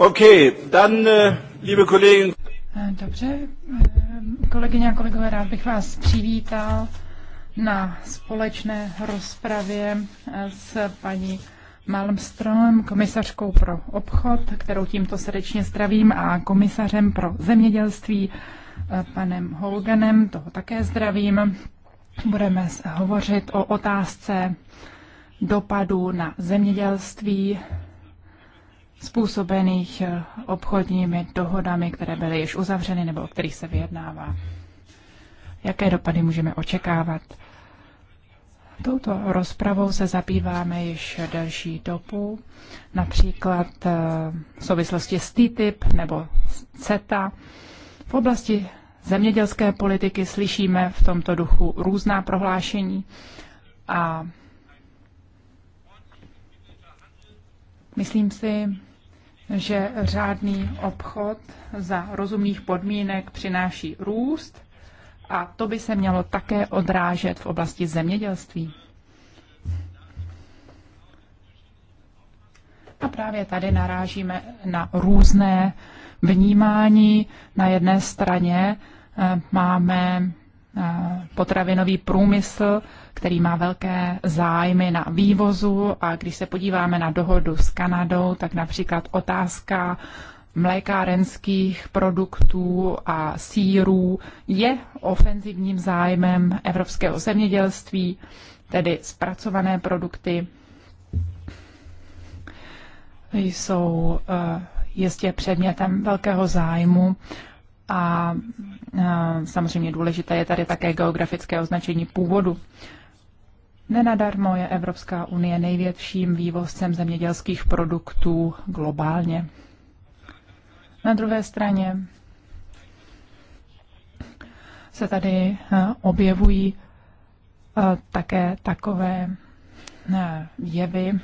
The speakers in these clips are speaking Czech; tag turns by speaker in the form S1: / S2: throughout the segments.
S1: Äh, eh,
S2: dobře, eh, kolegyně a kolegové, rád bych vás přivítal na společné rozpravě eh, s paní Malmström, komisařkou pro obchod, kterou tímto srdečně zdravím, a komisařem pro zemědělství, panem Holganem, toho také zdravím. Budeme hovořit o otázce dopadu na zemědělství způsobených eh, obchodními dohodami, které byly již uzavřeny nebo o kterých se vyjednává. Jaké dopady můžeme očekávat? Touto rozpravou se zabýváme již delší dobu, například eh, v souvislosti s TTIP nebo CETA. V oblasti zemědělské politiky slyšíme v tomto duchu různá prohlášení a myslím si, že řádný obchod za rozumných podmínek přináší růst a to by se mělo také odrážet v oblasti zemědělství. A právě tady narážíme na různé vnímání. Na jedné straně eh, máme Eh, potravinový průmysl, který má velké zájmy na vývozu a když se podíváme na dohodu s Kanadou, tak například otázka mlékárenských produktů a sírů je ofenzivním zájmem evropského zemědělství, tedy zpracované produkty jsou eh, jistě předmětem velkého zájmu a e, samozřejmě důležité je tady také geografické označení původu. Nenadarmo je Evropská unie největším vývozcem zemědělských produktů globálně. Na druhé straně se tady e, objevují e, také takové jevy,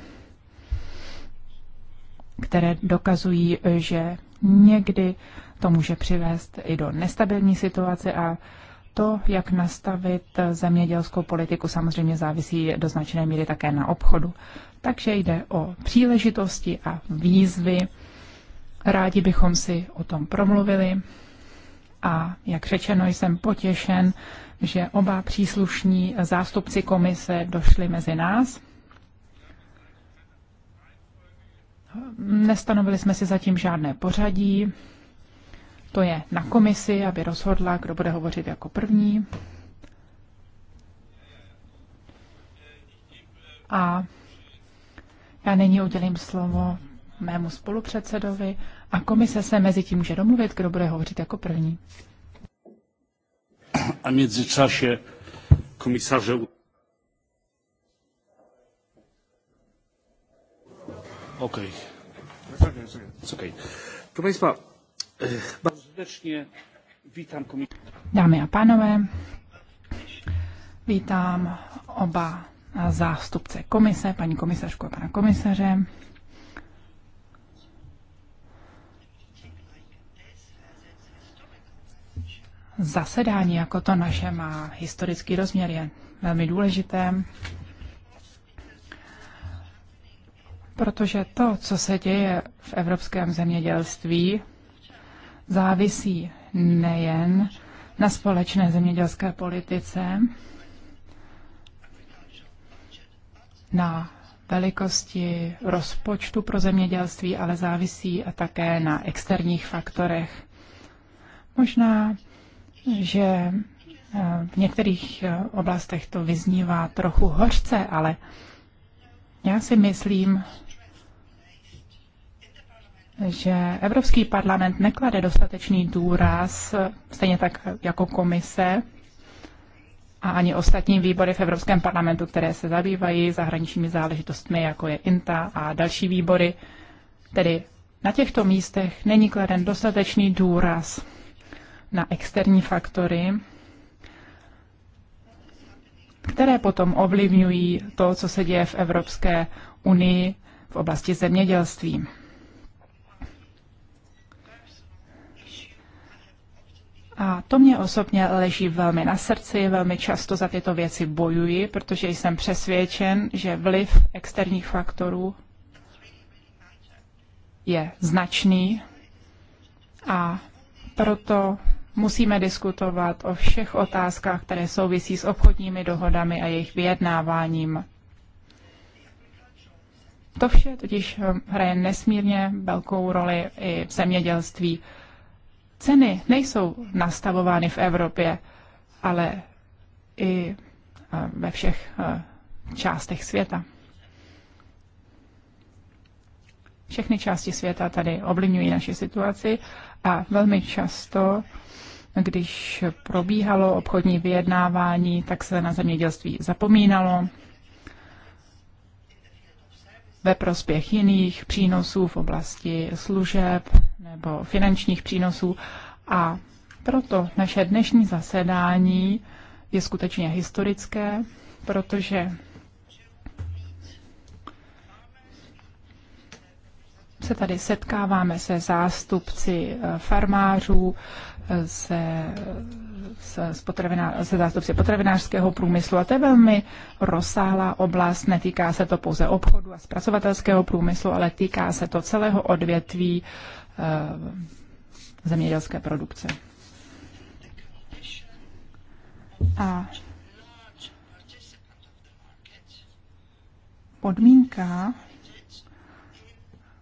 S2: které dokazují, že někdy to může přivést i do nestabilní situace a to, jak nastavit zemědělskou politiku, samozřejmě závisí do značné míry také na obchodu. Takže jde o příležitosti a výzvy. Rádi bychom si o tom promluvili. A jak řečeno, jsem potěšen, že oba příslušní zástupci komise došli mezi nás. Nestanovili jsme si zatím žádné pořadí, to je na komisi, aby rozhodla, kdo bude hovořit jako první. A já nyní udělím slovo mému spolupředsedovi a komise se mezi tím může domluvit, kdo bude hovořit jako první.
S1: A mezi čase komisaře
S3: OK. It's okay. Proszę Państwa, e, bardzo
S2: srdečně Vítám komisaře. Dámy a pánové, vítám oba zástupce komise, paní komisařku a pana komisaře. Zasedání jako to naše má historický rozměr, je velmi důležité, protože to, co se děje v evropském zemědělství, závisí nejen na společné zemědělské politice, na velikosti rozpočtu pro zemědělství, ale závisí a také na externích faktorech. Možná, že eh, v některých eh, oblastech to vyznívá trochu hořce, ale já si myslím, že Evropský parlament neklade dostatečný důraz, stejně tak jako komise a ani ostatní výbory v Evropském parlamentu, které se zabývají zahraničními záležitostmi, jako je INTA a další výbory. Tedy na těchto místech není kladen dostatečný důraz na externí faktory, které potom ovlivňují to, co se děje v Evropské unii v oblasti zemědělství. A to mě osobně leží velmi na srdci, velmi často za tyto věci bojuji, protože jsem přesvědčen, že vliv externích faktorů je značný a proto musíme diskutovat o všech otázkách, které souvisí s obchodními dohodami a jejich vyjednáváním. To vše totiž hraje nesmírně velkou roli i v zemědělství. Ceny nejsou nastavovány v Evropě, ale i e, ve všech e, částech světa. Všechny části světa tady ovlivňují naši situaci a velmi často, když probíhalo obchodní vyjednávání, tak se na zemědělství zapomínalo ve prospěch jiných přínosů v oblasti služeb nebo finančních přínosů. A proto naše dnešní zasedání je skutečně historické, protože se tady setkáváme se zástupci eh, farmářů, se, se, z se zástupci potravinářského průmyslu. A to je velmi rozsáhlá oblast. Netýká se to pouze obchodu a zpracovatelského průmyslu, ale týká se to celého odvětví Eh, zemědělské produkce. A podmínka,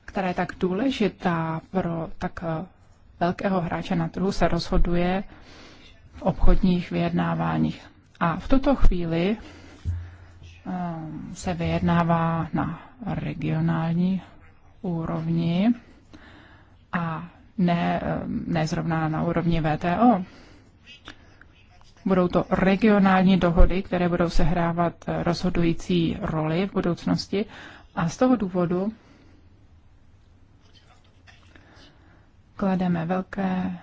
S2: která je tak důležitá pro tak eh, velkého hráče na trhu, se rozhoduje v obchodních vyjednáváních. A v tuto chvíli eh, se vyjednává na regionální úrovni a ne, ne zrovna na úrovni VTO. Budou to regionální dohody, které budou sehrávat rozhodující roli v budoucnosti a z toho důvodu klademe velké,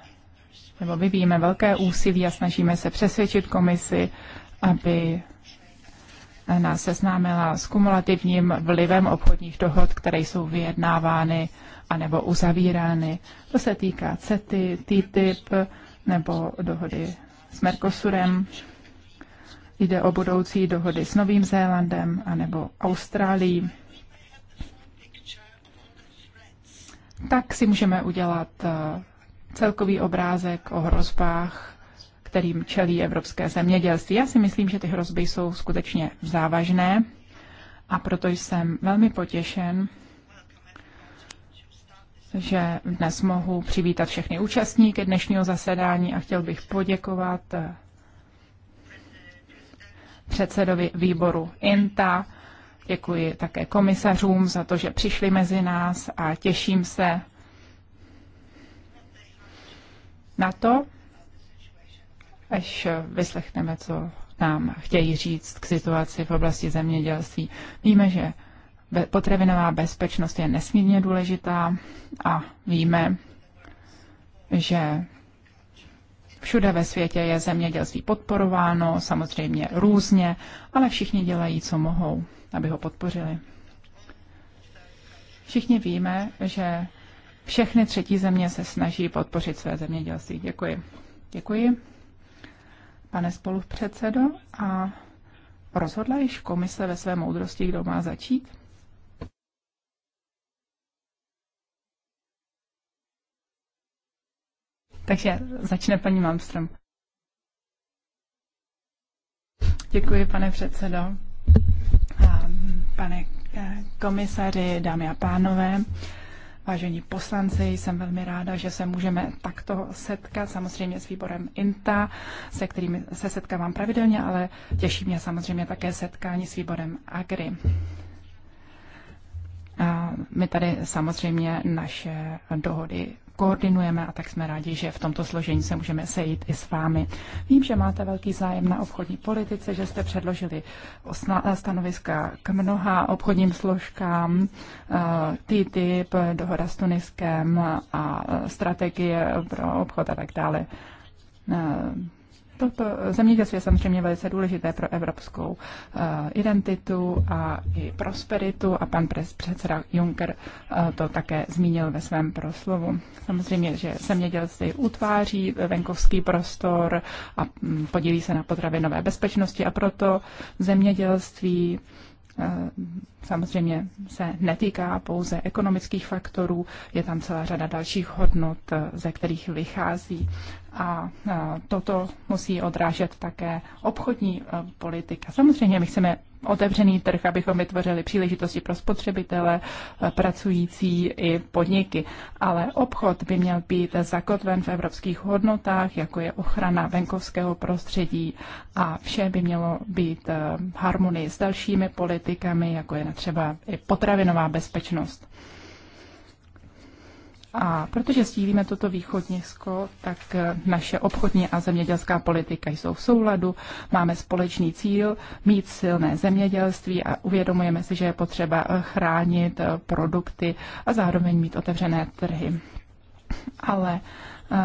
S2: nebo vyvíjíme velké úsilí a snažíme se přesvědčit komisi, aby nás seznámila s kumulativním vlivem obchodních dohod, které jsou vyjednávány anebo uzavírány. To se týká CETY, TTIP nebo dohody s Mercosurem. Jde o budoucí dohody s Novým Zélandem anebo Austrálií. Tak si můžeme udělat eh, celkový obrázek o hrozbách kterým čelí evropské zemědělství. Já si myslím, že ty hrozby jsou skutečně závažné a proto jsem velmi potěšen, že dnes mohu přivítat všechny účastníky dnešního zasedání a chtěl bych poděkovat eh, předsedovi výboru INTA. Děkuji také komisařům za to, že přišli mezi nás a těším se na to, až vyslechneme, co nám chtějí říct k situaci v oblasti zemědělství. Víme, že potravinová bezpečnost je nesmírně důležitá a víme, že všude ve světě je zemědělství podporováno, samozřejmě různě, ale všichni dělají, co mohou, aby ho podpořili. Všichni víme, že všechny třetí země se snaží podpořit své zemědělství. Děkuji. Děkuji pane spolupředsedo, a rozhodla již komise ve své moudrosti, kdo má začít? Takže začne paní Malmström. Děkuji, pane předsedo. A pane eh, komisaři, dámy a pánové, vážení poslanci, jsem velmi ráda, že se můžeme takto setkat, samozřejmě s výborem INTA, se kterým se setkávám pravidelně, ale těší mě samozřejmě také setkání s výborem AGRI. A my tady samozřejmě naše dohody koordinujeme a tak jsme rádi, že v tomto složení se můžeme sejít i s vámi. Vím, že máte velký zájem na obchodní politice, že jste předložili stanoviska k mnoha obchodním složkám, eh, TTIP, dohoda s Tuniskem a eh, strategie pro obchod a tak dále. Eh, Toto zemědělství je samozřejmě velice důležité pro evropskou eh, identitu a i prosperitu a pan předseda Juncker eh, to také zmínil ve svém proslovu. Samozřejmě, že zemědělství utváří venkovský prostor a mm, podílí se na potravinové bezpečnosti a proto zemědělství Eh, samozřejmě se netýká pouze ekonomických faktorů, je tam celá řada dalších hodnot, eh, ze kterých vychází. A eh, toto musí odrážet také obchodní politika. Samozřejmě my chceme otevřený trh, abychom vytvořili příležitosti pro spotřebitele, eh, pracující i podniky. Ale obchod by měl být zakotven v evropských hodnotách, jako je ochrana venkovského prostředí a vše by mělo být eh, v harmonii s dalšími politikami, jako je třeba i potravinová bezpečnost. A protože sdílíme toto východnisko, tak naše obchodní a zemědělská politika jsou v souladu. Máme společný cíl mít silné zemědělství a uvědomujeme si, že je potřeba chránit produkty a zároveň mít otevřené trhy. Ale eh,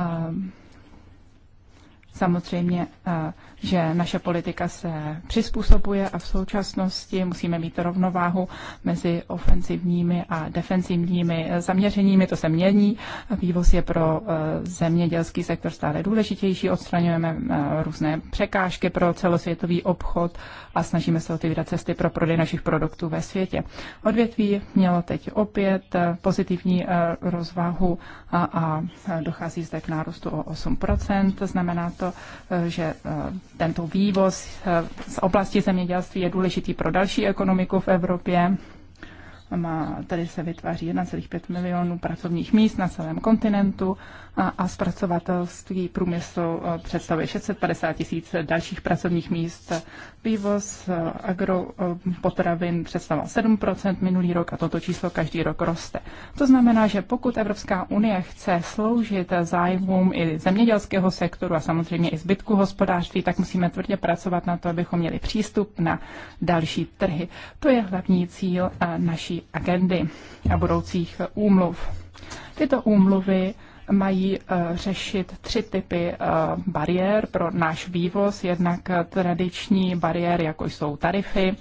S2: Samozřejmě, eh, že naše politika se přizpůsobuje a v současnosti musíme mít rovnováhu mezi ofenzivními a defenzivními eh, zaměřeními. To se mění. Vývoz je pro eh, zemědělský sektor stále důležitější. Odstraňujeme různé překážky pro celosvětový obchod a snažíme se otevírat cesty pro prodej našich produktů ve světě. Odvětví mělo teď opět pozitivní rozvahu a dochází zde k nárůstu o 8%. Znamená to, to, eh, že eh, tento vývoz eh, z oblasti zemědělství je důležitý pro další ekonomiku v Evropě. Má, tady se vytváří 1,5 milionů pracovních míst na celém kontinentu a, a zpracovatelství průmyslu eh, představuje 650 tisíc dalších pracovních míst. Vývoz eh, agropotravin eh, představoval 7 minulý rok a toto číslo každý rok roste. To znamená, že pokud Evropská unie chce sloužit zájmům i zemědělského sektoru a samozřejmě i zbytku hospodářství, tak musíme tvrdě pracovat na to, abychom měli přístup na další trhy. To je hlavní cíl naší agendy a budoucích úmluv. Tyto úmluvy mají eh, řešit tři typy eh, bariér pro náš vývoz. Jednak tradiční bariér, jako jsou tarify,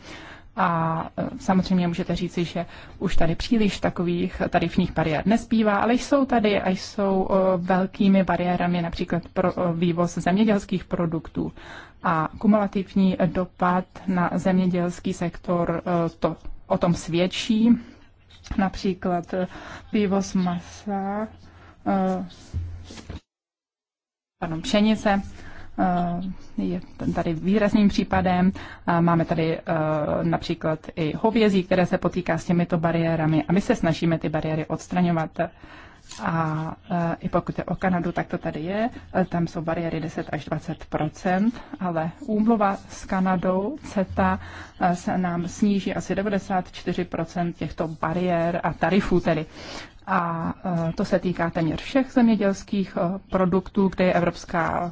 S2: a eh, samozřejmě můžete říci, že už tady příliš takových tarifních bariér nespívá, ale jsou tady a jsou velkými bariérami například pro vývoz zemědělských produktů. A kumulativní dopad na zemědělský sektor to o tom svědčí. Například eh, pivo z masa, eh, pardon, pšenice, eh, je tady výrazným případem. Máme tady například i hovězí, které se potýká s těmito bariérami a my se snažíme ty bariéry odstraňovat. A e, i pokud je o Kanadu, tak to tady je. E, tam jsou bariéry 10 až 20 ale úmluva s Kanadou, CETA, e, se nám sníží asi 94 těchto bariér a tarifů tedy a eh, to se týká téměř všech zemědělských eh, produktů, kde je Evropská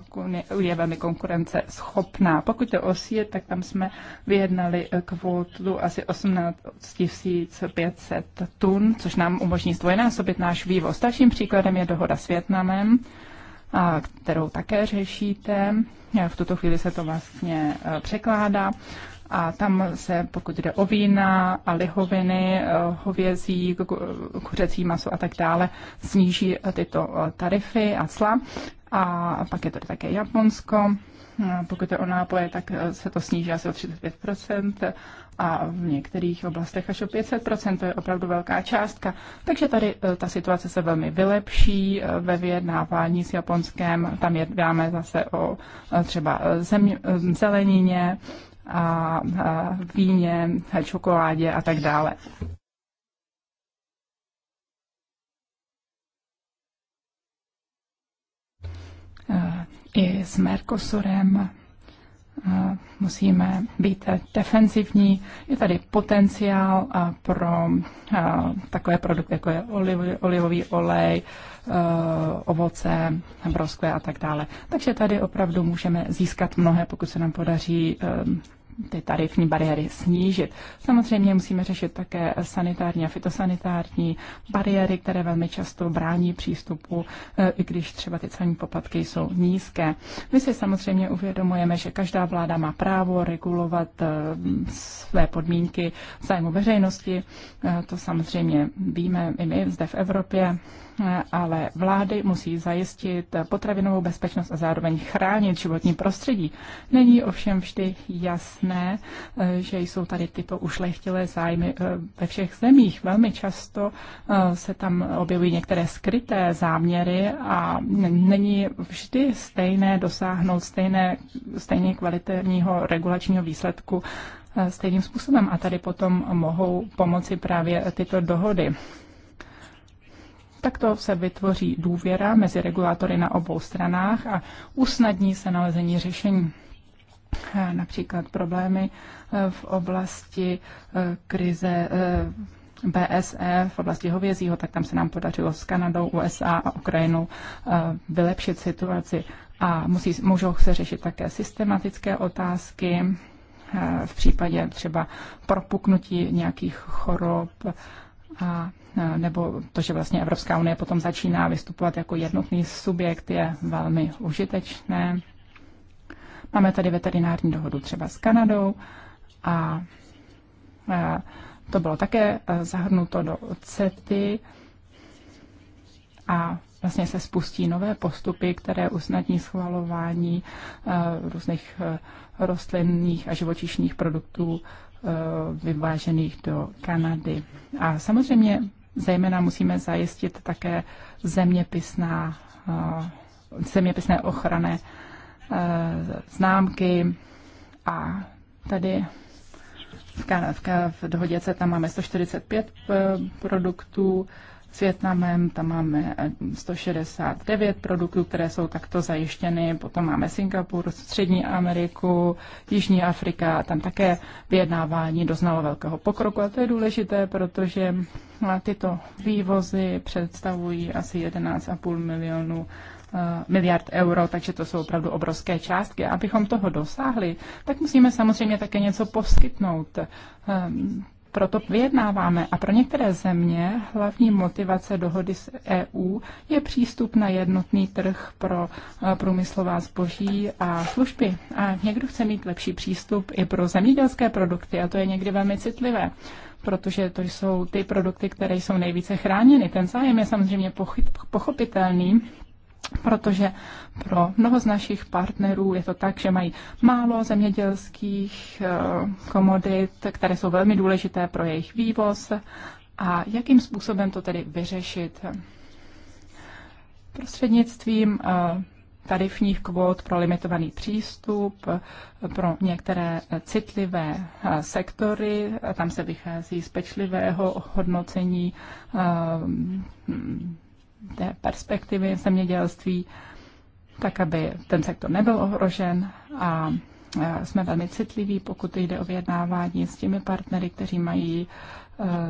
S2: unie velmi konkurence schopná. Pokud to osíje, tak tam jsme vyjednali eh, kvotu asi 18 500 tun, což nám umožní zdvojnásobit náš vývoz. Dalším příkladem je dohoda s Větnamem, kterou také řešíte. V tuto chvíli se to vlastně překládá a tam se, pokud jde o vína a lihoviny, eh, hovězí, kuřecí maso a tak dále, sníží eh, tyto eh, tarify a sla. A pak je to také Japonsko. Hm, pokud je o nápoje, tak se to sníží asi o 35% a v některých oblastech až o 500%, to je opravdu velká částka. Takže tady ta situace se velmi vylepší ve vyjednávání s Japonskem, tam jednáme zase o třeba zem, zelenině, a víně, čokoládě a tak dále. I s Mercosurem musíme být defensivní. Je tady potenciál pro takové produkty, jako je olivový olej, ovoce, broskve a tak dále. Takže tady opravdu můžeme získat mnohé, pokud se nám podaří ty tarifní bariéry snížit. Samozřejmě musíme řešit také sanitární a fitosanitární bariéry, které velmi často brání přístupu, e, i když třeba ty celní poplatky jsou nízké. My si samozřejmě uvědomujeme, že každá vláda má právo regulovat e, své podmínky v zájmu veřejnosti. E, to samozřejmě víme i my zde v Evropě ale vlády musí zajistit potravinovou bezpečnost a zároveň chránit životní prostředí. Není ovšem vždy jasné, eh, že jsou tady tyto ušlechtilé zájmy eh, ve všech zemích. Velmi často eh, se tam objevují některé skryté záměry a není vždy stejné dosáhnout stejné, stejně kvalitního regulačního výsledku stejným způsobem a tady potom mohou pomoci právě tyto dohody. Takto se vytvoří důvěra mezi regulátory na obou stranách a usnadní se nalezení řešení. Eh, například problémy eh, v oblasti eh, krize BSE v oblasti hovězího, tak tam se nám podařilo s Kanadou, USA a Ukrajinou vylepšit situaci. A musí, můžou se řešit také systematické otázky v případě třeba propuknutí nějakých chorob a nebo to, že vlastně Evropská unie potom začíná vystupovat jako jednotný subjekt, je velmi užitečné. Máme tady veterinární dohodu třeba s Kanadou a, to bylo také e, zahrnuto do CETY a vlastně se spustí nové postupy, které usnadní schvalování e, různých e, rostlinných a živočišních produktů Eh, vyvážených do Kanady. A samozřejmě zejména musíme zajistit také zeměpisná, eh, zeměpisné ochrany eh, známky a tady v, v, v dohodě CETA máme 145 produktů s Větnamem, tam máme 169 eh, produktů, které jsou takto zajištěny, potom máme Singapur, Střední Ameriku, Jižní Afrika, tam také vyjednávání doznalo velkého pokroku a to je důležité, protože eh, tyto vývozy představují asi 11,5 milionů eh, miliard euro, takže to jsou opravdu obrovské částky. Abychom toho dosáhli, tak musíme samozřejmě také něco poskytnout. Ehm, proto vyjednáváme. A pro některé země hlavní motivace dohody s EU je přístup na jednotný trh pro eh, průmyslová zboží a služby. A někdo chce mít lepší přístup i pro zemědělské produkty a to je někdy velmi citlivé protože to jsou ty produkty, které jsou nejvíce chráněny. Ten zájem je samozřejmě pochopitelný, protože pro mnoho z našich partnerů je to tak, že mají málo zemědělských eh, komodit, které jsou velmi důležité pro jejich vývoz. A jakým způsobem to tedy vyřešit? Prostřednictvím eh, tarifních kvót pro limitovaný přístup, pro některé eh, citlivé sektory. Tam se vychází z pečlivého hodnocení té perspektivy zemědělství, tak aby ten sektor nebyl ohrožen a e, jsme velmi citliví, pokud jde o vyjednávání s těmi partnery, kteří mají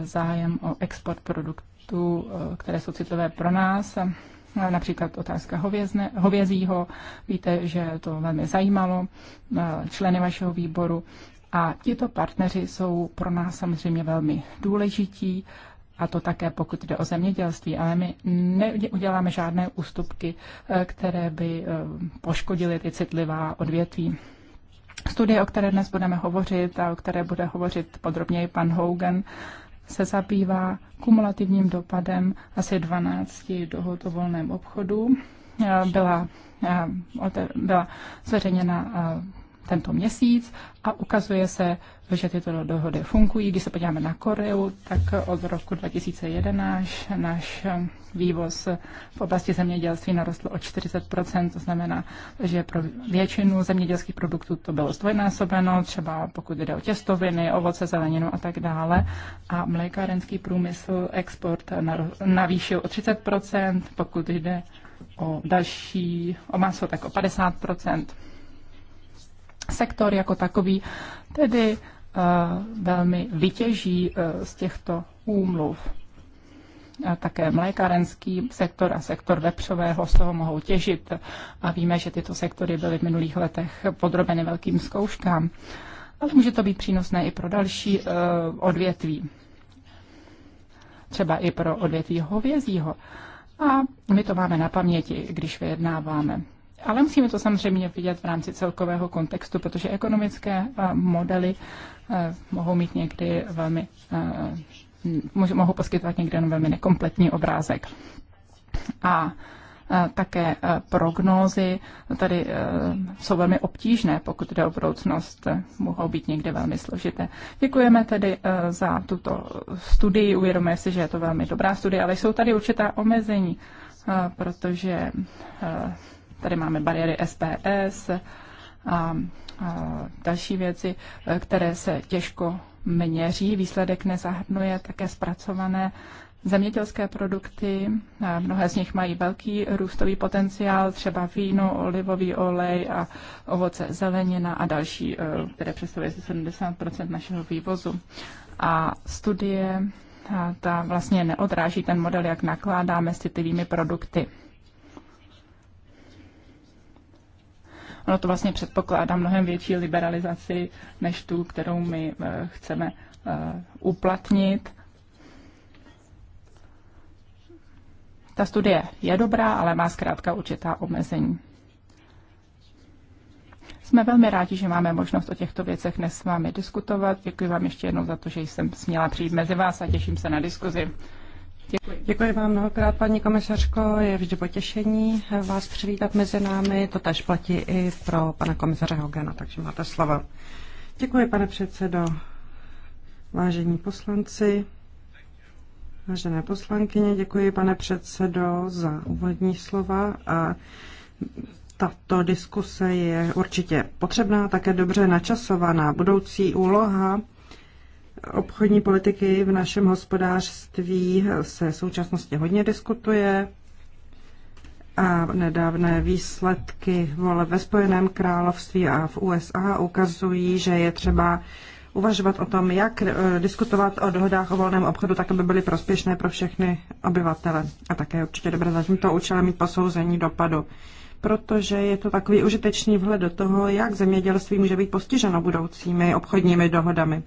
S2: e, zájem o export produktů, e, které jsou citlivé pro nás. Například otázka hovězne, hovězího. Víte, že to velmi zajímalo členy vašeho výboru. A tito partneři jsou pro nás samozřejmě velmi důležití a to také pokud jde o zemědělství, ale my neuděláme žádné ústupky, eh, které by eh, poškodily ty citlivá odvětví. Studie, o které dnes budeme hovořit a o které bude hovořit podrobněji pan Hogan, se zabývá kumulativním dopadem asi 12 dohod o volném obchodu. Eh, byla, byla zveřejněna tento měsíc a ukazuje se, že tyto dohody fungují. Když se podíváme na Koreu, tak od roku 2011 náš vývoz v oblasti zemědělství narostl o 40 to znamená, že pro většinu zemědělských produktů to bylo zdvojnásobeno, třeba pokud jde o těstoviny, ovoce, zeleninu a tak dále. A mlékárenský průmysl export navýšil o 30 pokud jde o další, o maso, tak o 50 sektor jako takový tedy eh, velmi vytěží eh, z těchto úmluv. A také mlékárenský sektor a sektor vepřového z toho mohou těžit. A víme, že tyto sektory byly v minulých letech podrobeny velkým zkouškám. Ale může to být přínosné i pro další eh, odvětví. Třeba i pro odvětví hovězího. A my to máme na paměti, když vyjednáváme. Ale musíme to samozřejmě vidět v rámci celkového kontextu, protože ekonomické eh, modely eh, mohou mít někdy velmi, eh, mohou poskytovat někdy jen velmi nekompletní obrázek. A také prognózy tady jsou velmi obtížné, pokud jde o budoucnost, mohou být někde velmi složité. Děkujeme tedy za tuto studii, uvědomuje si, že je to velmi dobrá studie, ale jsou tady určitá omezení, protože Tady máme bariéry SPS a, a další věci, které se těžko měří. Výsledek nezahrnuje také zpracované zemědělské produkty. Mnohé z nich mají velký růstový potenciál, třeba víno, olivový olej a ovoce, zelenina a další, e, které představuje 70 našeho vývozu. A studie ta vlastně neodráží ten model, jak nakládáme s citlivými produkty. Ono to vlastně předpokládá mnohem větší liberalizaci než tu, kterou my eh, chceme eh, uplatnit. Ta studie je dobrá, ale má zkrátka určitá omezení. Jsme velmi rádi, že máme možnost o těchto věcech dnes s vámi diskutovat. Děkuji vám ještě jednou za to, že
S3: jsem směla přijít mezi vás a těším se na diskuzi. Děkuji. Děkuji vám mnohokrát, paní komisařko. Je vždy potěšení vás přivítat mezi námi. To tež platí i pro pana komisaře Hogena, takže máte slovo. Děkuji, pane předsedo. Vážení poslanci, vážené poslankyně, děkuji, pane předsedo, za úvodní slova a tato diskuse je určitě potřebná, také dobře načasovaná. Budoucí úloha obchodní politiky v našem hospodářství se v současnosti hodně diskutuje a nedávné výsledky vole ve Spojeném království a v USA ukazují, že je třeba uvažovat o tom, jak eh, diskutovat o dohodách o volném obchodu, tak aby byly prospěšné pro všechny obyvatele. A také určitě dobré za tímto účelem mít posouzení dopadu, protože je to takový užitečný vhled do toho, jak zemědělství může být postiženo budoucími obchodními dohodami.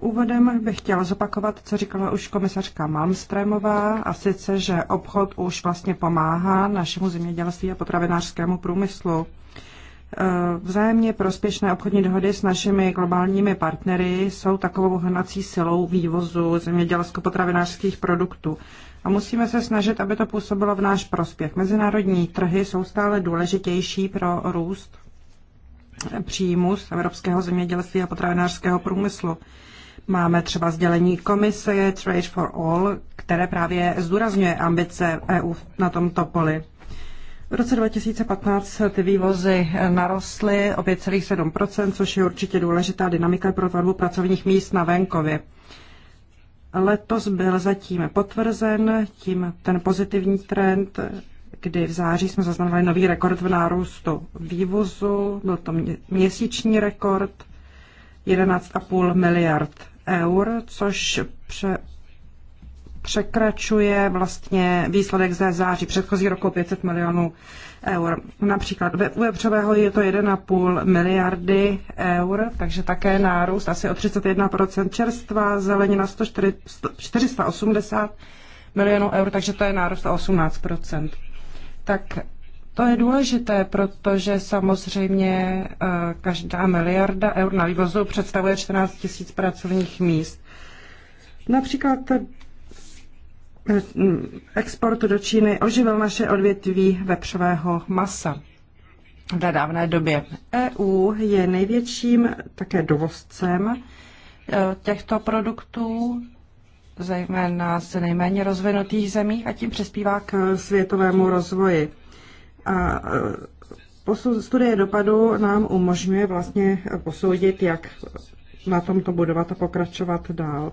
S3: Úvodem bych chtěla zopakovat, co říkala už komisařka Malmströmová, a sice, že obchod už vlastně pomáhá našemu zemědělství a potravinářskému průmyslu. E, vzájemně prospěšné obchodní dohody s našimi globálními partnery jsou takovou hnací silou vývozu zemědělsko-potravinářských produktů. A musíme se snažit, aby to působilo v náš prospěch. Mezinárodní trhy jsou stále důležitější pro růst příjmu z evropského zemědělství a potravinářského průmyslu. Máme třeba sdělení komise Trade for All, které právě zdůrazňuje ambice EU na tomto poli. V roce 2015 ty vývozy narostly o 5,7%, což je určitě důležitá dynamika pro tvorbu pracovních míst na venkově. Letos byl zatím potvrzen tím ten pozitivní trend, kdy v září jsme zaznamenali nový rekord v nárůstu vývozu, byl to měsíční rekord 11,5 miliard eur, což pře, překračuje vlastně výsledek ze září předchozí roku 500 milionů eur. Například u vepřového je to 1,5 miliardy eur, takže také nárůst asi o 31% čerstva, zelenina 480 milionů eur, takže to je nárůst o 18%. Tak to je důležité, protože samozřejmě eh, každá miliarda eur na vývozu představuje 14 tisíc pracovních míst. Například eh, mm, export do Číny oživil naše odvětví vepřového masa v nedávné době. EU je největším také dovozcem eh, těchto produktů, zejména z nejméně rozvinutých zemí a tím přispívá k světovému rozvoji. A e, studie dopadu nám umožňuje vlastně posoudit, jak na tomto budovat a pokračovat dál.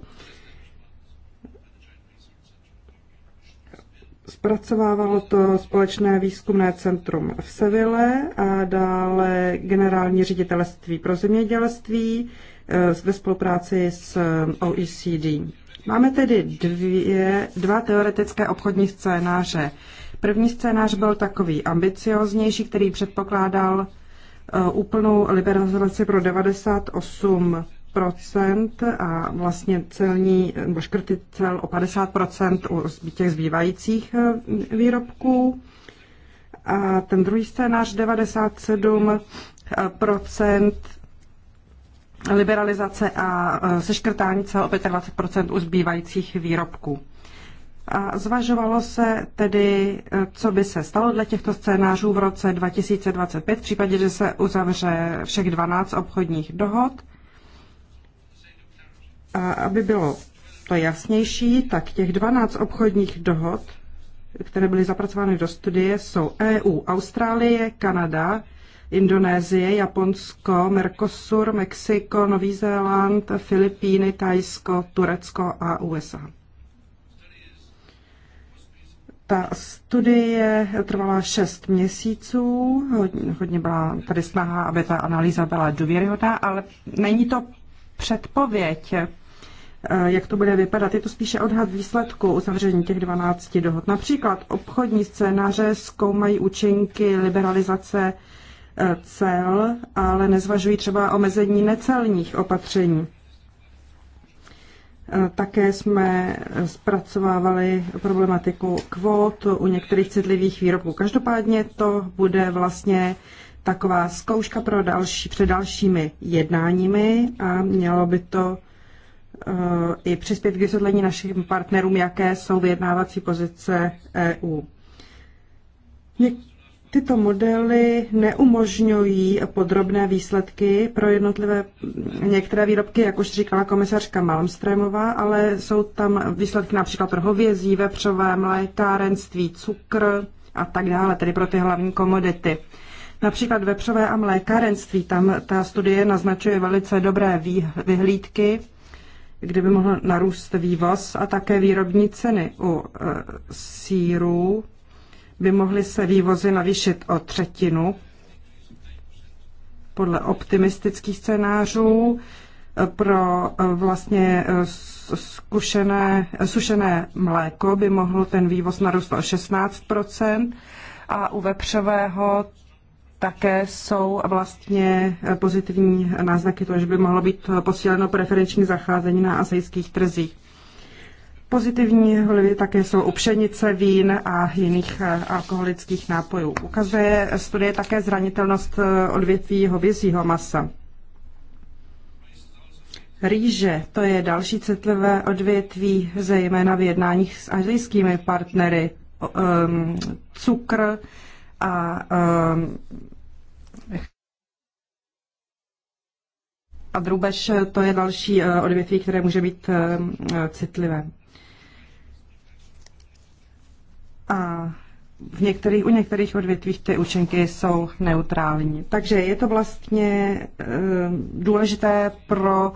S3: Zpracovávalo to společné výzkumné centrum v Seville a dále generální ředitelství pro zemědělství e, ve spolupráci s e, OECD. Máme tedy dvě, dva teoretické obchodní scénáře. První scénář byl takový ambicioznější, který předpokládal uh, úplnou liberalizaci pro 98 a vlastně celní, nebo škrty cel o 50 u těch zbývajících uh, výrobků. A ten druhý scénář 97 liberalizace a uh, seškrtání cel o 25 u zbývajících výrobků. A zvažovalo se tedy, eh, co by se stalo dle těchto scénářů v roce 2025, v případě, že se uzavře všech 12 obchodních dohod. A aby bylo to jasnější, tak těch 12 obchodních dohod, které byly zapracovány do studie, jsou EU, Austrálie, Kanada, Indonésie, Japonsko, Mercosur, Mexiko, Nový Zéland, Filipíny, Tajsko, Turecko a USA. Ta studie trvala 6 měsíců, hodně, hodně byla tady snaha, aby ta analýza byla důvěryhodná, ale není to předpověď, eh, jak to bude vypadat. Je to spíše odhad výsledku uzavření těch 12 dohod. Například obchodní scénáře zkoumají účinky liberalizace eh, cel, ale nezvažují třeba omezení necelních opatření. Eh, také jsme zpracovávali problematiku kvót u některých citlivých výrobků. Každopádně to bude vlastně taková zkouška pro další, před dalšími jednáními a mělo by to eh, i přispět k vysvětlení našim partnerům, jaké jsou vyjednávací pozice EU. Tyto modely neumožňují podrobné výsledky pro jednotlivé některé výrobky, jak už říkala komisařka Malmströmová, ale jsou tam výsledky například pro hovězí, vepřové, mlékárenství, cukr a tak dále, tedy pro ty hlavní komodity. Například vepřové a mlékárenství, tam ta studie naznačuje velice dobré vyhlídky, kdyby mohl narůst vývoz a také výrobní ceny u e, sírů, by mohly se vývozy navýšit o třetinu podle optimistických scénářů pro eh, vlastně eh, zkušené, sušené mléko by mohl ten vývoz narůst o 16 a u vepřového také jsou vlastně eh, pozitivní náznaky toho, že by mohlo být posíleno preferenční zacházení na asijských trzích. Pozitivní vlivy také jsou u pšenice, vín a jiných eh, alkoholických nápojů. Ukazuje studie také zranitelnost eh, odvětví hovězího masa. Rýže, to je další citlivé odvětví, zejména v jednáních s azijskými partnery. Ehm, cukr a ehm, a drubež, to je další eh, odvětví, které může být ehm, citlivé. A v některých, u některých odvětvích ty účinky jsou neutrální. Takže je to vlastně eh, důležité pro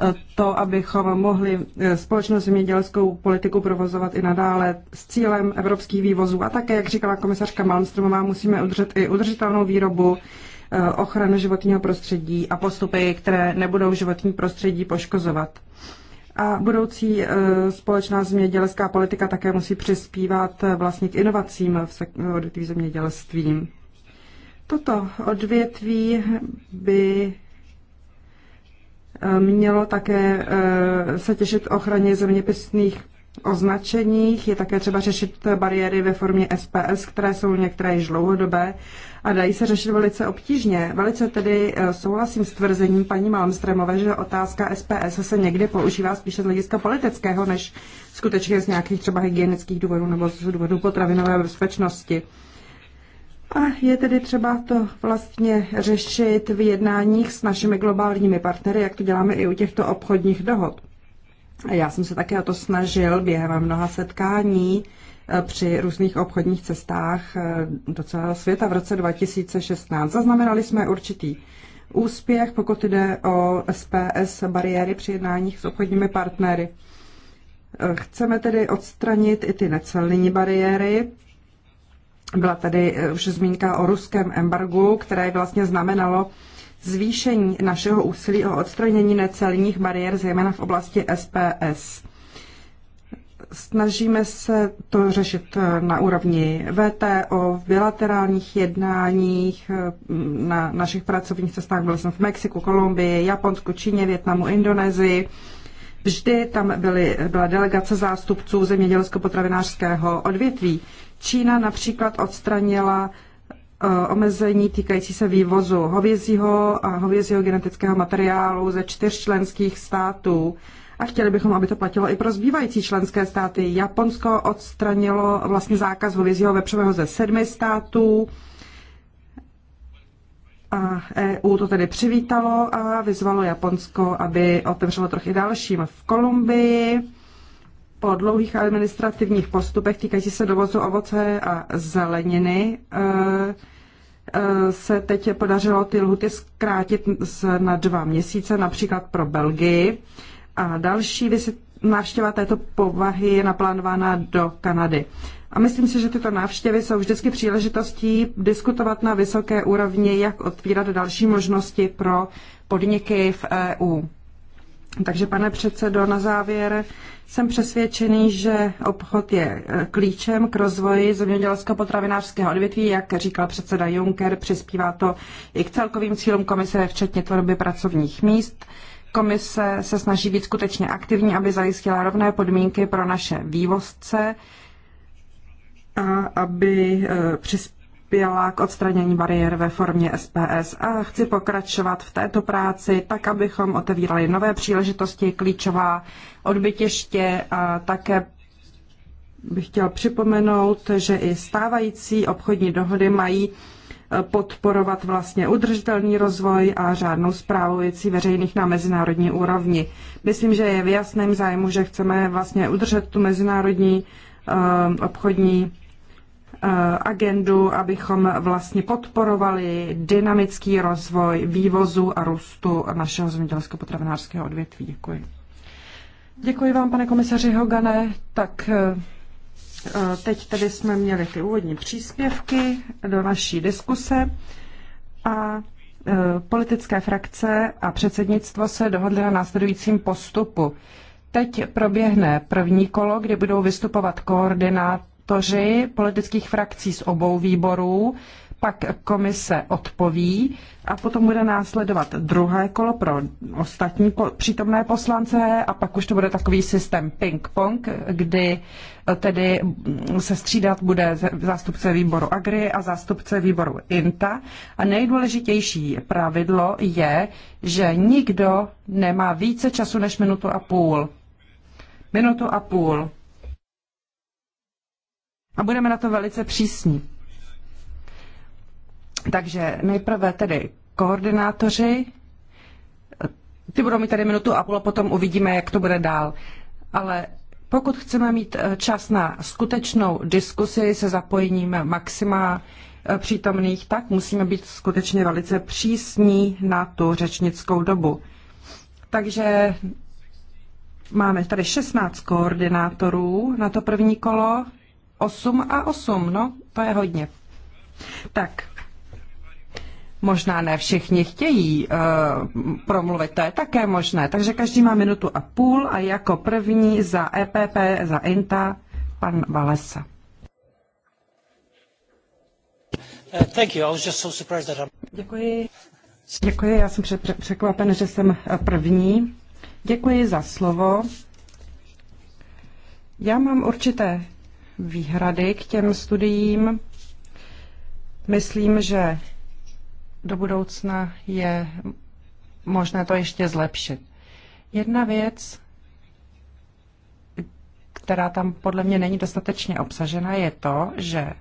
S3: eh, to, abychom mohli eh, společnou zemědělskou politiku provozovat i nadále s cílem evropských vývozů. A také, jak říkala komisařka Malmstromová, musíme udržet i udržitelnou výrobu, ochranu životního prostředí a postupy, které nebudou životní prostředí poškozovat. A budoucí eh, společná zemědělská politika také musí přispívat eh, vlastně k inovacím v eh, odvětví zemědělství. Toto odvětví by mělo také se těšit ochraně zeměpisných označeních. Je také třeba řešit bariéry ve formě SPS, které jsou některé již dlouhodobé a dají se řešit velice obtížně. Velice tedy eh, souhlasím s tvrzením paní Malmstremové, že otázka SPS se někdy používá spíše z hlediska politického, než skutečně z nějakých třeba hygienických důvodů nebo z důvodů potravinové bezpečnosti. A je tedy třeba to vlastně řešit v jednáních s našimi globálními partnery, jak to děláme i u těchto obchodních dohod. Já jsem se také o to snažil během mnoha setkání eh, při různých obchodních cestách eh, do celého světa v roce 2016. Zaznamenali jsme určitý úspěch, pokud jde o SPS bariéry při jednáních s obchodními partnery. Eh, chceme tedy odstranit i ty necelní bariéry. Byla tady už zmínka o ruském embargu, které vlastně znamenalo zvýšení našeho úsilí o odstranění necelních bariér, zejména v oblasti SPS. Snažíme se to řešit eh, na úrovni VTO, v bilaterálních jednáních, eh, na našich pracovních cestách. Byl jsem v Mexiku, Kolumbii, Japonsku, Číně, Větnamu, Indonésii. Vždy tam byly, byla delegace zástupců zemědělsko-potravinářského odvětví. Čína například odstranila Eh, omezení týkající se vývozu hovězího a hovězího genetického materiálu ze čtyř členských států. A chtěli bychom, aby to platilo i pro zbývající členské státy. Japonsko odstranilo vlastně zákaz hovězího vepřového ze sedmi států. A EU to tedy přivítalo a vyzvalo Japonsko, aby otevřelo trochu dalším v Kolumbii po dlouhých administrativních postupech týkající se dovozu ovoce a zeleniny eh, eh, se teď podařilo ty lhuty zkrátit na dva měsíce, například pro Belgii. A další návštěva této povahy je naplánována do Kanady. A myslím si, že tyto návštěvy jsou vždycky příležitostí diskutovat na vysoké úrovni, jak otvírat další možnosti pro podniky v EU. Takže pane předsedo, na závěr jsem přesvědčený, že obchod je eh, klíčem k rozvoji zemědělsko-potravinářského odvětví, jak říkal předseda Juncker, přispívá to i k celkovým cílům komise, včetně tvorby pracovních míst. Komise se snaží být skutečně aktivní, aby zajistila rovné podmínky pro naše vývozce a aby eh, přispěla přispěla k odstranění bariér ve formě SPS a chci pokračovat v této práci tak, abychom otevírali nové příležitosti, klíčová odbytiště a také bych chtěl připomenout, že i stávající obchodní dohody mají e, podporovat vlastně udržitelný rozvoj a řádnou zprávu věcí veřejných na mezinárodní úrovni. Myslím, že je v jasném zájmu, že chceme vlastně udržet tu mezinárodní e, obchodní Eh, agendu, abychom vlastně podporovali dynamický rozvoj vývozu a růstu našeho zemědělsko-potravinářského odvětví. Děkuji. Děkuji vám, pane komisaři Hogane. Tak eh, eh, teď tady jsme měli ty úvodní příspěvky do naší diskuse a politické frakce a předsednictvo se dohodly na následujícím postupu. Teď proběhne první kolo, kdy budou vystupovat koordinátoři koordinátoři politických frakcí z obou výborů, pak komise odpoví a potom bude následovat druhé kolo pro ostatní přítomné poslance a pak už to bude takový systém ping-pong, kdy tedy se střídat bude zástupce výboru Agri a zástupce výboru INTA. A nejdůležitější pravidlo je, že nikdo nemá více času než minutu a půl. Minutu a půl. A budeme na to velice přísní. Takže nejprve tedy koordinátoři, ty budou mít tady minutu a půl, potom uvidíme, jak to bude dál. Ale pokud chceme mít eh, čas na skutečnou diskusi se zapojením maxima eh, přítomných, tak musíme být skutečně velice přísní na tu řečnickou dobu. Takže máme tady 16 koordinátorů na to první kolo, 8 a 8, no, to je hodně. Tak, možná ne všichni chtějí uh, promluvit, to je také možné. Takže každý má minutu a půl a jako první za EPP, za INTA, pan Valesa. Uh, Děkuji. Děkuji, já jsem překvapen, že jsem eh, první. Děkuji za slovo. Já mám určité výhrady k těm studiím. Myslím, že do budoucna je možné to ještě zlepšit. Jedna věc, která tam podle mě není dostatečně obsažena, je to, že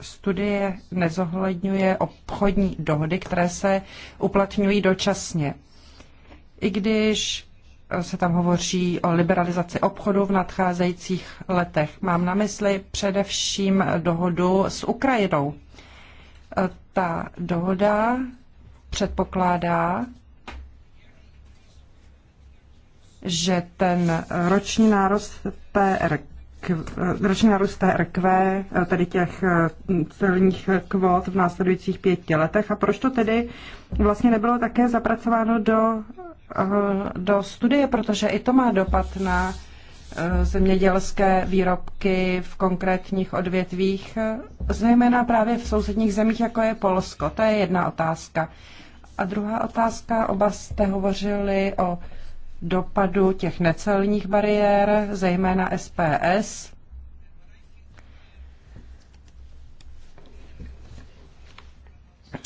S3: studie nezohledňuje obchodní dohody, které se uplatňují dočasně. I když se tam hovoří o liberalizaci obchodu v nadcházejících letech. Mám na mysli především dohodu s Ukrajinou. Ta dohoda předpokládá, že ten roční nárost PRK Eh, roční ročně narůstá RQ, eh, tedy těch eh, celních kvót v následujících pěti letech. A proč to tedy vlastně nebylo také zapracováno do, do studie, protože i to má dopad na zemědělské výrobky v konkrétních odvětvích, zejména právě v sousedních zemích, jako je Polsko. To je jedna otázka. A druhá otázka, oba jste hovořili o dopadu těch necelních bariér, zejména SPS.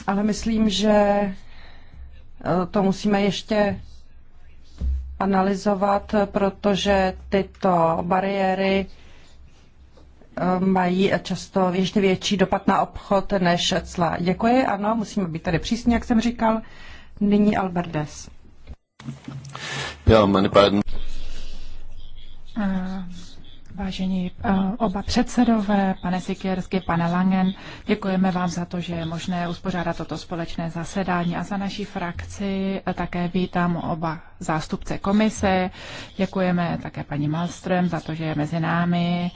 S3: Ale myslím, že eh, to musíme ještě analyzovat, protože tyto bariéry eh, mají často ještě větší dopad na obchod než cla. Děkuji, ano, musíme být tady přísně, jak jsem říkal. Nyní Des. Ja, meine beiden.
S2: Vážení eh, oba předsedové, pane Sikersky, pane Langen, děkujeme vám za to, že je možné uspořádat toto společné zasedání a za naší frakci eh, také vítám oba zástupce komise. Děkujeme také paní Malström za to, že je mezi námi.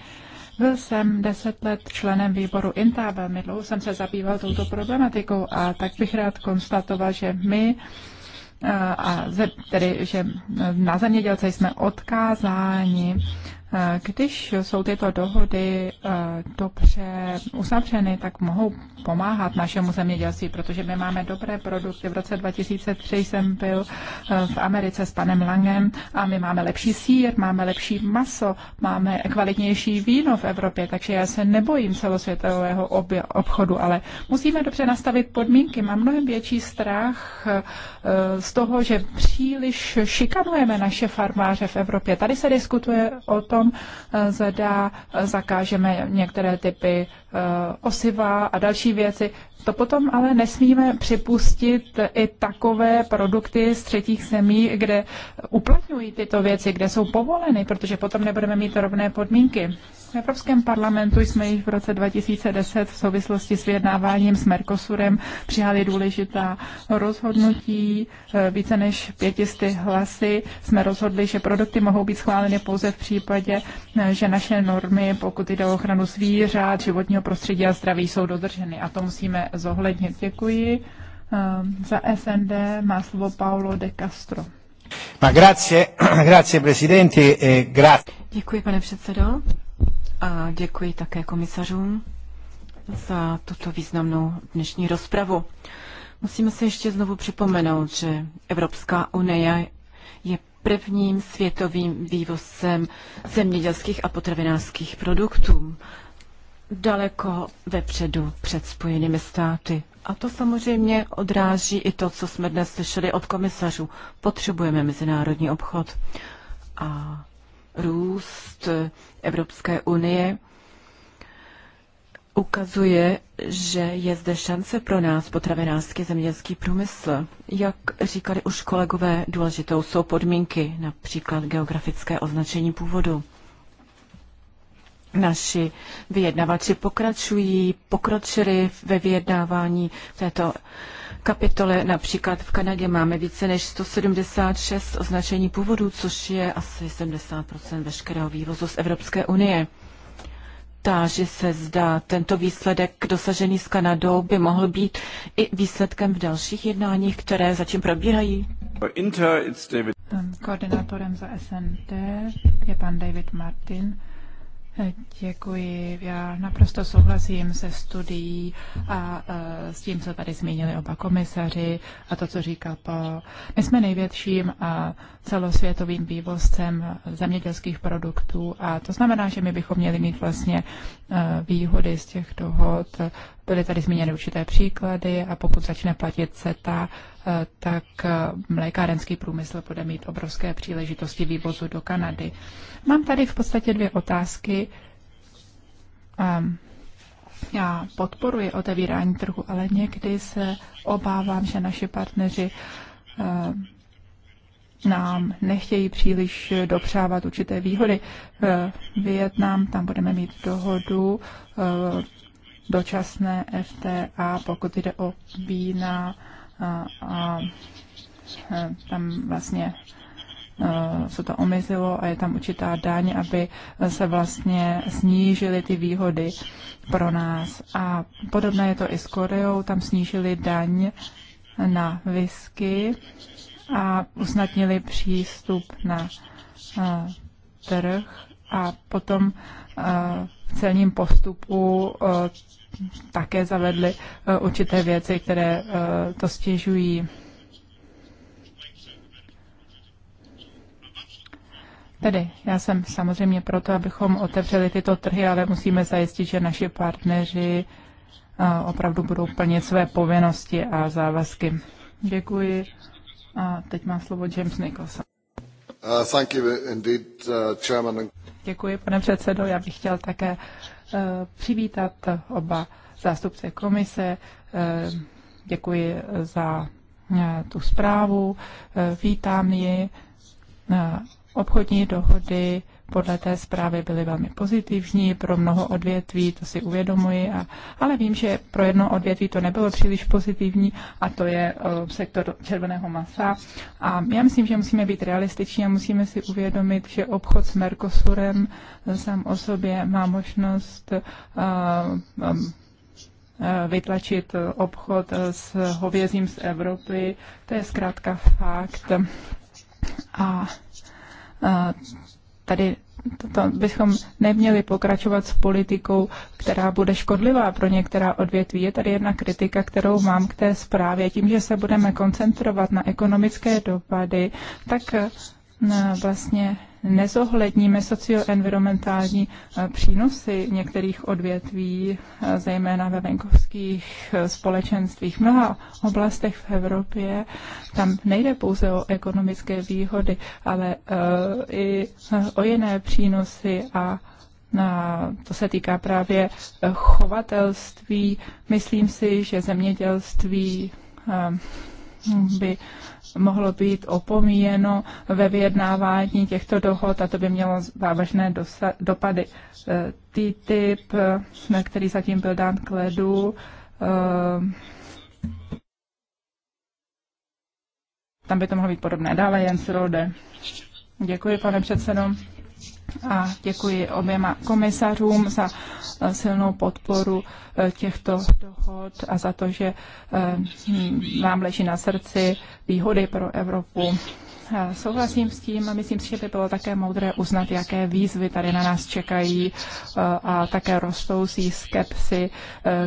S2: Byl jsem deset let členem výboru INTA, velmi dlouho jsem se zabýval touto problematikou a tak bych rád konstatoval, že my Eh, a tedy, že na zemědělce jsme odkázáni když jsou tyto dohody eh, dobře uzavřeny, tak mohou pomáhat našemu zemědělství, protože my máme dobré produkty. V roce 2003 jsem byl eh, v Americe s panem Langem a my máme lepší sír, máme lepší maso, máme kvalitnější víno v Evropě, takže já se nebojím celosvětového obchodu, ale musíme dobře nastavit podmínky. Mám mnohem větší strach eh, z toho, že příliš šikanujeme naše farmáře v Evropě. Tady se diskutuje o tom, potom eh, zda zakážeme některé typy eh, osiva a další věci. To potom ale nesmíme připustit i takové produkty z třetích zemí, kde uplatňují tyto věci, kde jsou povoleny, protože potom nebudeme mít rovné podmínky. V Evropském parlamentu jsme již v roce 2010 v souvislosti s vyjednáváním s Mercosurem přijali důležitá rozhodnutí. Více než 500 hlasy jsme rozhodli, že produkty mohou být schváleny pouze v případě, že naše normy, pokud jde o ochranu zvířat, životního prostředí a zdraví, jsou dodrženy. A to musíme zohlednit. Děkuji. Ehm, za SND
S1: má slovo Paulo de Castro.
S2: Ma grazie, grazie presidenti,
S1: e grazie. Děkuji, pane předsedo, a děkuji také komisařům za tuto významnou dnešní rozpravu. Musíme se ještě znovu připomenout, že Evropská unie je prvním světovým vývozcem zemědělských a potravinářských produktů daleko vepředu před Spojenými státy. A to samozřejmě odráží i to, co jsme dnes slyšeli od komisařů. Potřebujeme mezinárodní obchod a růst Evropské unie ukazuje, že je zde šance pro nás potravinářský zemědělský průmysl. Jak říkali už kolegové, důležitou jsou podmínky, například geografické označení původu. Naši vyjednavači pokračují, pokročili ve vyjednávání této kapitole. Například v Kanadě máme více než 176 označení původu, což je asi 70 veškerého vývozu z Evropské unie. Táži se zda tento výsledek dosažený s Kanadou by mohl být i výsledkem v dalších jednáních, které zatím probíhají. Ehm, koordinátorem za SND
S2: je pan David Martin. Děkuji. Já naprosto souhlasím se studií a e, s tím, co tady zmínili oba komisaři a to, co říkal Paul. My jsme největším a celosvětovým vývozcem zemědělských produktů a to znamená, že my bychom měli mít vlastně e, výhody z těch dohod Byly tady zmíněny určité příklady a pokud začne platit CETA, eh, tak eh, mlékárenský průmysl bude mít obrovské příležitosti vývozu do Kanady. Mám tady v podstatě dvě otázky. Ehm, já podporuji otevírání trhu, ale někdy se obávám, že naši partneři ehm, nám nechtějí příliš dopřávat určité výhody. Vietnam, tam budeme mít dohodu eh, dočasné FTA, pokud jde o vína a, a e, tam vlastně e, se to omezilo a je tam určitá daň, aby se vlastně snížily ty výhody pro nás. A podobné je to i s Koreou, tam snížili daň na whisky a usnadnili přístup na e, trh a potom v celním postupu eh, také zavedli eh, určité věci, které eh, to stěžují. Tedy já jsem samozřejmě proto, abychom otevřeli tyto trhy, ale musíme zajistit, že naši partneři opravdu budou plnit své povinnosti a závazky. Děkuji. A teď má slovo James Nicholson.
S1: Uh, thank you indeed, uh, chairman.
S2: Děkuji, pane předsedo. Já bych chtěl také eh, přivítat oba zástupce komise. Eh, děkuji za eh, tu zprávu. Vítám ji. Obchodní dohody podle té zprávy byly velmi pozitivní pro mnoho odvětví, to si uvědomuji, a, ale vím, že pro jedno odvětví to nebylo příliš pozitivní a to je uh, sektor červeného masa. A já myslím, že musíme být realističní a musíme si uvědomit, že obchod s Mercosurem eh, sám o sobě má možnost uh, um, vytlačit obchod s hovězím z Evropy. To je zkrátka fakt. A tady to bychom neměli pokračovat s politikou, která bude škodlivá pro některá odvětví. Je tady jedna kritika, kterou mám k té zprávě. Tím, že se budeme koncentrovat na ekonomické dopady, tak eh, vlastně nezohledníme socioenvironmentální eh, přínosy některých odvětví, eh, zejména ve venkovských eh, společenstvích, v mnoha oblastech v Evropě, tam nejde pouze o ekonomické výhody, ale i o jiné přínosy a na, to se týká právě chovatelství. Myslím si, že zemědělství by mohlo být opomíjeno ve vyjednávání těchto dohod a to by mělo závažné dopady. E, TTIP, e, který zatím byl dán k ledu, e, tam by to mohlo být podobné. Dále Jens Rode. Děkuji, pane předsedo a děkuji oběma komisařům za e, silnou podporu e, těchto dohod a za to, že vám e, leží na srdci výhody pro Evropu. Souhlasím s tím a myslím si, že by bylo také moudré uznat, jaké výzvy tady na nás čekají a také rostoucí skepsy,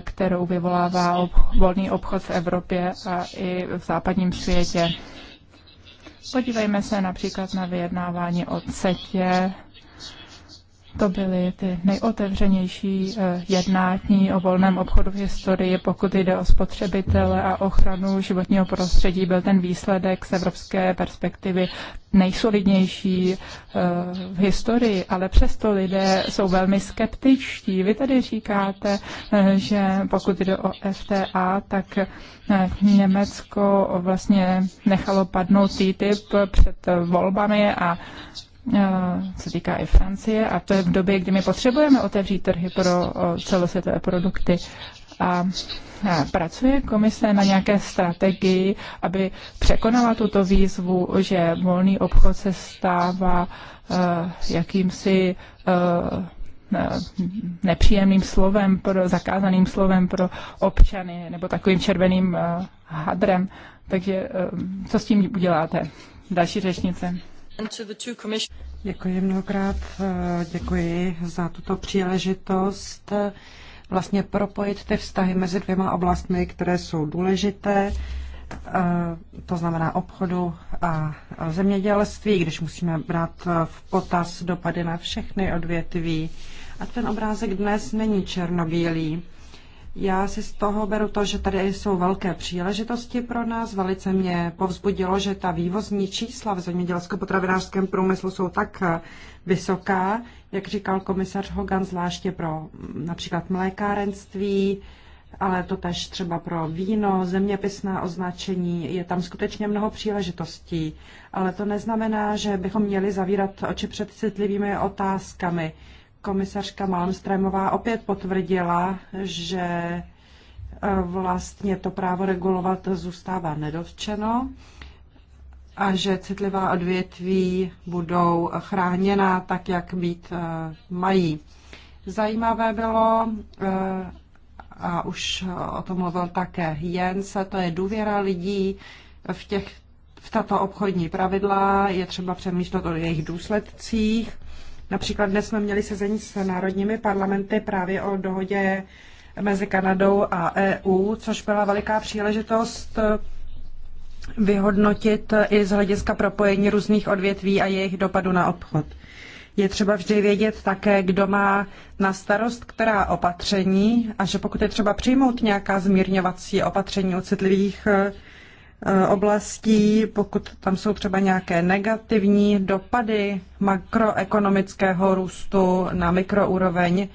S2: kterou vyvolává ob volný obchod v Evropě a i v západním světě. Podívejme se například na vyjednávání o CETě, to byly ty nejotevřenější eh, jednání o volném obchodu v historii, pokud jde o spotřebitele a ochranu životního prostředí. Byl ten výsledek z evropské perspektivy nejsolidnější eh, v historii, ale přesto lidé jsou velmi skeptičtí. Vy tady říkáte, eh, že pokud jde o FTA, tak Německo vlastně nechalo padnout TTIP před volbami a Eh, co týká i Francie, a to je v době, kdy my potřebujeme otevřít trhy pro celosvětové produkty. A pracuje komise na nějaké strategii, aby překonala tuto výzvu, že volný obchod se stává eh, jakýmsi eh, nepříjemným slovem, pro, zakázaným slovem pro občany nebo takovým červeným hadrem. Takže
S3: co s tím uděláte? Další řečnice. Děkuji mnohokrát, eh, děkuji za tuto příležitost eh, vlastně propojit ty vztahy mezi dvěma oblastmi, které jsou důležité, eh, to znamená obchodu a zemědělství, když musíme brát v potaz dopady na všechny odvětví. A ten obrázek dnes není černobílý. Já si z toho beru to, že tady jsou velké příležitosti pro nás. Velice mě povzbudilo, že ta vývozní čísla v zemědělsko-potravinářském průmyslu jsou tak eh, vysoká, jak říkal komisař Hogan, zvláště pro mm, například mlékárenství, ale to tež třeba pro víno, zeměpisná označení, je tam skutečně mnoho příležitostí. Ale to neznamená, že bychom měli zavírat oči před citlivými otázkami komisařka Malmströmová opět potvrdila, že e, vlastně to právo regulovat zůstává nedotčeno a že citlivá odvětví budou chráněna tak, jak být e, mají. Zajímavé bylo, e, a už o tom mluvil také Jens, to je důvěra lidí v těch v tato obchodní pravidla, je třeba přemýšlet o jejich důsledcích Například dnes jsme měli sezení s národními parlamenty právě o dohodě mezi Kanadou a EU, což byla veliká příležitost vyhodnotit i z hlediska propojení různých odvětví a jejich dopadu na obchod. Je třeba vždy vědět také, kdo má na starost která opatření a že pokud je třeba přijmout nějaká zmírňovací opatření u citlivých E, oblastí, pokud tam jsou třeba nějaké negativní dopady makroekonomického růstu na mikroúroveň,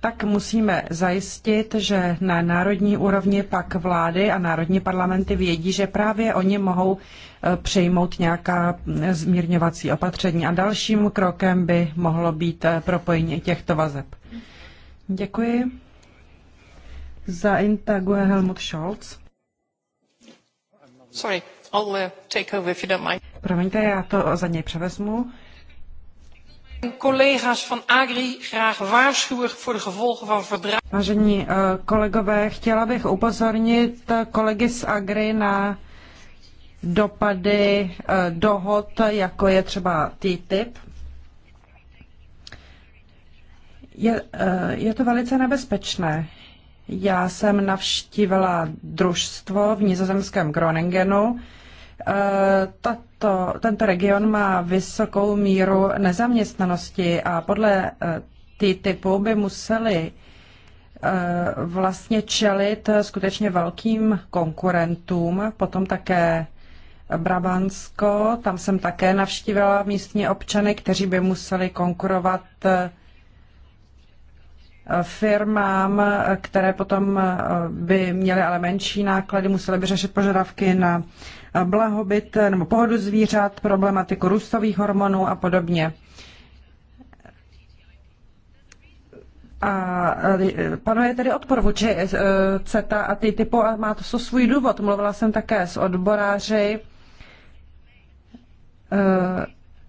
S3: tak musíme zajistit, že na národní úrovni pak vlády a národní parlamenty vědí, že právě oni mohou e, přejmout nějaká zmírňovací opatření. A dalším krokem by mohlo být e, propojení těchto vazeb. Děkuji. Za Intague Helmut Scholz.
S2: Sorry, I'll uh, take over if you don't mind.
S3: Promiňte, já to za něj převezmu.
S2: Collega's van Agri graag waarschuwen voor de gevolgen
S3: van Vážení eh, kolegové, chtěla bych upozornit kolegy z Agri na dopady eh, dohod, jako je třeba TTIP. Je, eh, je to velice nebezpečné. Já jsem navštívila družstvo v nizozemském Groningenu. E, tato, tento region má vysokou míru nezaměstnanosti a podle e, typu by museli e, vlastně čelit skutečně velkým konkurentům, potom také Brabantsko, tam jsem také navštívila místní občany, kteří by museli konkurovat firmám, které potom eh, by měly ale menší náklady, musely by řešit požadavky na eh, blahobyt nebo pohodu zvířat, problematiku růstových hormonů a podobně. A eh, panuje tedy odpor vůči CETA a ty typu a má to svůj důvod. Mluvila jsem také s odboráři.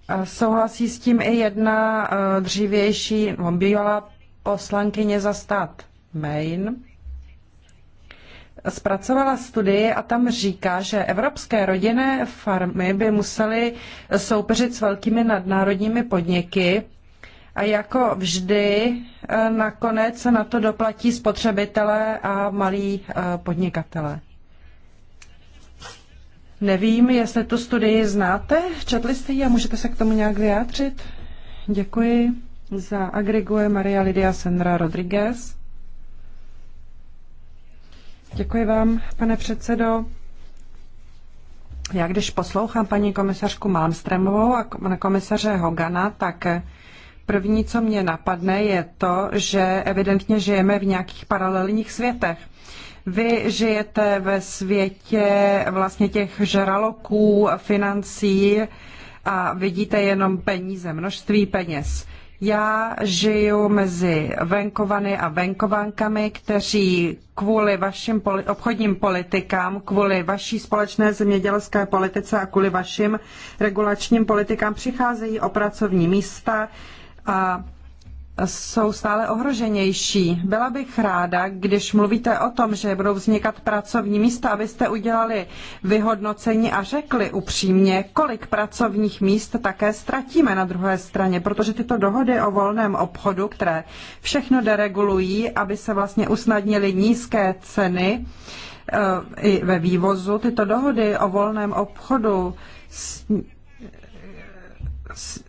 S3: A souhlasí s tím i jedna dřívější, bývalá poslankyně za stát Maine zpracovala studii a tam říká, že evropské rodinné farmy by musely soupeřit s velkými nadnárodními podniky a jako vždy eh, nakonec na to doplatí spotřebitelé a malí eh, podnikatelé. Nevím, jestli tu studii znáte, četli jste ji a můžete se k tomu nějak vyjádřit. Děkuji za agreguje Maria Lidia Sandra Rodriguez. Děkuji vám, pane předsedo. Já když poslouchám paní komisařku Malmstremovou a pana komisaře Hogana, tak první, co mě napadne, je to, že evidentně žijeme v nějakých paralelních světech. Vy žijete ve světě vlastně těch žraloků, financí a vidíte jenom peníze, množství peněz. Já žiju mezi venkovany a venkovankami, kteří kvůli vašim obchodním politikám, kvůli vaší společné zemědělské politice a kvůli vašim regulačním politikám přicházejí o pracovní místa a jsou stále ohroženější. Byla bych ráda, když mluvíte o tom, že budou vznikat pracovní místa, abyste udělali vyhodnocení a řekli upřímně, kolik pracovních míst také ztratíme na druhé straně, protože tyto dohody o volném obchodu, které všechno deregulují, aby se vlastně usnadnily nízké ceny eh, i ve vývozu, tyto dohody o volném obchodu s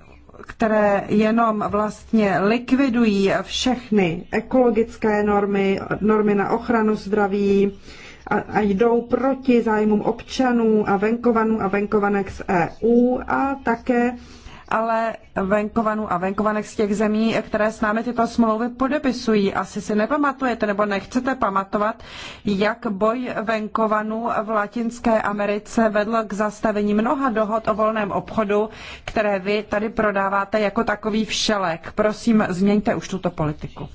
S3: které jenom vlastně likvidují všechny ekologické normy, normy na ochranu zdraví a, a jdou proti zájmům občanů a venkovanů a venkovanek z EU a také ale venkovanů a venkovanek z těch zemí, které s námi tyto smlouvy podepisují. Asi si nepamatujete nebo nechcete pamatovat, jak boj venkovanů v Latinské Americe vedl k zastavení mnoha dohod o volném obchodu, které vy tady prodáváte jako takový všelek. Prosím, změňte už tuto politiku.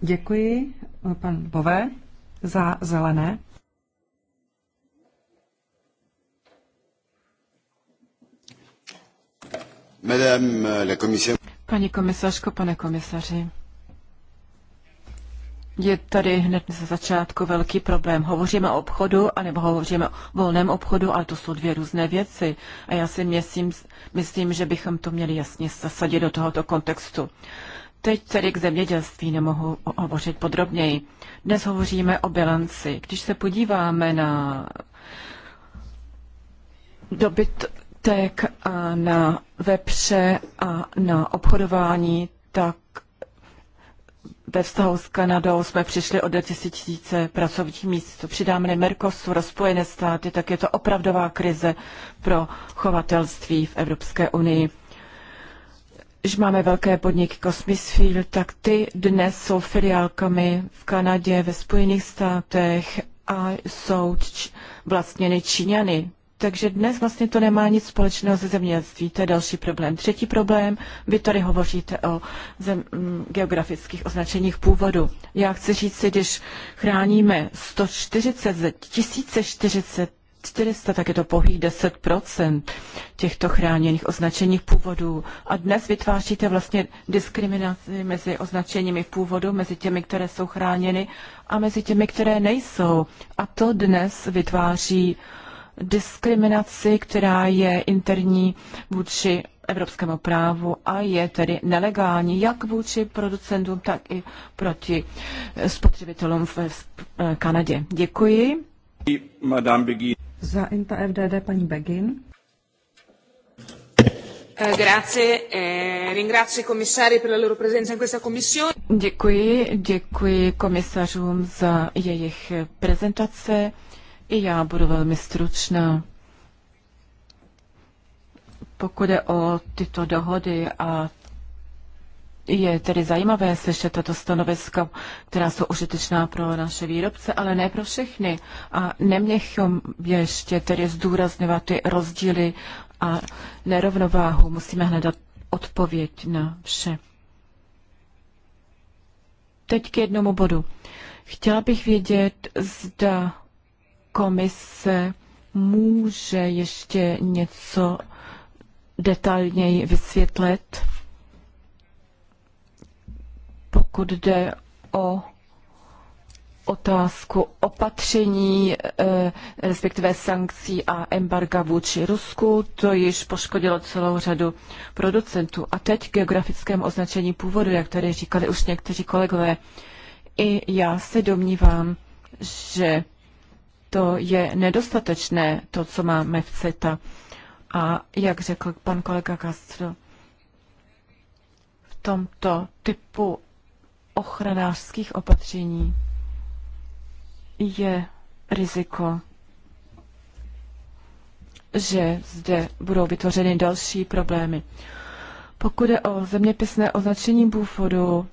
S3: Děkuji, pan Bové, za zelené.
S1: Euh, Paní komisařko, pane komisaři. Je tady hned ze začátku velký problém. Hovoříme o obchodu, anebo hovoříme o volném obchodu, ale to jsou dvě různé věci. A já si myslím, myslím že bychom to měli jasně zasadit do tohoto kontextu. Teď tedy k zemědělství nemohu hovořit podrobněji. Dnes hovoříme o bilanci. Když se podíváme na dobyt, látek a na vepře a na obchodování, tak ve vztahu s Kanadou jsme přišli o 000 pracovních míst. Co přidáme Merkosu, Spojené státy, tak je to opravdová krize pro chovatelství v Evropské unii. Když máme velké podniky Cosmisfield, jako tak ty dnes jsou filiálkami v Kanadě, ve Spojených státech a jsou č- vlastněny Číňany. Takže dnes vlastně to nemá nic společného se zemědělství. To je další problém. Třetí problém, vy tady hovoříte o zem, mm, geografických označeních původu. Já chci říct si, když chráníme 140 ze 1040 400, tak je to pouhých 10 těchto chráněných označeních původů. A dnes vytváříte vlastně diskriminaci mezi označeními původu, mezi těmi, které jsou chráněny a mezi těmi, které nejsou. A to dnes vytváří uh, diskriminaci, která je interní vůči evropskému právu a je tedy nelegální jak vůči producentům, tak i proti eh, spotřebitelům v eh, Kanadě. Děkuji.
S3: Madame Begin. Za INTA FDD paní Begin. Eh,
S1: děkuji, děkuji komisařům za jejich prezentace. I já budu velmi stručná. Pokud je o tyto dohody a je tedy zajímavé slyšet tato stanoviska, která jsou užitečná pro naše výrobce, ale ne pro všechny. A neměchom ještě tedy zdůrazňovat ty rozdíly a nerovnováhu. Musíme hledat odpověď na vše. Teď k jednomu bodu. Chtěla bych vědět, zda komise může ještě něco detailněji vysvětlit, pokud jde o otázku opatření, eh, respektive sankcí a embarga vůči Rusku. To již poškodilo celou řadu producentů. A teď k geografickému označení původu, jak tady říkali už někteří kolegové. I já se domnívám, že to je nedostatečné, to, co máme v CETA. A jak řekl pan kolega Castro, v tomto typu ochranářských opatření je riziko, že zde budou vytvořeny další problémy. Pokud je o zeměpisné označení původu,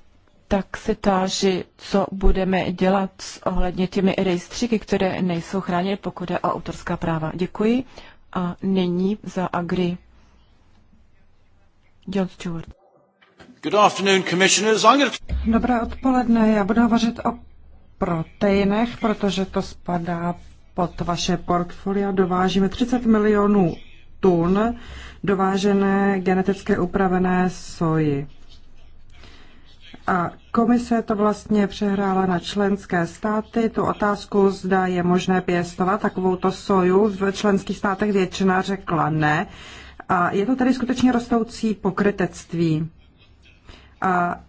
S1: tak se táži, co budeme dělat ohledně těmi rejstříky, které nejsou chráněny, pokud je o autorská práva. Děkuji. A nyní za Agri John Stewart. Good afternoon, commissioners. I'm gonna...
S3: Dobré odpoledne. Já budu hovořit o proteinech, protože to spadá pod vaše portfolio. Dovážíme 30 milionů tun dovážené geneticky upravené soji. A komise to vlastně přehrála na členské státy. Tu otázku, zda je možné pěstovat takovouto soju, v členských státech většina řekla ne. A je to tady skutečně rostoucí pokrytectví. A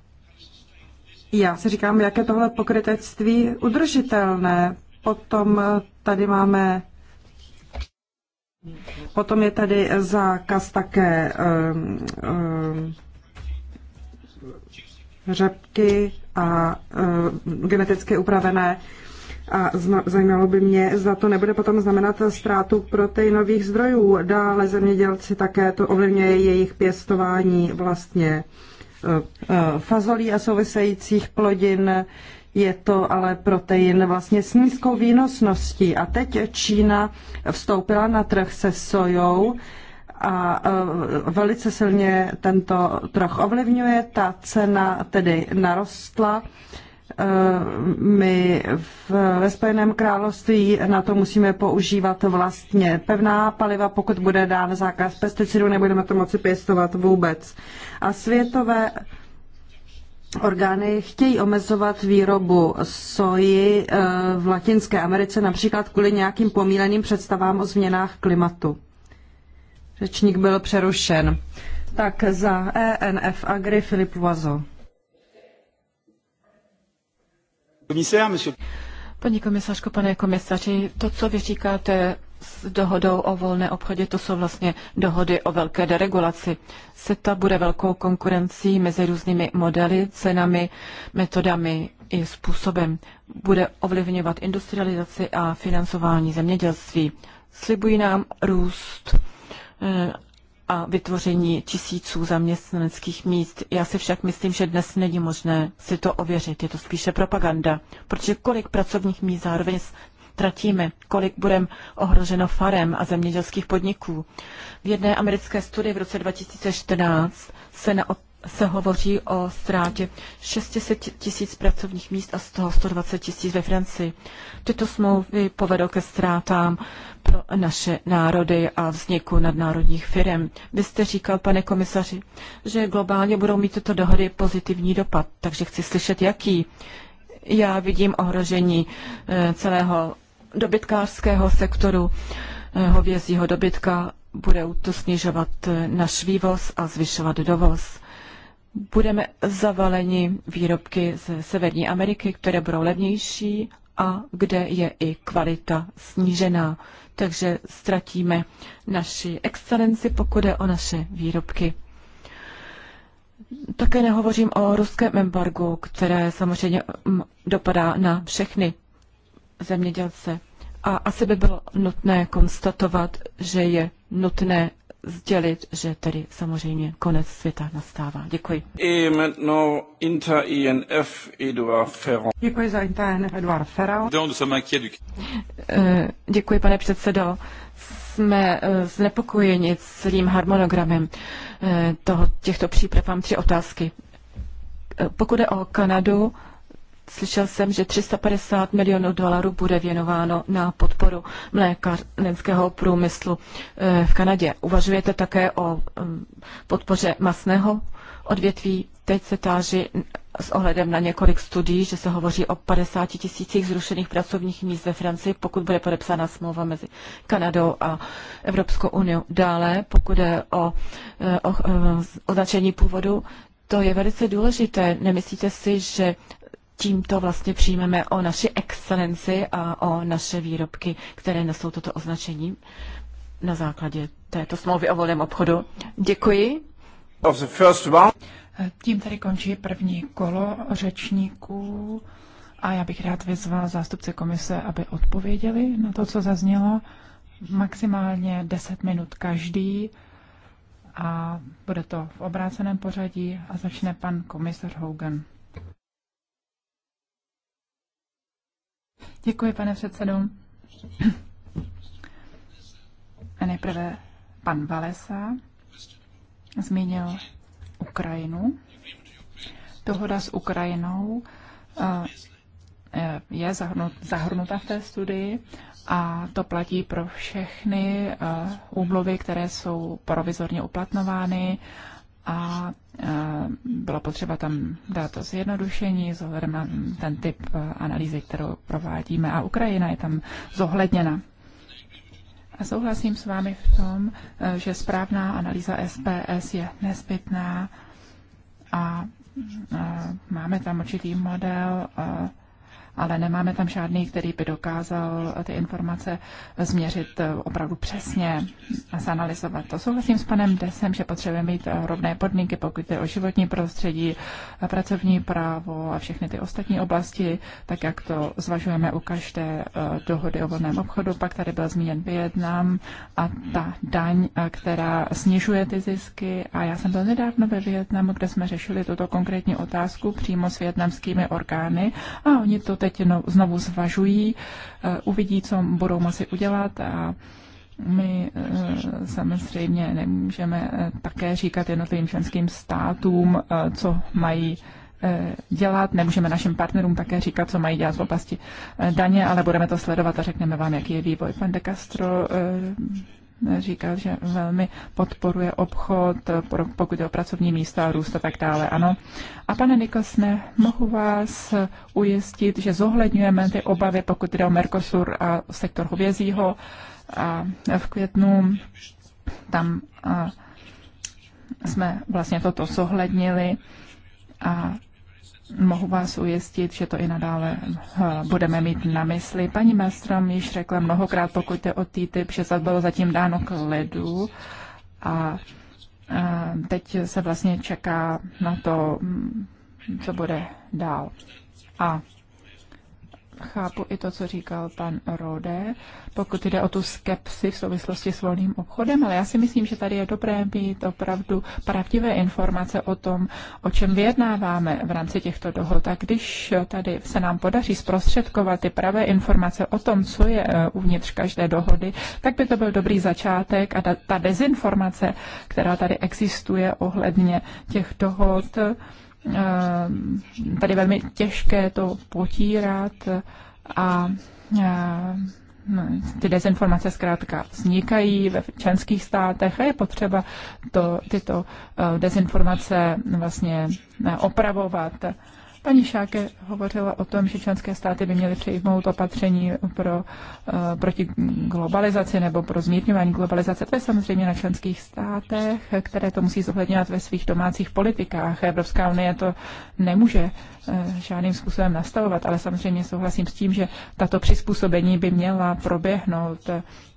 S3: já si říkám, jak je tohle pokrytectví udržitelné. Potom tady máme Potom je tady zákaz také um, um, řepky a eh, geneticky upravené a zajímalo by mě, zda to nebude potom znamenat ztrátu proteinových zdrojů. Dále zemědělci také to ovlivňuje jejich pěstování vlastně eh, eh, fazolí a souvisejících plodin. Je to ale protein vlastně s nízkou výnosností. A teď Čína vstoupila na trh se sojou a e, velice silně tento trh ovlivňuje. Ta cena tedy narostla. E, my ve Spojeném království na to musíme používat vlastně pevná paliva. Pokud bude dán zákaz pesticidů, nebudeme to moci pěstovat vůbec. A světové Orgány chtějí omezovat výrobu soji e, v Latinské Americe například kvůli nějakým pomíleným představám o změnách klimatu. Řečník byl přerušen. Tak za ENF Agri Filip Loazo. Paní komisařko, pane komisaři,
S1: to, co vy říkáte s dohodou o volné obchodě, to jsou vlastně dohody o velké deregulaci. CETA bude velkou konkurencí mezi různými modely, cenami, metodami i způsobem. Bude ovlivňovat industrializaci a financování zemědělství. Slibují nám růst Eh, a vytvoření tisíců zaměstnaneckých míst. Já si však myslím, že dnes není možné si to ověřit, je to spíše propaganda, protože kolik pracovních míst zároveň ztratíme, kolik budeme ohroženo farem a zemědělských podniků. V jedné americké studii v roce 2014 se na se hovoří o ztrátě 600 tisíc pracovních míst a z toho 120 tisíc ve Francii. Tyto smlouvy povedou ke ztrátám pro naše národy a vzniku nadnárodních firm. Vy jste říkal, pane komisaři, že globálně budou mít tyto dohody pozitivní dopad, takže chci slyšet, jaký. Já vidím ohrožení eh, celého dobytkářského sektoru, eh, hovězího dobytka, budou to snižovat eh, náš vývoz a zvyšovat dovoz budeme zavaleni výrobky z Severní Ameriky, které budou levnější a kde je i kvalita snížená. Takže ztratíme naši excelenci, pokud je o naše výrobky. Také nehovořím o ruském embargu, které samozřejmě mm, dopadá na všechny zemědělce. A asi by bylo nutné konstatovat, že je nutné sdělit, že tedy samozřejmě konec světa nastává. Děkuji.
S3: Inter INF Eduard Ferrand. Děkuji za Inter
S1: INF Eduard Ferrand. Eh, děkuji, pane předsedo. Jsme eh, znepokojeni celým harmonogramem eh, toho, těchto příprav. Mám tři otázky. Pokud je o Kanadu, Slyšel jsem, že 350 milionů dolarů bude věnováno na podporu mlékařenského průmyslu eh, v Kanadě. Uvažujete také o mm, podpoře masného odvětví? Teď se táží s ohledem na několik studií, že se hovoří o 50 tisících zrušených pracovních míst ve Francii, pokud bude podepsána smlouva mezi Kanadou a Evropskou unii. Dále, pokud je o, eh, o, o eh, označení původu, to je velice důležité. Nemyslíte si, že tímto vlastně přijmeme o naši excelenci a o naše výrobky, které nesou toto označení na základě této smlouvy o volném obchodu. Děkuji. Tím tady končí první kolo
S2: řečníků a já bych rád vyzval zástupce komise, aby odpověděli na to, co zaznělo. Maximálně 10 minut každý a bude to v obráceném pořadí a začne pan komisař Hogan. Děkuji, pane předsedo. A nejprve pan Valesa zmínil Ukrajinu. Dohoda s Ukrajinou eh, je zahrnuta v té studii a to platí pro všechny eh, úmluvy, které jsou provizorně uplatnovány a e, bylo potřeba tam dát to zjednodušení s na ten typ e, analýzy, kterou provádíme. A Ukrajina je tam zohledněna. A souhlasím s vámi v tom, e, že správná analýza SPS je nezbytná a máme tam určitý model ale nemáme tam žádný, který by dokázal ty informace změřit eh, opravdu přesně a zanalizovat. To souhlasím s panem Desem, že potřebujeme mít eh, rovné podmínky, pokud je o životní prostředí, eh, pracovní právo a všechny ty ostatní oblasti, tak jak to zvažujeme u každé dohody o volném obchodu. Pak tady byl zmíněn Vietnam a ta daň, která snižuje ty zisky. A já jsem byl nedávno ve Vietnamu, kde jsme řešili tuto konkrétní otázku přímo s větnamskými orgány a oni to teď no, znovu zvažují, eh, uvidí, co budou moci udělat a my eh, samozřejmě nemůžeme eh, také říkat jednotlivým členským státům, co mají dělat. Nemůžeme našim partnerům také říkat, co mají dělat v oblasti daně, ale budeme to sledovat a řekneme vám, jaký je vývoj. Pan de Castro říkal, že velmi podporuje obchod, pokud je o pracovní místa, růst a tak dále, ano. A pane Nikosne, mohu vás ujistit, že zohledňujeme ty obavy, pokud jde o Mercosur a sektor hovězího a v květnu tam jsme vlastně toto zohlednili a mohu vás ujistit, že to i nadále eh, budeme mít na mysli. Paní Mastrom již řekla mnohokrát, pokud jde o TTIP, že to bylo zatím dáno k ledu a eh, teď se vlastně čeká na to, mm, co bude dál. A chápu i to, co říkal pan Rode, pokud jde o tu skepsi v souvislosti s volným obchodem, ale já si myslím, že tady je dobré mít opravdu pravdivé informace o tom, o čem vyjednáváme v rámci těchto dohod. A když tady se nám podaří zprostředkovat ty pravé informace o tom, co je eh, uvnitř každé dohody, tak by to byl dobrý začátek a ta dezinformace, která tady existuje ohledně těch dohod, Ehm, tady velmi těžké to potírat a e, no, ty dezinformace zkrátka vznikají ve členských státech a je potřeba to, tyto e, dezinformace vlastně e, opravovat. Paní Šáke hovořila o tom, že členské státy by měly přijmout opatření pro, eh, proti globalizaci nebo pro zmírňování globalizace. To je samozřejmě na členských státech, které to musí zohledňovat ve svých domácích politikách. Evropská unie to nemůže eh, žádným způsobem nastavovat, ale samozřejmě souhlasím s tím, že tato přizpůsobení by měla proběhnout.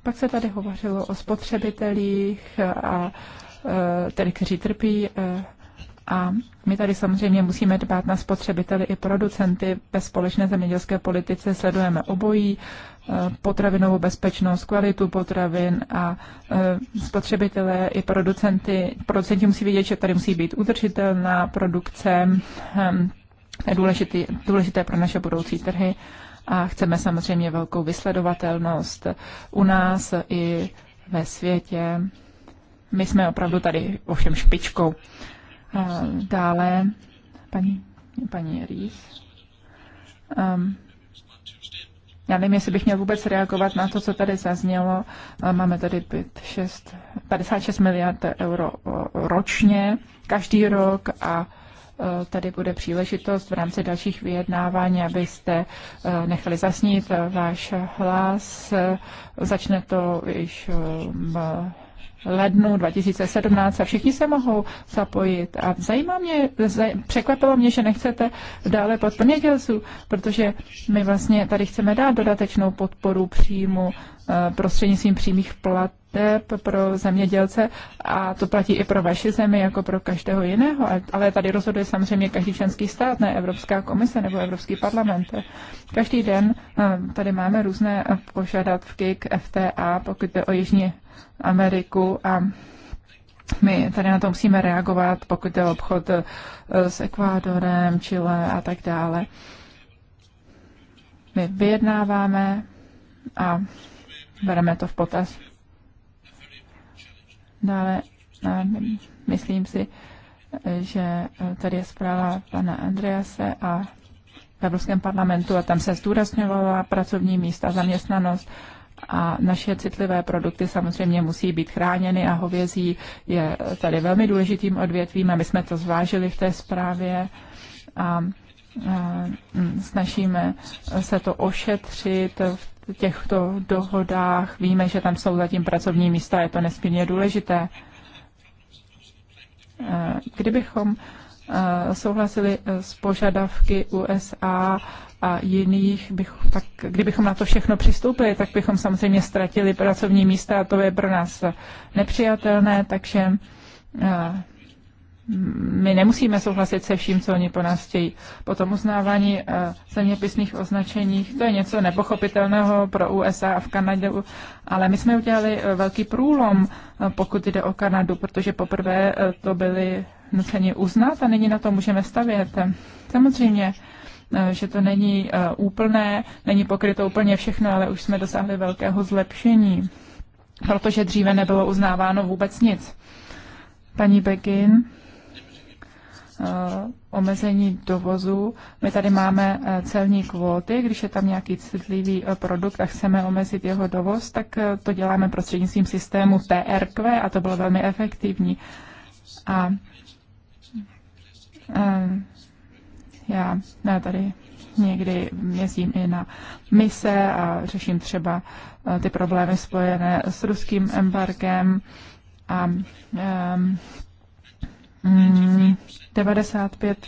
S2: Pak se tady hovořilo o spotřebitelích a eh, tedy kteří trpí a my tady samozřejmě musíme dbát na spotřebiteli i producenty. Ve společné zemědělské politice sledujeme obojí, eh, potravinovou bezpečnost, kvalitu potravin a eh, spotřebitelé i producenty. Producenti musí vědět, že tady musí být udržitelná produkce, je eh, důležité, důležité pro naše budoucí trhy a chceme samozřejmě velkou vysledovatelnost u nás i ve světě. My jsme opravdu tady ovšem špičkou. Dále paní, paní Rýs. Um, ehm, já nevím, jestli bych měl vůbec reagovat na to, co tady zaznělo. Máme tady 6, 56 miliard euro ročně, každý rok a e, tady bude příležitost v rámci dalších vyjednávání, abyste e, nechali zasnít e, váš hlas. Začne to již v lednu 2017 a všichni se mohou zapojit. A zajímá mě, zaj, překvapilo mě, že nechcete dále podporu zemědělců, protože my vlastně tady chceme dát dodatečnou podporu příjmu Eh, prostřednictvím přímých plateb pro zemědělce a to platí i pro vaši zemi, jako pro každého jiného, ale tady rozhoduje samozřejmě každý členský stát, ne Evropská komise nebo Evropský parlament. Každý den eh, tady máme různé požadavky k FTA, pokud jde o Jižní Ameriku a my tady na to musíme reagovat, pokud jde o obchod eh, s Ekvádorem, Chile a tak dále. My vyjednáváme a bereme to v potaz. Dále eh, myslím si, že eh, tady je zpráva pana Andrease a v Evropském parlamentu a tam se zdůrazňovala pracovní místa, zaměstnanost a naše citlivé produkty samozřejmě musí být chráněny a hovězí je tady velmi důležitým odvětvím a my jsme to zvážili v té zprávě a Eh, snažíme se to ošetřit v těchto dohodách. Víme, že tam jsou zatím pracovní místa, je to nesmírně důležité. Eh, kdybychom eh, souhlasili s požadavky USA a jiných, bych, tak kdybychom na to všechno přistoupili, tak bychom samozřejmě ztratili pracovní místa a to je pro nás nepřijatelné, takže my nemusíme souhlasit se vším, co oni po nás chtějí. Potom uznávání eh, zeměpisných označení, to je něco nepochopitelného pro USA a v Kanadě, ale my jsme udělali eh, velký průlom, eh, pokud jde o Kanadu, protože poprvé to byli nuceni uznat a nyní na to můžeme stavět. Samozřejmě, že to není úplné, není pokryto úplně všechno, ale už jsme dosáhli velkého zlepšení, protože dříve nebylo uznáváno vůbec nic. Paní Begin. Eh, omezení dovozu. My tady máme eh, celní kvóty, když je tam nějaký citlivý eh, produkt a chceme omezit jeho dovoz, tak to děláme prostřednictvím systému TRQ a to bylo velmi efektivní. A, já, ne, tady někdy jezdím i na mise a řeším třeba ty problémy spojené s ruským embargem a um, mm, 95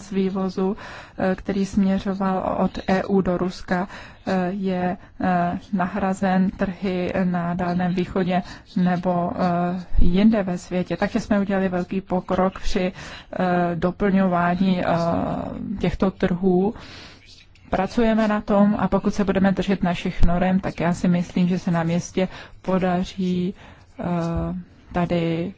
S2: z vývozu, eh, který směřoval od EU do Ruska, eh, je eh, nahrazen trhy na Dálném východě nebo jinde ve světě. Takže jsme udělali velký pokrok při doplňování těchto trhů. Pracujeme na tom a pokud se budeme držet našich norem, tak já si myslím, že se nám jistě podaří tady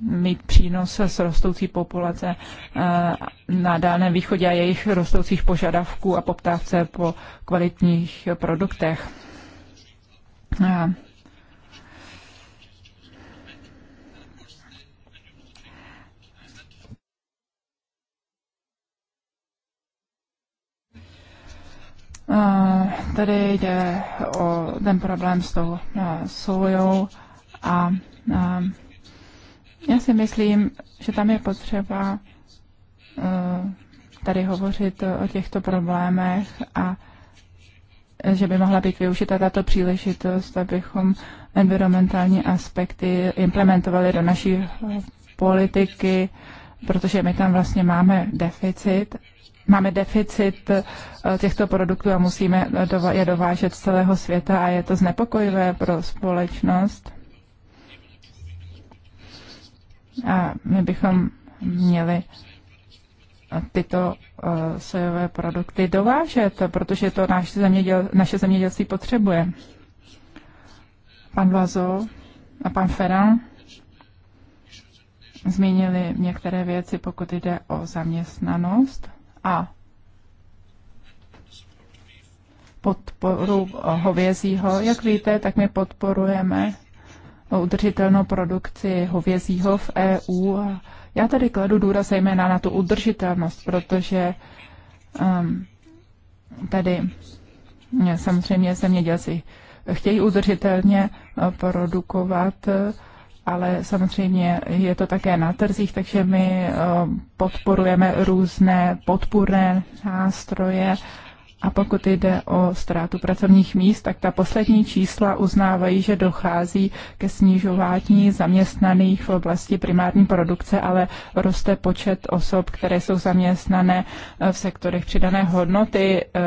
S2: mít přínos s rostoucí populace eh, na Dálném východě a jejich rostoucích požadavků a poptávce po kvalitních produktech. Eh, tady jde o ten problém s tou eh, sojou a, a já si myslím, že tam je potřeba eh, tady hovořit o těchto problémech a že by mohla být využita tato příležitost, abychom environmentální aspekty implementovali do naší politiky, protože my tam vlastně máme deficit. Máme deficit eh, těchto produktů a musíme je dovážet z celého světa a je to znepokojivé pro společnost. A my bychom měli tyto eh, sojové produkty dovážet, protože to naš zeměděl, naše zemědělství potřebuje. Pan Vlazo a pan Ferran zmínili některé věci, pokud jde o zaměstnanost a podporu hovězího. Jak víte, tak my podporujeme udržitelnou produkci hovězího v EU. A já tady kladu důraz zejména na tu udržitelnost, protože um, tady eh, samozřejmě zemědělci chtějí udržitelně eh, produkovat, eh, ale samozřejmě je to také na trzích, takže my podporujeme různé podpůrné nástroje a pokud jde o ztrátu pracovních míst, tak ta poslední čísla uznávají, že dochází ke snižování zaměstnaných v oblasti primární produkce, ale roste počet osob, které jsou zaměstnané eh, v sektorech přidané hodnoty, eh,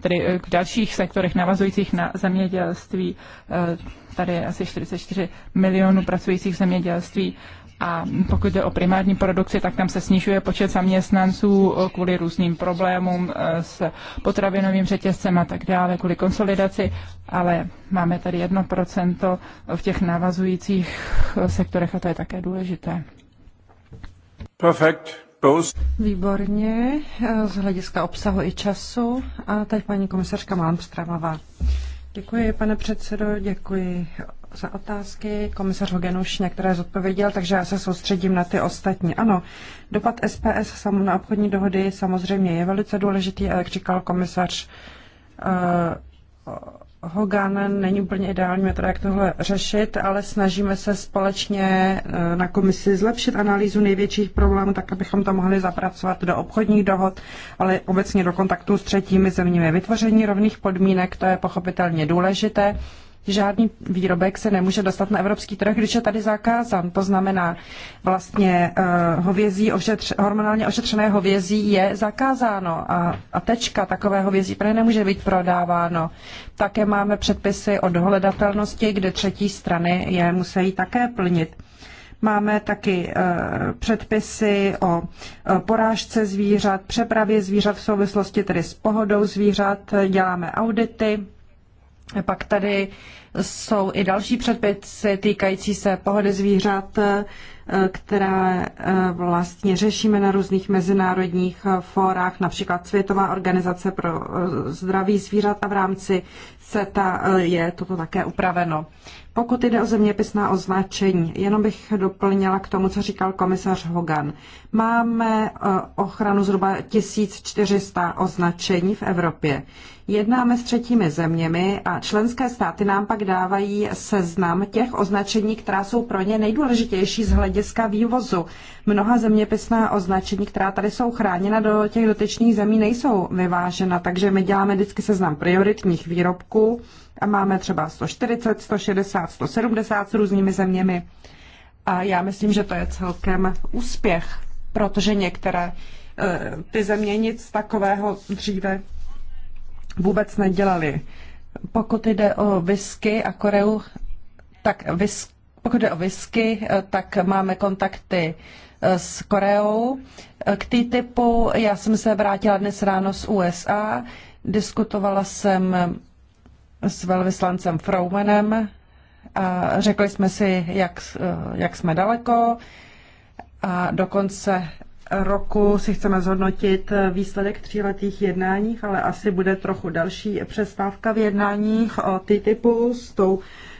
S2: tedy eh, v dalších sektorech navazujících na zemědělství. Tady je asi 44 milionů pracujících v zemědělství a pokud jde o primární produkci, tak tam se snižuje počet zaměstnanců kvůli různým problémům e, s potravinovým řetězcem a tak dále, kvůli konsolidaci, ale máme tady 1% v těch navazujících sektorech a to je také důležité. Perfect.
S3: Výborně, e, z hlediska obsahu i času. A teď paní komisařka Malmstramová. Děkuji, pane předsedo, děkuji za otázky. Komisař Hogan už některé zodpověděl, takže já se soustředím na ty ostatní. Ano, dopad SPS na obchodní dohody samozřejmě je velice důležitý, ale jak říkal komisař uh, Hogan, není úplně ideální metoda, jak tohle řešit, ale snažíme se společně uh, na komisi zlepšit analýzu největších problémů, tak abychom to mohli zapracovat do obchodních dohod, ale obecně do kontaktu s třetími zeměmi. Vytvoření rovných podmínek, to je pochopitelně důležité žádný výrobek se nemůže dostat na evropský trh, když je tady zakázán. To znamená, vlastně uh, hovězí ošetř, hormonálně ošetřené hovězí je zakázáno a, a tečka takové hovězí právě nemůže být prodáváno. Také máme předpisy o dohledatelnosti, kde třetí strany je musí také plnit. Máme taky eh, předpisy o eh, porážce zvířat, přepravě zvířat v souvislosti tedy s pohodou zvířat, děláme audity, pak tady jsou i další předpisy týkající se pohody zvířat, eh, které eh, vlastně řešíme na různých mezinárodních eh, fórách, například Světová organizace pro zdraví zvířat a v rámci CETA je toto také upraveno. Pokud jde o zeměpisná označení, jenom bych doplnila k tomu, co říkal komisař Hogan. Máme eh, ochranu zhruba 1400 označení v Evropě. Jednáme s třetími zeměmi a členské státy nám pak dávají seznam těch označení, která jsou pro ně nejdůležitější z hlediska vývozu. Mnoha zeměpisná označení, která tady jsou chráněna do těch dotyčných zemí, nejsou vyvážena, takže my děláme vždycky seznam prioritních výrobků, Máme třeba 140, 160, 170 s různými zeměmi. A já myslím, že to je celkem úspěch, protože některé eh, ty země nic takového dříve vůbec nedělali. Pokud jde o whisky a Koreu, tak whisky, pokud jde o whisky, eh, tak máme kontakty eh, s Koreou. K typu já jsem se vrátila dnes ráno z USA. Diskutovala jsem s velvyslancem Froumenem a řekli jsme si, jak, eh, jak jsme daleko a do konce roku si chceme zhodnotit eh, výsledek tříletých jednáních, ale asi bude trochu další přestávka v jednáních o TTIPu s tou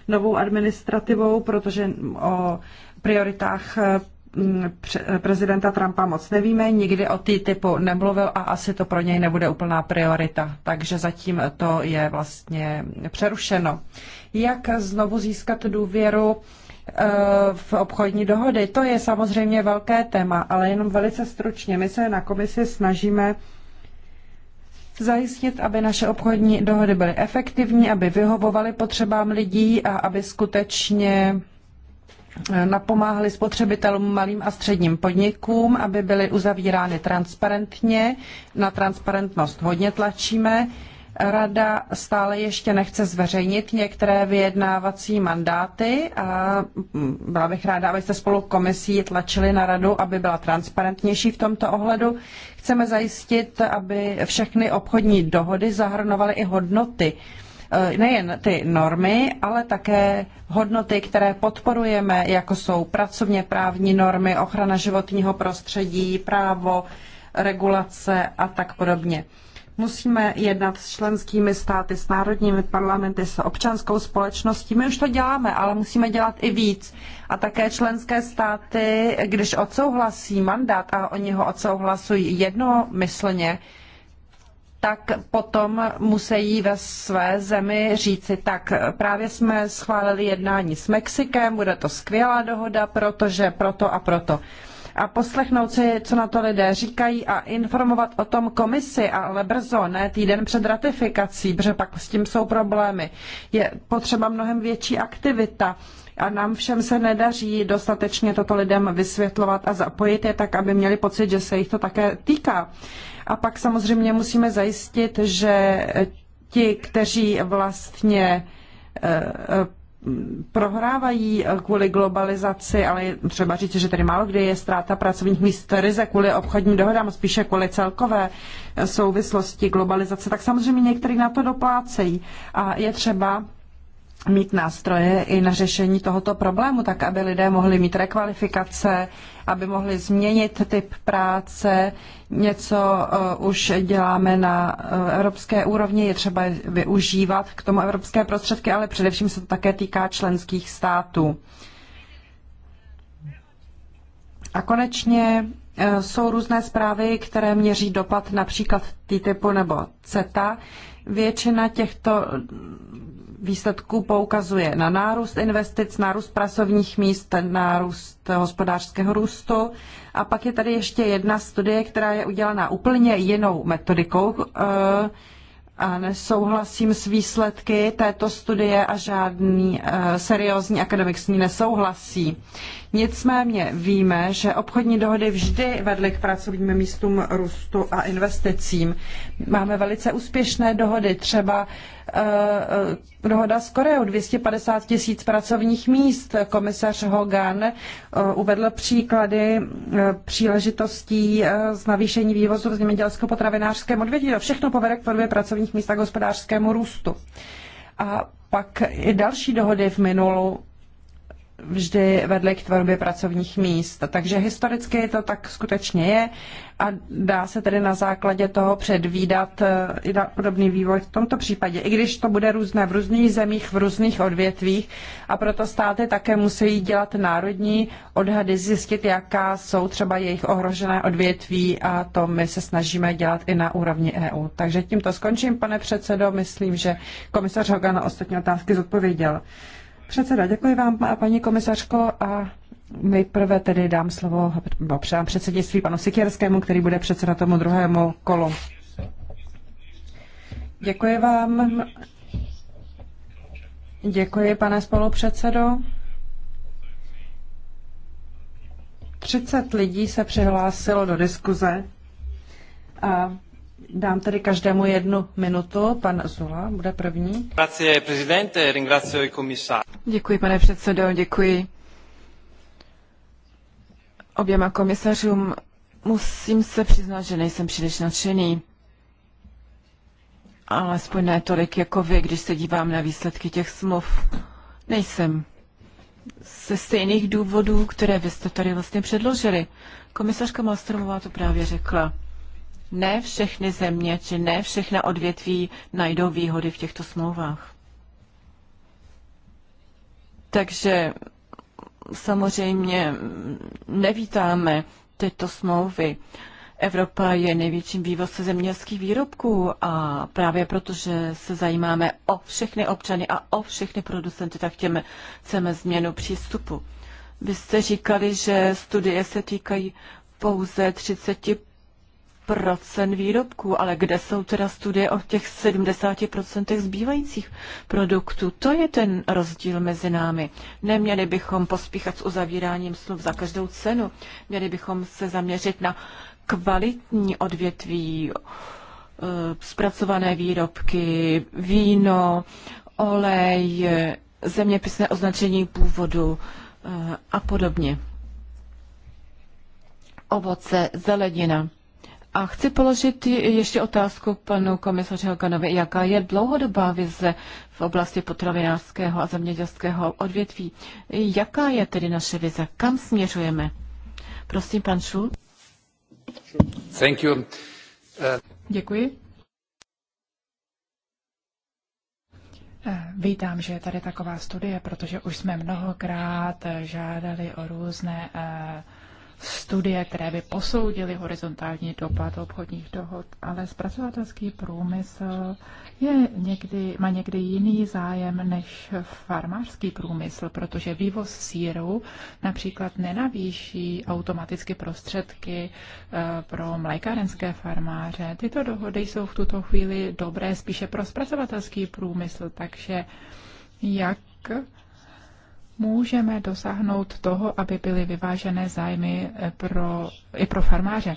S3: novou administrativou, protože o prioritách eh, Mm, prezidenta Trumpa moc nevíme, nikdy o ty typu nemluvil a asi to pro něj nebude úplná priorita. Takže zatím to je vlastně přerušeno. Jak znovu získat důvěru eh, v obchodní dohody? To je samozřejmě velké téma, ale jenom velice stručně. My se na komisi snažíme zajistit, aby naše obchodní dohody byly efektivní, aby vyhovovaly potřebám lidí a aby skutečně napomáhali spotřebitelům, malým a středním podnikům, aby byly uzavírány transparentně. Na transparentnost hodně tlačíme. Rada stále ještě nechce zveřejnit některé vyjednávací mandáty a byla bych ráda, abyste spolu komisí tlačili na radu, aby byla transparentnější v tomto ohledu. Chceme zajistit, aby všechny obchodní dohody zahrnovaly i hodnoty, Eh, nejen ty normy, ale také hodnoty, které podporujeme, jako jsou pracovně právní normy, ochrana životního prostředí, právo, regulace a tak podobně. Musíme jednat s členskými státy, s národními parlamenty, s občanskou společností. My už to děláme, ale musíme dělat i víc. A také členské státy, když odsouhlasí mandát a oni ho odsouhlasují jednomyslně, tak potom musí ve své zemi říci, tak právě jsme schválili jednání s Mexikem, bude to skvělá dohoda, protože proto a proto. A poslechnout si, co na to lidé říkají a informovat o tom komisi, ale brzo, ne týden před ratifikací, protože pak s tím jsou problémy. Je potřeba mnohem větší aktivita a nám všem se nedaří dostatečně toto lidem vysvětlovat a zapojit je tak, aby měli pocit, že se jich to také týká. A pak samozřejmě musíme zajistit, že ti, kteří vlastně eh, eh, prohrávají kvůli globalizaci, ale třeba říct, že tady málo kdy je ztráta pracovních míst ryze kvůli obchodním dohodám, spíše kvůli celkové eh, souvislosti globalizace, tak samozřejmě některý na to doplácejí. A je třeba mít nástroje i na řešení tohoto problému, tak aby lidé mohli mít rekvalifikace, aby mohli změnit typ práce. Něco uh, už děláme na uh, evropské úrovni, je třeba využívat k tomu evropské prostředky, ale především se to také týká členských států. A konečně Eh, jsou různé zprávy, které měří dopad například TTIPu nebo CETA. Většina těchto výsledků poukazuje na nárůst investic, nárůst pracovních míst, nárůst hospodářského růstu. A pak je tady ještě jedna studie, která je udělaná úplně jinou metodikou. Eh, a nesouhlasím s výsledky této studie a žádný eh, seriózní akademik s ní nesouhlasí. Nicméně víme, že obchodní dohody vždy vedly k pracovním místům růstu a investicím. Máme velice úspěšné dohody, třeba eh, eh, dohoda s Koreou, 250 tisíc pracovních míst. Komisař Hogan eh, uvedl příklady příležitostí z navýšení vývozu v zemědělsko-potravinářském odvětví. To všechno povede k tvorbě pracovních míst a k hospodářskému růstu. A pak i další dohody v minulu, vždy vedly k tvorbě pracovních míst. Takže historicky to tak skutečně je a dá se tedy na základě toho předvídat eh, i podobný vývoj v tomto případě, i když to bude různé v různých zemích, v různých odvětvích a proto státy také musí dělat národní odhady, zjistit, jaká jsou třeba jejich ohrožené odvětví a to my se snažíme dělat i na úrovni EU. Takže tímto skončím, pane předsedo, myslím, že komisař Hogan ostatní otázky zodpověděl. Předseda, děkuji vám, paní komisařko, a nejprve tedy dám slovo, předám předsednictví panu Sikierskému, který bude předseda tomu druhému kolu. Děkuji vám. Děkuji, pane spolupředsedo. 30 lidí se přihlásilo do diskuze a Dám tedy každému jednu minutu. Pan Zula bude první. Děkuji, pane předsedo, děkuji
S1: oběma komisařům. Musím se přiznat, že nejsem příliš nadšený. Alespoň ne tolik jako vy, když se dívám na výsledky těch smluv. Nejsem. Ze stejných důvodů, které vy jste tady vlastně předložili. Komisařka Malstromová to právě řekla ne všechny země či ne všechna odvětví najdou výhody v těchto smlouvách. Takže samozřejmě nevítáme tyto smlouvy. Evropa je největším vývozcem zemědělských výrobků a právě protože se zajímáme o všechny občany a o všechny producenty, tak těme, chceme změnu přístupu. Vy jste říkali, že studie se týkají pouze 30 procent výrobků, ale kde jsou teda studie o těch 70% zbývajících produktů? To je ten rozdíl mezi námi. Neměli bychom pospíchat s uzavíráním slov za každou cenu. Měli bychom se zaměřit na kvalitní odvětví, eh, zpracované výrobky, víno, olej, zeměpisné označení původu eh, a podobně. Ovoce, zelenina. A chci položit ještě otázku panu komisaři Hoganovi, jaká je dlouhodobá vize v oblasti potravinářského a zemědělského odvětví. Jaká je tedy naše vize? Kam směřujeme? Prosím, pan Šul.
S2: Thank you. Eh, Děkuji. Eh, vítám, že je tady taková studie, protože už jsme mnohokrát eh, žádali o různé studie, které by posoudily horizontální dopad obchodních dohod, ale zpracovatelský průmysl je někdy, má někdy jiný zájem než farmářský průmysl, protože vývoz síru například nenavýší automaticky prostředky eh, pro mlékárenské farmáře. Tyto dohody jsou v tuto chvíli dobré spíše pro zpracovatelský průmysl, takže jak můžeme dosáhnout toho, aby byly vyvážené zájmy eh, pro, i pro farmáře.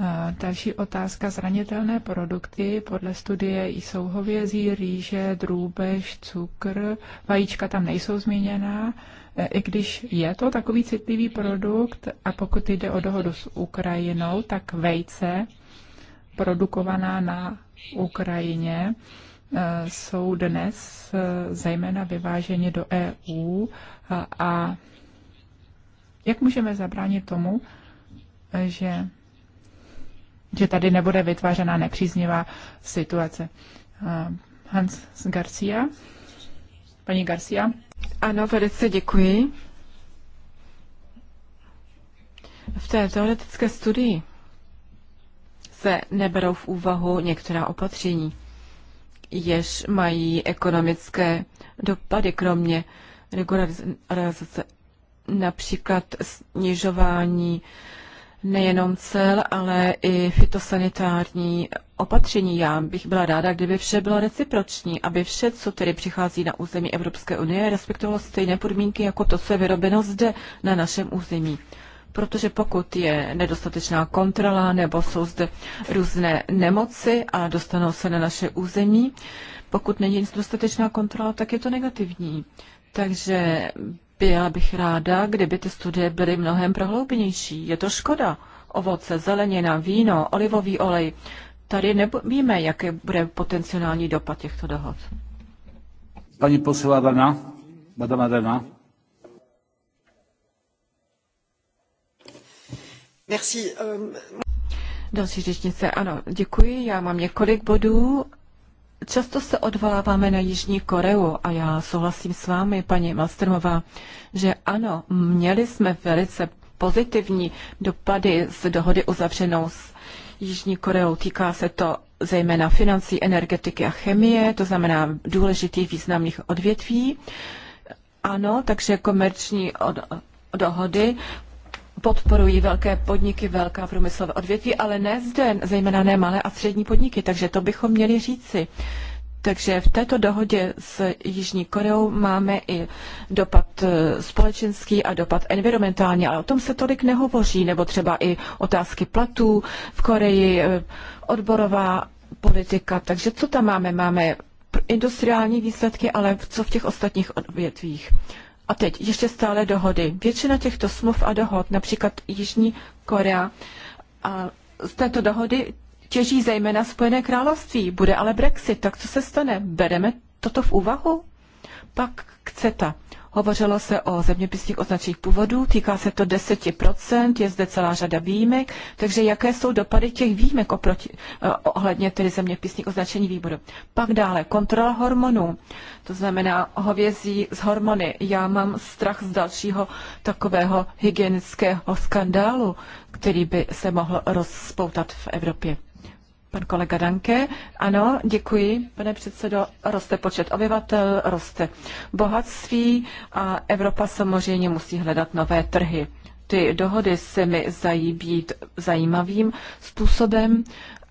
S2: Eh, další otázka. Zranitelné produkty podle studie jsou hovězí, rýže, drůbež, cukr. Vajíčka tam nejsou zmíněná. Eh, I když je to takový citlivý produkt a pokud jde o dohodu s Ukrajinou, tak vejce produkovaná na Ukrajině jsou dnes eh, zejména vyváženi do EU a jak můžeme zabránit tomu, že, že tady nebude vytvářena nepříznivá situace. Eh, Hans Garcia,
S1: paní Garcia. Ano, velice děkuji. V té teoretické studii se neberou v úvahu některá opatření jež mají ekonomické dopady, kromě regularizace například snižování nejenom cel, ale i fitosanitární opatření. Já bych byla ráda, kdyby vše bylo reciproční, aby vše, co tedy přichází na území Evropské unie, respektovalo stejné podmínky jako to, co je vyrobeno zde na našem území protože pokud je nedostatečná kontrola nebo jsou zde různé nemoci a dostanou se na naše území, pokud není dostatečná kontrola, tak je to negativní. Takže byla bych ráda, kdyby ty studie byly mnohem prohloubenější. Je to škoda. Ovoce, zelenina, víno, olivový olej. Tady nevíme, jaký bude potenciální dopad těchto dohod. Paní posila
S2: Dana, madama Dana.
S3: Um,
S1: Další řečnice, ano, děkuji. Já mám několik bodů. Často se odvoláváme na Jižní Koreu a já souhlasím s vámi, paní Malstrmová, že ano, měli jsme velice pozitivní dopady z dohody uzavřenou s Jižní Koreou. Týká se to zejména financí, energetiky a chemie, to znamená důležitých významných odvětví. Ano, takže komerční od, dohody podporují velké podniky, velká průmyslové odvětví, ale ne zde, zejména ne malé a střední podniky, takže to bychom měli říci. Takže v této dohodě s Jižní Koreou máme i dopad eh, společenský a dopad environmentální, ale o tom se tolik nehovoří, nebo třeba i otázky platů v Koreji, eh, odborová politika. Takže co tam máme? Máme industriální výsledky, ale co v těch ostatních odvětvích? A teď ještě stále dohody. Většina těchto smluv a dohod, například Jižní Korea, a z této dohody těží zejména Spojené království. Bude ale Brexit, tak co se stane? Bereme toto v úvahu? Pak k CETA. Hovořilo se o zeměpisných označeních původů, týká se to 10%, je zde celá řada výjimek, takže jaké jsou dopady těch výjimek oproti, eh, ohledně tedy zeměpisných označení výboru. Pak dále, kontrola hormonů, to znamená hovězí z hormony. Já mám strach z dalšího takového hygienického skandálu, který by se mohl rozpoutat v Evropě. Pan kolega Danke. Ano, děkuji, pane předsedo. Roste počet obyvatel, roste bohatství a Evropa samozřejmě musí hledat nové trhy. Ty dohody se mi zají být zajímavým způsobem,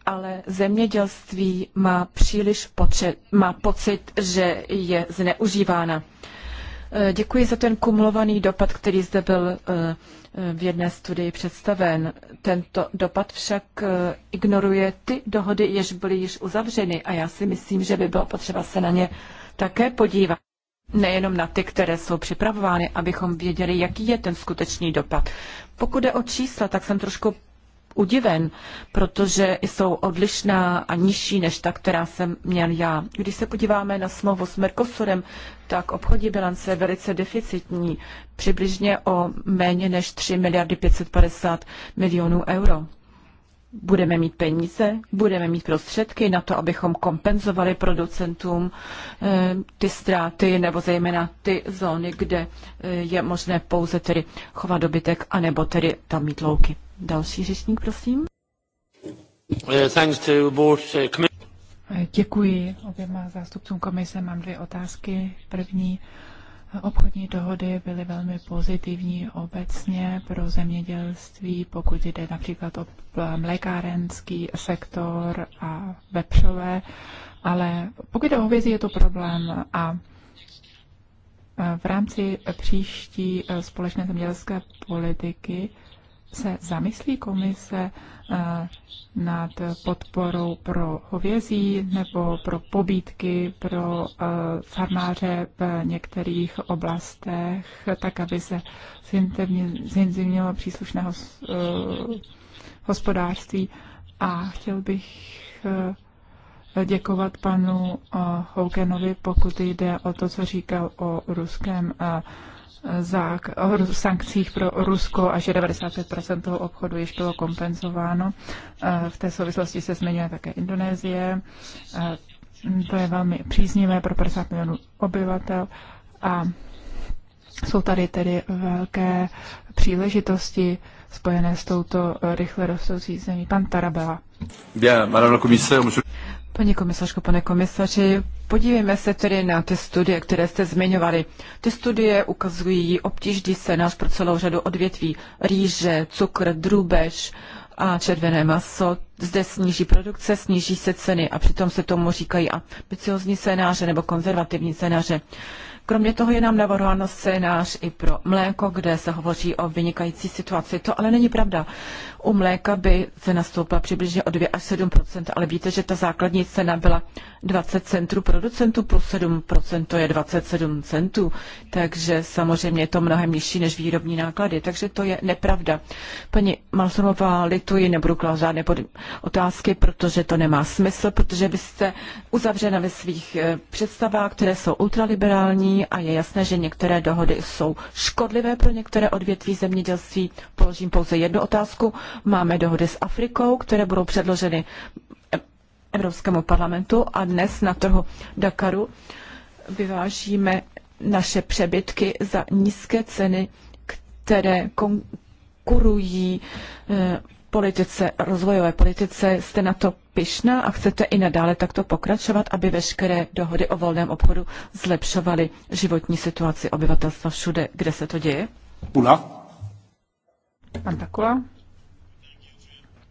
S1: ale zemědělství má příliš počet, má pocit, že je zneužívána. Eh, děkuji za ten kumulovaný dopad, který zde byl eh, eh, v jedné studii představen. Tento dopad však ignoruje ty dohody, jež byly již uzavřeny a já si myslím, že by bylo potřeba se na ně také podívat. Nejenom na ty, které jsou připravovány, abychom věděli, jaký je ten skutečný dopad. Pokud jde o čísla, tak jsem trošku udiven, protože jsou odlišná a nižší než ta, která jsem měl já. Když se podíváme na smlouvu s Mercosurem, tak obchodní bilance je velice deficitní, přibližně o méně než 3 miliardy 550 milionů euro. Budeme mít peníze, budeme mít prostředky na to, abychom kompenzovali producentům eh, ty ztráty nebo zejména ty zóny, kde eh, je možné pouze tedy chovat dobytek anebo tedy tam mít louky. Další řečník, prosím.
S3: Uh, uh,
S2: eh, děkuji oběma zástupcům komise. Mám dvě otázky. První, eh, obchodní dohody byly velmi pozitivní obecně pro zemědělství, pokud jde například o eh, mlékárenský sektor a vepřové, ale pokud jde o hovězí, je to problém a v rámci příští společné zemědělské politiky se zamyslí komise eh, nad podporou pro hovězí nebo pro pobídky pro eh, farmáře v některých oblastech, tak aby se zintenzivnilo příslušné eh, hospodářství. A chtěl bych děkovat panu Houkenovi, pokud jde o to, co říkal o ruském o sankcích pro Rusko a že 95% toho obchodu již bylo kompenzováno. V té souvislosti se zmiňuje také Indonésie. To je velmi příznivé pro 50 milionů obyvatel a jsou tady tedy velké příležitosti spojené s touto rychle rostoucí zemí. Pan Tarabela.
S1: Paní komisařko, pane komisaři, podívejme se tedy na ty studie, které jste zmiňovali. Ty studie ukazují obtížný scénář pro celou řadu odvětví. Rýže, cukr, drůbež a červené maso. Zde sníží produkce, sníží se ceny a přitom se tomu říkají ambiciozní scénáře nebo konzervativní scénáře. Uh, Kromě toho je nám navrhován scénář i pro mléko, kde se hovoří o vynikající situaci. To ale není pravda. U mléka by cena nastoupila přibližně o 2 až 7 ale víte, že ta základní cena byla 20 centů producentů plus 7 to je 27 centů, takže samozřejmě je to mnohem nižší než výrobní náklady, takže to je nepravda. Paní Malsomová, lituji, nebudu klást žádné otázky, protože to nemá smysl, protože byste uzavřena ve svých eh, představách, které jsou ultraliberální, a je jasné, že některé dohody jsou škodlivé pro některé odvětví zemědělství. Položím pouze jednu otázku. Máme dohody s Afrikou, které budou předloženy Evropskému parlamentu a dnes na trhu Dakaru vyvážíme naše přebytky za nízké ceny, které konkurují eh, politice, rozvojové politice, jste na to pyšná a chcete i nadále takto pokračovat, aby veškeré dohody o volném obchodu zlepšovaly životní situaci obyvatelstva všude, kde se to děje? Pula. Pan Takula.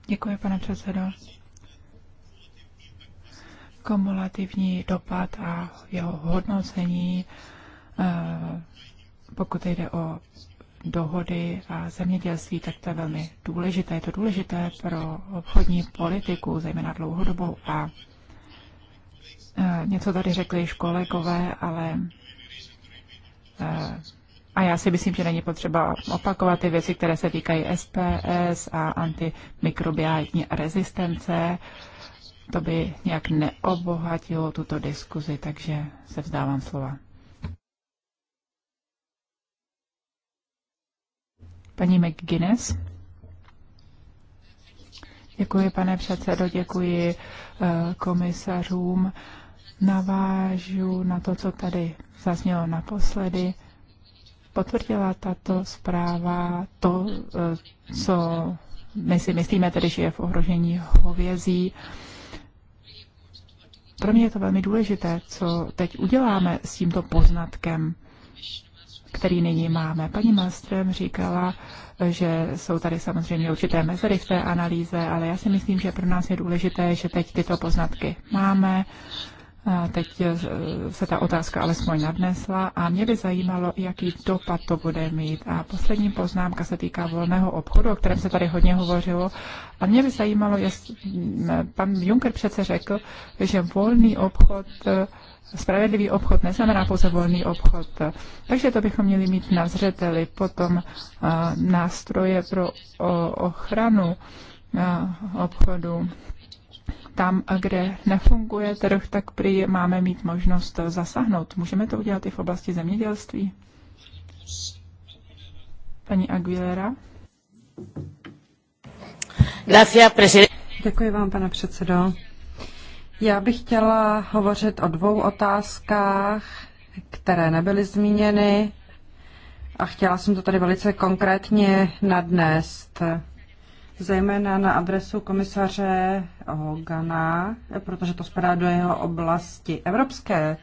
S1: Děkuji, pane předsedo.
S2: Kumulativní dopad a jeho hodnocení, eh, pokud jde o dohody a zemědělství, tak to je velmi důležité. Je to důležité pro obchodní politiku, zejména dlouhodobou. A e, něco tady řekli již kolegové, ale e, a já si myslím, že není potřeba opakovat ty věci, které se týkají SPS a antimikrobiální rezistence. To by nějak neobohatilo tuto diskuzi, takže se vzdávám slova. Paní McGuinness. Děkuji, pane předsedo, děkuji eh, komisařům. Navážu na to, co tady zaznělo naposledy. Potvrdila tato zpráva to, eh, co my si myslíme, tedy, že je v ohrožení hovězí. Pro mě je to velmi důležité, co teď uděláme s tímto poznatkem který nyní máme. Paní Malström říkala, že jsou tady samozřejmě určité mezery v té analýze, ale já si myslím, že pro nás je důležité, že teď tyto poznatky máme Teď e, se ta otázka alespoň nadnesla a mě by zajímalo, jaký dopad to bude mít. A poslední poznámka se týká volného obchodu, o kterém se tady hodně hovořilo. A mě by zajímalo, jestli pan Juncker přece řekl, že volný obchod e, Spravedlivý obchod neznamená pouze volný obchod, takže to bychom měli mít na zřeteli. Potom e, nástroje pro ochranu obchodu tam, kde nefunguje trh, tak prý máme mít možnost zasáhnout. Můžeme to udělat i v oblasti zemědělství? Paní Aguilera.
S3: Děkuji vám, pane předsedo. Já bych chtěla hovořit o dvou otázkách, které nebyly zmíněny a chtěla jsem to tady velice konkrétně nadnést zejména na adresu komisaře Hogana, protože to spadá do jeho oblasti evropské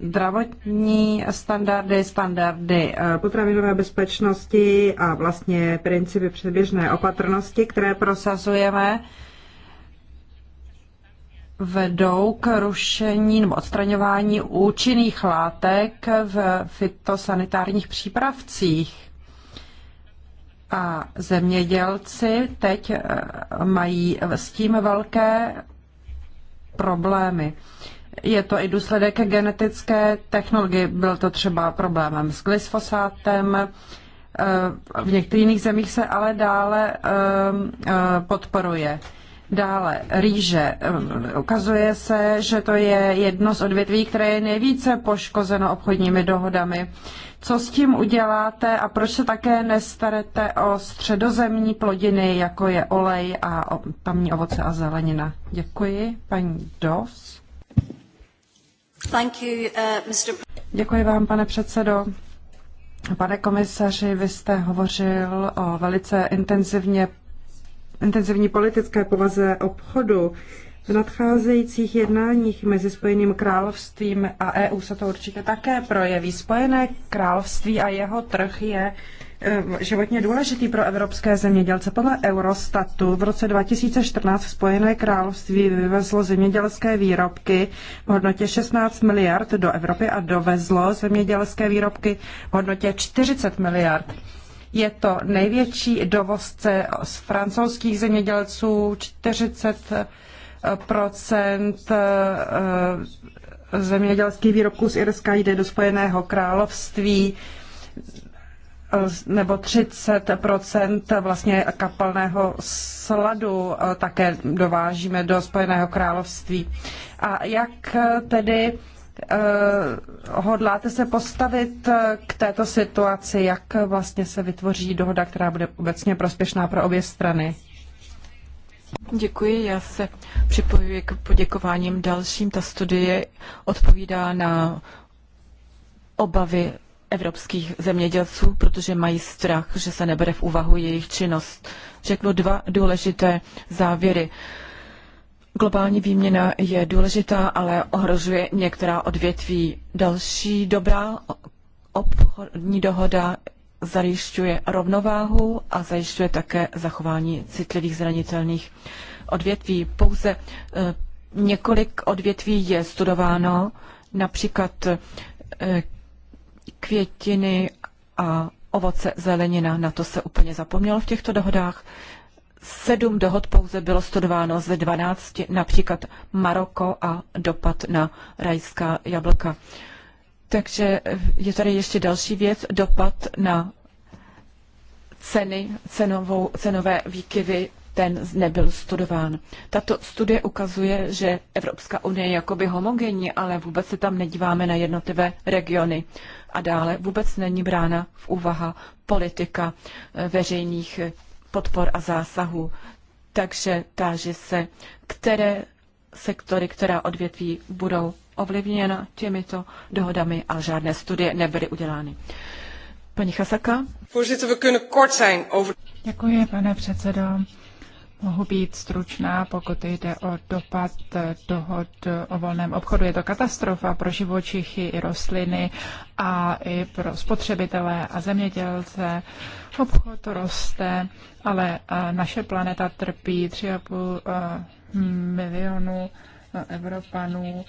S3: zdravotní standardy, standardy eh, potravinové bezpečnosti a vlastně principy předběžné opatrnosti, které prosazujeme, vedou k rušení nebo odstraňování účinných látek v fitosanitárních přípravcích. A zemědělci teď eh, mají s tím velké problémy. Je to i důsledek genetické technologie. Byl to třeba problémem s glyfosátem. Eh, v některých zemích se ale dále eh, podporuje Dále rýže. Ukazuje se, že to je jedno z odvětví, které je nejvíce poškozeno obchodními dohodami. Co s tím uděláte a proč se také nestarete o středozemní plodiny, jako je olej a tamní ovoce a zelenina? Děkuji, paní Dos.
S1: Thank you, uh, Mr.
S3: Děkuji vám, pane předsedo. Pane komisaři, vy jste hovořil o velice intenzivně intenzivní politické povaze obchodu. V nadcházejících jednáních mezi Spojeným královstvím a EU se to určitě také projeví. Spojené království a jeho trh je eh, životně důležitý pro evropské zemědělce. Podle Eurostatu v roce 2014 Spojené království vyvezlo zemědělské výrobky v hodnotě 16 miliard do Evropy a dovezlo zemědělské výrobky v hodnotě 40 miliard. Je to největší dovozce z francouzských zemědělců, 40 eh, eh, eh, zemědělských výrobků z Irska jde do Spojeného království nebo 30 vlastně kapalného sladu také dovážíme do Spojeného království. A jak tedy Eh, hodláte se postavit eh, k této situaci? Jak vlastně se vytvoří dohoda, která bude obecně prospěšná pro obě strany?
S1: Děkuji, já se připojuji k poděkováním dalším. Ta studie odpovídá na obavy evropských zemědělců, protože mají strach, že se nebere v úvahu jejich činnost. Řeknu dva důležité závěry. Uh, Globální výměna je důležitá, ale ohrožuje některá odvětví. Další dobrá obchodní dohoda zajišťuje rovnováhu a zajišťuje také zachování citlivých zranitelných odvětví. Pouze eh, několik odvětví je studováno, například eh, květiny a ovoce, zelenina, na to se úplně zapomnělo v těchto dohodách sedm dohod pouze bylo studováno ze 12, například Maroko a dopad na rajská jablka. Takže je tady ještě další věc, dopad na ceny, cenovou, cenové výkyvy, ten nebyl studován. Tato studie ukazuje, že Evropská unie je jakoby homogenní, ale vůbec se tam nedíváme na jednotlivé regiony. A dále vůbec není brána v úvaha politika eh, veřejných podpor a zásahů. Takže táži se, které sektory, která odvětví budou ovlivněna těmito dohodami, a žádné studie nebyly udělány. Paní Chasaka.
S2: Děkuji, pane předsedo mohu být stručná, pokud jde o dopad dohod o volném obchodu. Je to katastrofa pro živočichy i rostliny a i pro spotřebitele a zemědělce. Obchod roste, ale eh, naše planeta trpí 3,5 eh, milionu eh, Evropanů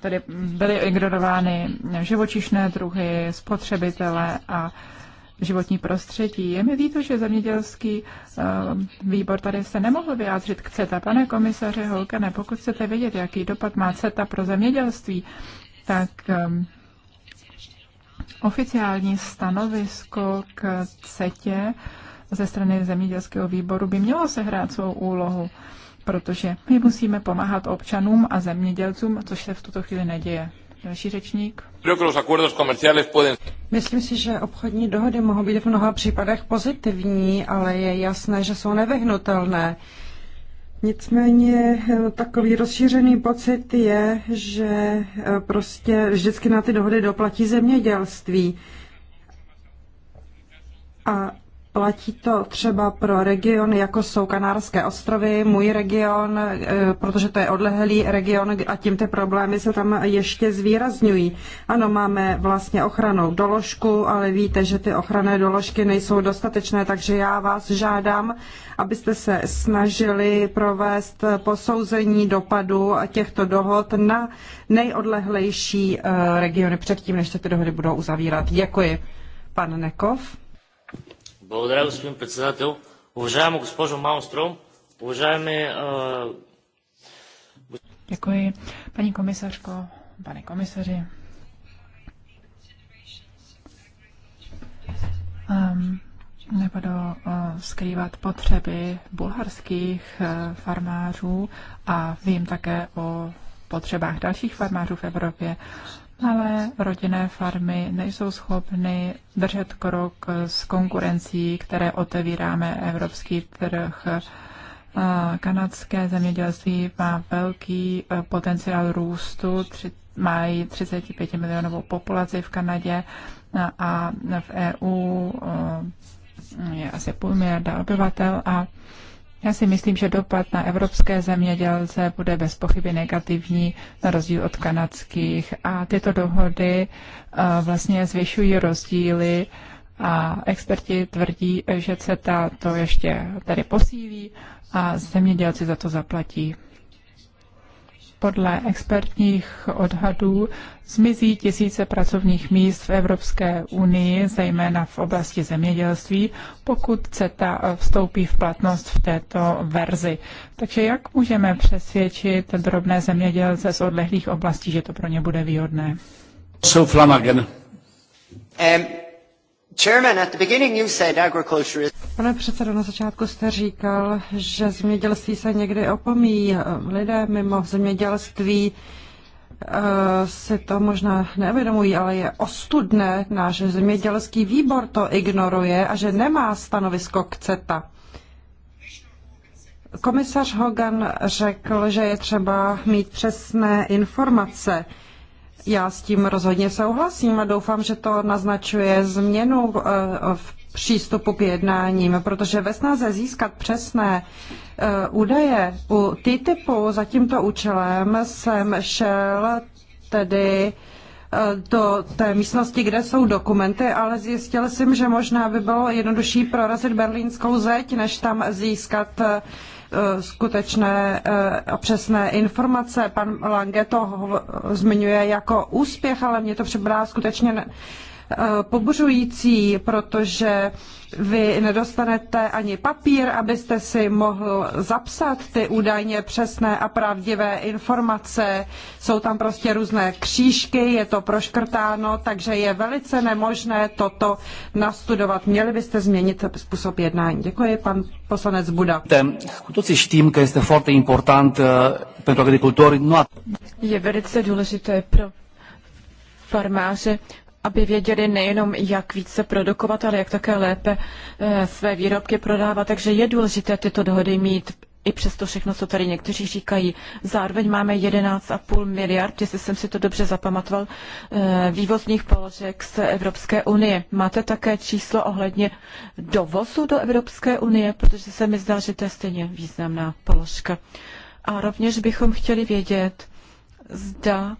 S2: tady byly ignorovány živočišné druhy, spotřebitele a životní prostředí. Je mi líto, že zemědělský eh, výbor tady se nemohl vyjádřit k CETA. Pane komisaře Holkane, pokud chcete vědět, jaký dopad má CETA pro zemědělství, tak ehm, oficiální stanovisko k CETě ze strany zemědělského výboru by mělo sehrát svou úlohu, protože my musíme pomáhat občanům a zemědělcům, což se v tuto chvíli neděje. Další
S3: řečník. Myslím si, že obchodní dohody mohou být v mnoha případech pozitivní, ale je jasné, že jsou nevyhnutelné. Nicméně eh, takový rozšířený pocit je, že eh, prostě vždycky na ty dohody doplatí zemědělství. A Platí to třeba pro region jako jsou Kanárské ostrovy, můj region, eh, protože to je odlehlý region a tím ty problémy se tam ještě zvýrazňují. Ano, máme vlastně ochranou doložku, ale víte, že ty ochranné doložky nejsou dostatečné, takže já vás žádám, abyste se snažili provést posouzení dopadu těchto dohod na nejodlehlejší eh, regiony předtím, než se ty dohody budou uzavírat. Děkuji. Pan Nekov. Благодаря, господин председател. Уважаема госпожо Малстром, уважаеми...
S2: Děkuji. Paní komisařko, pane komisaři. Um, nebudu uh, skrývat potřeby bulharských uh, farmářů a vím také o potřebách dalších farmářů v Evropě. Uh, ale rodinné farmy nejsou schopny držet krok s konkurencí, které otevíráme evropský trh. Kanadské zemědělství má velký e, potenciál růstu, tři, mají 35 milionovou populaci v Kanadě a v EU e, je asi půl miliarda obyvatel a já si myslím, že dopad na evropské zemědělce bude bez pochyby negativní, na rozdíl od kanadských. A tyto dohody eh, vlastně zvyšují rozdíly a experti tvrdí, že CETA to ještě tady posílí a zemědělci za to zaplatí. Podle expertních odhadů zmizí tisíce pracovních míst v Evropské unii, zejména v oblasti zemědělství, pokud CETA vstoupí v platnost v této verzi. Takže jak můžeme přesvědčit drobné zemědělce z odlehlých oblastí, že to pro ně bude výhodné?
S1: Jsou Flanagan.
S3: Eh, Pane předsedo, na začátku jste říkal, že zemědělství se někdy opomíjí. Lidé mimo zemědělství eh, si to možná neuvědomují, ale je ostudné, náš zemědělský výbor to ignoruje a že nemá stanovisko k CETA. Komisař Hogan řekl, že je třeba mít přesné informace. Já s tím rozhodně souhlasím a doufám, že to naznačuje změnu eh, v přístupu k jednáním, protože ve snaze získat přesné eh, údaje u TTIPu za tímto účelem jsem šel tedy eh, do té místnosti, kde jsou dokumenty, ale zjistil jsem, že možná by bylo jednodušší prorazit berlínskou zeď, než tam získat Eh, skutečné eh, a přesné informace. Pan Lange to zmiňuje jako úspěch, ale mně to připadá skutečně Eh, pobuřující, protože vy nedostanete ani papír, abyste si mohl zapsat ty údajně přesné a pravdivé informace. Jsou tam prostě různé křížky, je to proškrtáno, takže je velice nemožné toto nastudovat. Měli byste změnit způsob jednání. Děkuji, pan poslanec Buda. Eh, je velice důležité pro
S1: farmáře aby věděli nejenom, jak více produkovat, ale jak také lépe eh, své výrobky prodávat. Takže je důležité tyto dohody mít i přesto všechno, co tady někteří říkají. Zároveň máme 11,5 miliard, jestli jsem si to dobře zapamatoval, eh, vývozních položek z Evropské unie. Máte také číslo ohledně dovozu do Evropské unie, protože se mi zdá, že to je stejně významná položka. A rovněž bychom chtěli vědět, zda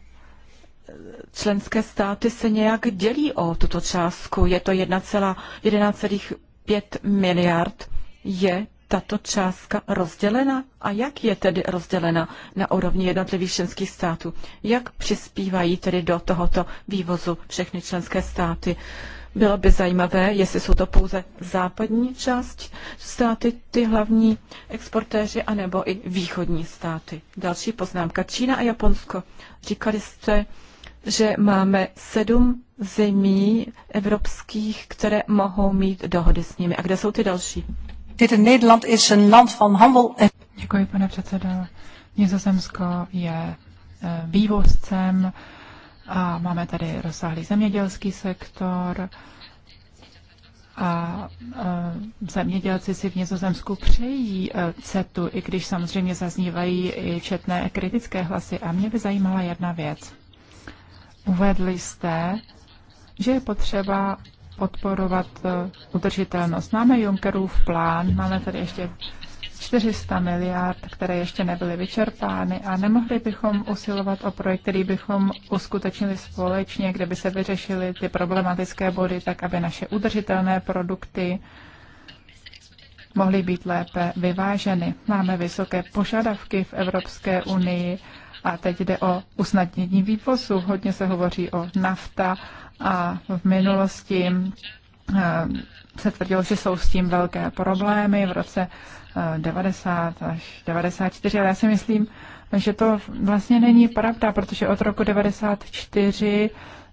S1: členské státy se nějak dělí o tuto částku. Je to 1,5 miliard. Je tato částka rozdělena a jak je tedy rozdělena na úrovni jednotlivých členských států? Jak přispívají tedy do tohoto vývozu všechny členské státy? Bylo by zajímavé, jestli jsou to pouze západní část státy, ty hlavní exportéři, anebo i východní státy. Další poznámka. Čína a Japonsko. Říkali jste, že máme sedm zemí evropských, které mohou mít dohody s nimi. A kde jsou ty další? Nederland is een land van handel. Děkuji, pane předsedo.
S2: Nizozemsko je eh, vývozcem a máme tady rozsáhlý zemědělský sektor a eh, zemědělci si v Nizozemsku přejí eh, CETu, i když samozřejmě zaznívají i četné kritické hlasy. A mě by zajímala jedna věc. Uvedli jste, že je potřeba podporovat eh, udržitelnost. Máme Junckerův plán, máme tady ještě 400 miliard, které ještě nebyly vyčerpány a nemohli bychom usilovat o projekt, který bychom uskutečnili společně, kde by se vyřešily ty problematické body, tak aby naše udržitelné produkty mohly být lépe vyváženy. Máme vysoké požadavky v Evropské unii a teď jde o usnadnění vývozu. Hodně se hovoří o nafta a v minulosti eh, se tvrdilo, že jsou s tím velké problémy v roce 90 eh, až 94, ale já si myslím, že to vlastně není pravda, protože od roku 94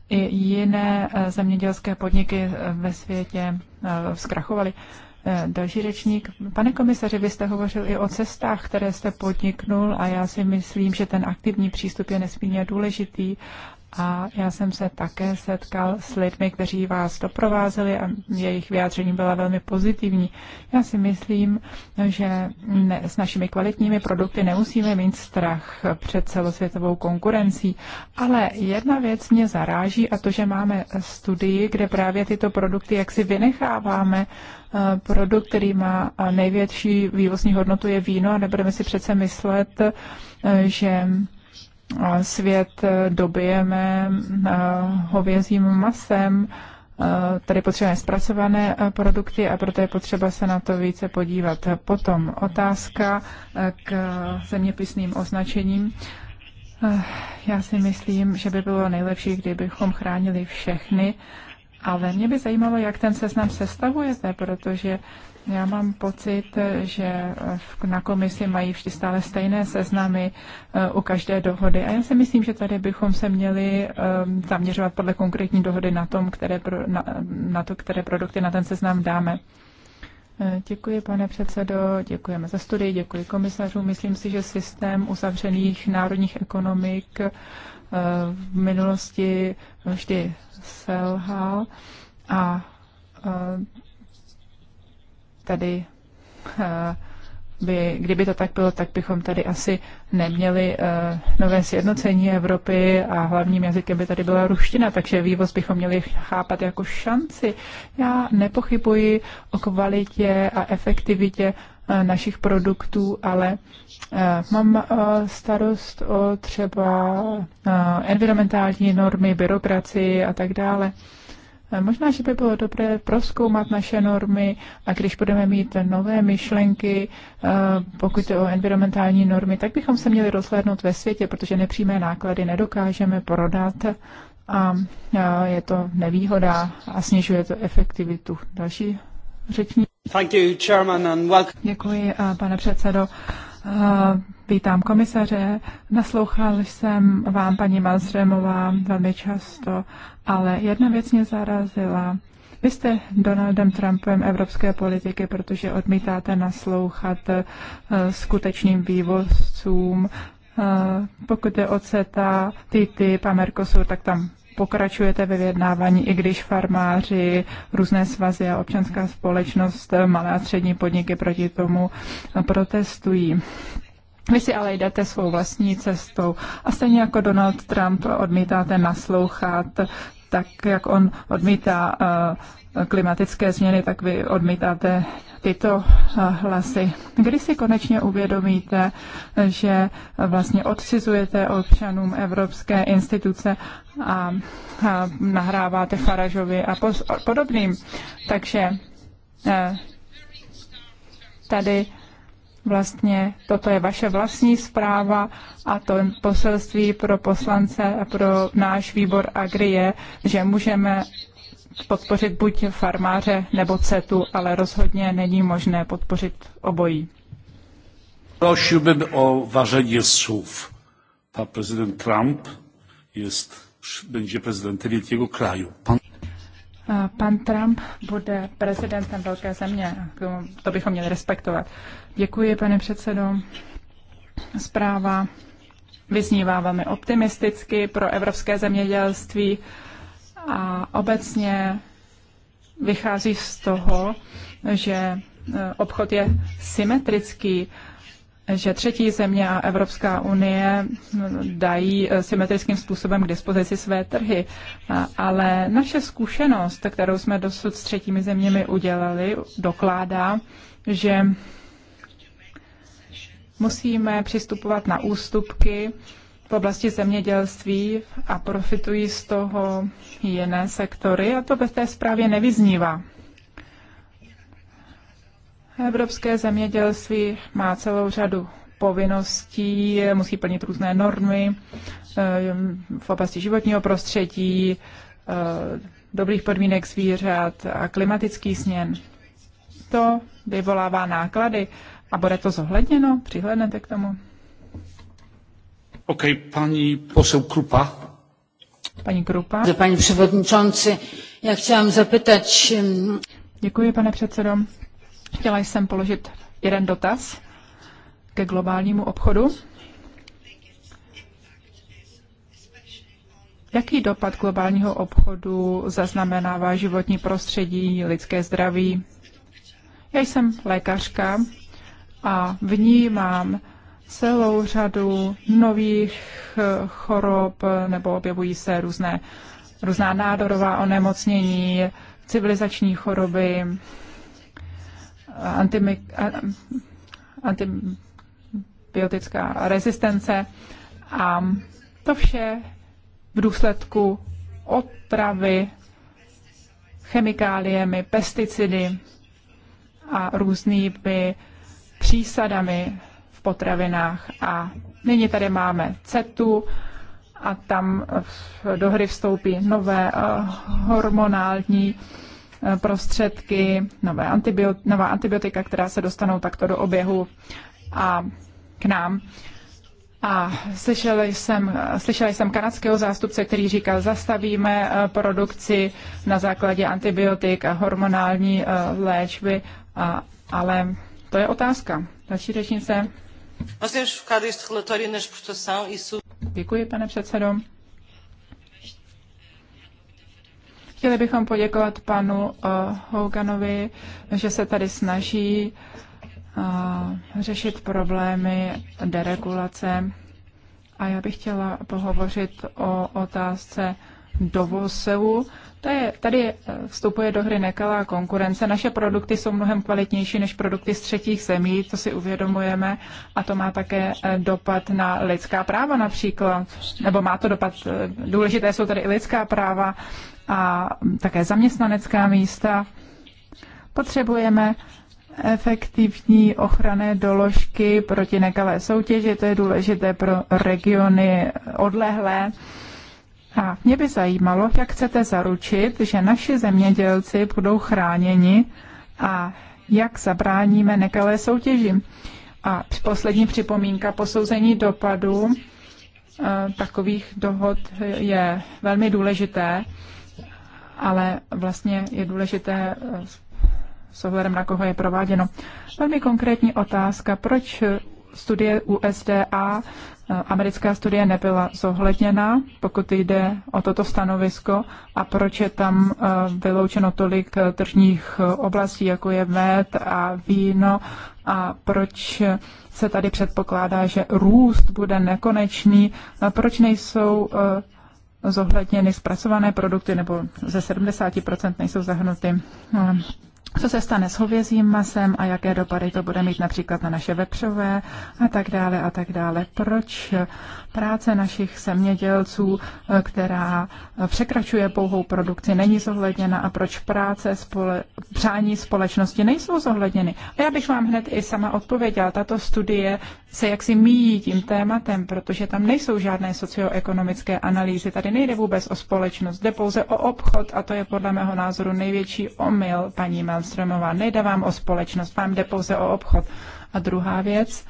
S2: i jiné eh, zemědělské podniky ve světě zkrachovaly. Eh, další řečník. Pane komisaři, vy jste hovořil i o cestách, které jste podniknul a já si myslím, že ten aktivní přístup je nesmírně důležitý a já jsem se také setkal s lidmi, kteří vás doprovázeli a jejich vyjádření byla velmi pozitivní. Já si myslím, že ne, s našimi kvalitními produkty nemusíme mít strach před celosvětovou konkurencí. Ale jedna věc mě zaráží a to, že máme studii, kde právě tyto produkty jaksi vynecháváme Eh, produkt, který má eh, největší vývozní hodnotu, je víno a nebudeme si přece myslet, eh, že svět dobijeme hovězím masem, tady potřebujeme zpracované produkty a proto je potřeba se na to více podívat. Potom otázka k zeměpisným označením. Já si myslím, že by bylo nejlepší, kdybychom chránili všechny ale mě by zajímalo, jak ten seznam sestavujete, protože já mám pocit, že na komisi mají vždy stále stejné seznamy eh, u každé dohody. A já si myslím, že tady bychom se měli ehm, zaměřovat podle konkrétní dohody na, tom, které pro, na, na to, které produkty na ten seznam dáme. Eh, děkuji, pane předsedo, děkujeme za studii, děkuji komisařům. Myslím si, že systém uzavřených národních ekonomik v minulosti vždy selhal a tady by, kdyby to tak bylo, tak bychom tady asi neměli uh, nové sjednocení Evropy a hlavním jazykem by tady byla ruština, takže vývoz bychom měli chápat jako šanci. Já nepochybuji o kvalitě a efektivitě uh, našich produktů, ale Eh, mám eh, starost o třeba eh, environmentální normy, byrokracii a tak dále. Možná, že by bylo dobré proskoumat naše normy a když budeme mít nové myšlenky, pokud je o environmentální normy, tak bychom se měli rozhlédnout ve světě, protože nepřímé náklady nedokážeme prodat a je to nevýhoda a snižuje to efektivitu. Další řečník. Děkuji, pane předsedo. Eh, vítám komisaře. Naslouchal jsem vám, paní Malzřemová, velmi často, ale jedna věc mě zarazila. Vy jste Donaldem Trumpem evropské politiky, protože odmítáte naslouchat eh, skutečným vývozcům. Eh, pokud je o CETA, TTIP a Mercosur, tak tam pokračujete ve vyjednávání, i když farmáři, různé svazy a občanská společnost, malé a střední podniky proti tomu protestují. Vy si ale jdete svou vlastní cestou a stejně jako Donald Trump odmítáte naslouchat tak jak on odmítá eh, klimatické změny, tak vy odmítáte tyto eh, hlasy. Kdy si konečně uvědomíte, že vlastně odcizujete občanům evropské instituce a, nahráváte Faražovi a, a podobným. Takže eh, tady vlastně toto je vaše vlastní zpráva a to poselství pro poslance a pro náš výbor Agri je, že můžeme podpořit buď farmáře nebo CETu, ale rozhodně není možné podpořit obojí.
S1: Prosil bych o
S2: vážení slov. Pan prezident Trump jest, będzie prezidentem
S1: wielkiego kraju. Pan...
S2: Pan Trump bude prezidentem velké země. To bychom měli respektovat. Děkuji, pane předsedo. Zpráva vyznívá velmi optimisticky pro evropské zemědělství a obecně vychází z toho, že e, obchod je symetrický, že třetí země a Evropská unie e, dají e, symetrickým způsobem k dispozici své trhy. Ale naše zkušenost, kterou jsme dosud s třetími zeměmi udělali, dokládá, že musíme přistupovat na ústupky v oblasti zemědělství a profitují z toho jiné sektory a to ve té zprávě nevyznívá. Evropské zemědělství má celou řadu povinností, musí plnit různé normy eh, v oblasti životního prostředí, eh, dobrých podmínek zvířat a klimatický sněn. To vyvolává náklady a bude to zohledněno? Přihlednete k tomu? Okay, pani poseł Krupa. Pani Krupa. Panie przewodniczący, já chciałam zapytać. Děkuji, pane předsedo. Chtěla jsem položit jeden dotaz ke globálnímu obchodu. Jaký dopad globálního obchodu zaznamenává životní prostředí, lidské zdraví? Já jsem lékařka a vnímám celou řadu nových eh, chorob eh, nebo objevují se různé, různá nádorová onemocnění, civilizační choroby, eh, antibiotická rezistence a to vše v důsledku otravy chemikáliemi, pesticidy a různými přísadami v potravinách. A nyní tady máme CETu a tam do hry vstoupí nové eh, hormonální eh, prostředky, nové antibiotika, nová antibiotika, která se dostanou takto do oběhu a k nám. A slyšela jsem, slyšel jsem kanadského zástupce, který říkal, zastavíme eh, produkci na základě antibiotik a hormonální léčby, a, ale to je otázka. Další řečnice. E Děkuji, pane předsedo. Chtěli bychom poděkovat panu uh, eh, Hoganovi, že se tady snaží uh, řešit problémy deregulace. A já bych chtěla pohovořit o otázce to je, tady eh, vstupuje do hry nekalá konkurence. Naše produkty jsou mnohem kvalitnější než produkty z třetích zemí, to si uvědomujeme, a to má také eh, dopad na lidská práva například, nebo má to dopad, eh, důležité jsou tady i lidská práva a mm, také zaměstnanecká místa. Potřebujeme efektivní ochranné doložky proti nekalé soutěži, to je důležité pro regiony odlehlé a mě by zajímalo, jak chcete zaručit, že naši zemědělci budou chráněni a jak zabráníme nekalé soutěži. A poslední připomínka posouzení dopadu eh, takových dohod je velmi důležité, ale vlastně je důležité eh, s ohledem na koho je prováděno. Velmi konkrétní otázka, proč studie USDA americká studie nebyla zohledněna, pokud jde o toto stanovisko a proč je tam eh, vyloučeno tolik eh, tržních eh, oblastí, jako je med a víno a proč se tady předpokládá, že růst bude nekonečný, a proč nejsou zohledněny zpracované produkty nebo ze 70% nejsou zahrnuty co se stane s hovězím masem a jaké dopady to bude mít například na naše vepřové a tak dále a tak dále. Proč práce našich semědělců, eh, která eh, překračuje pouhou produkci, není zohledněna a proč práce, spole, přání společnosti nejsou zohledněny. A já bych vám hned i sama odpověděla. Tato studie se jaksi míjí tím tématem, protože tam nejsou žádné socioekonomické analýzy. Tady nejde vůbec o společnost, jde pouze o obchod a to je podle mého názoru největší omyl, paní Malmströmová. Nejde vám o společnost, vám jde pouze o obchod. A druhá věc,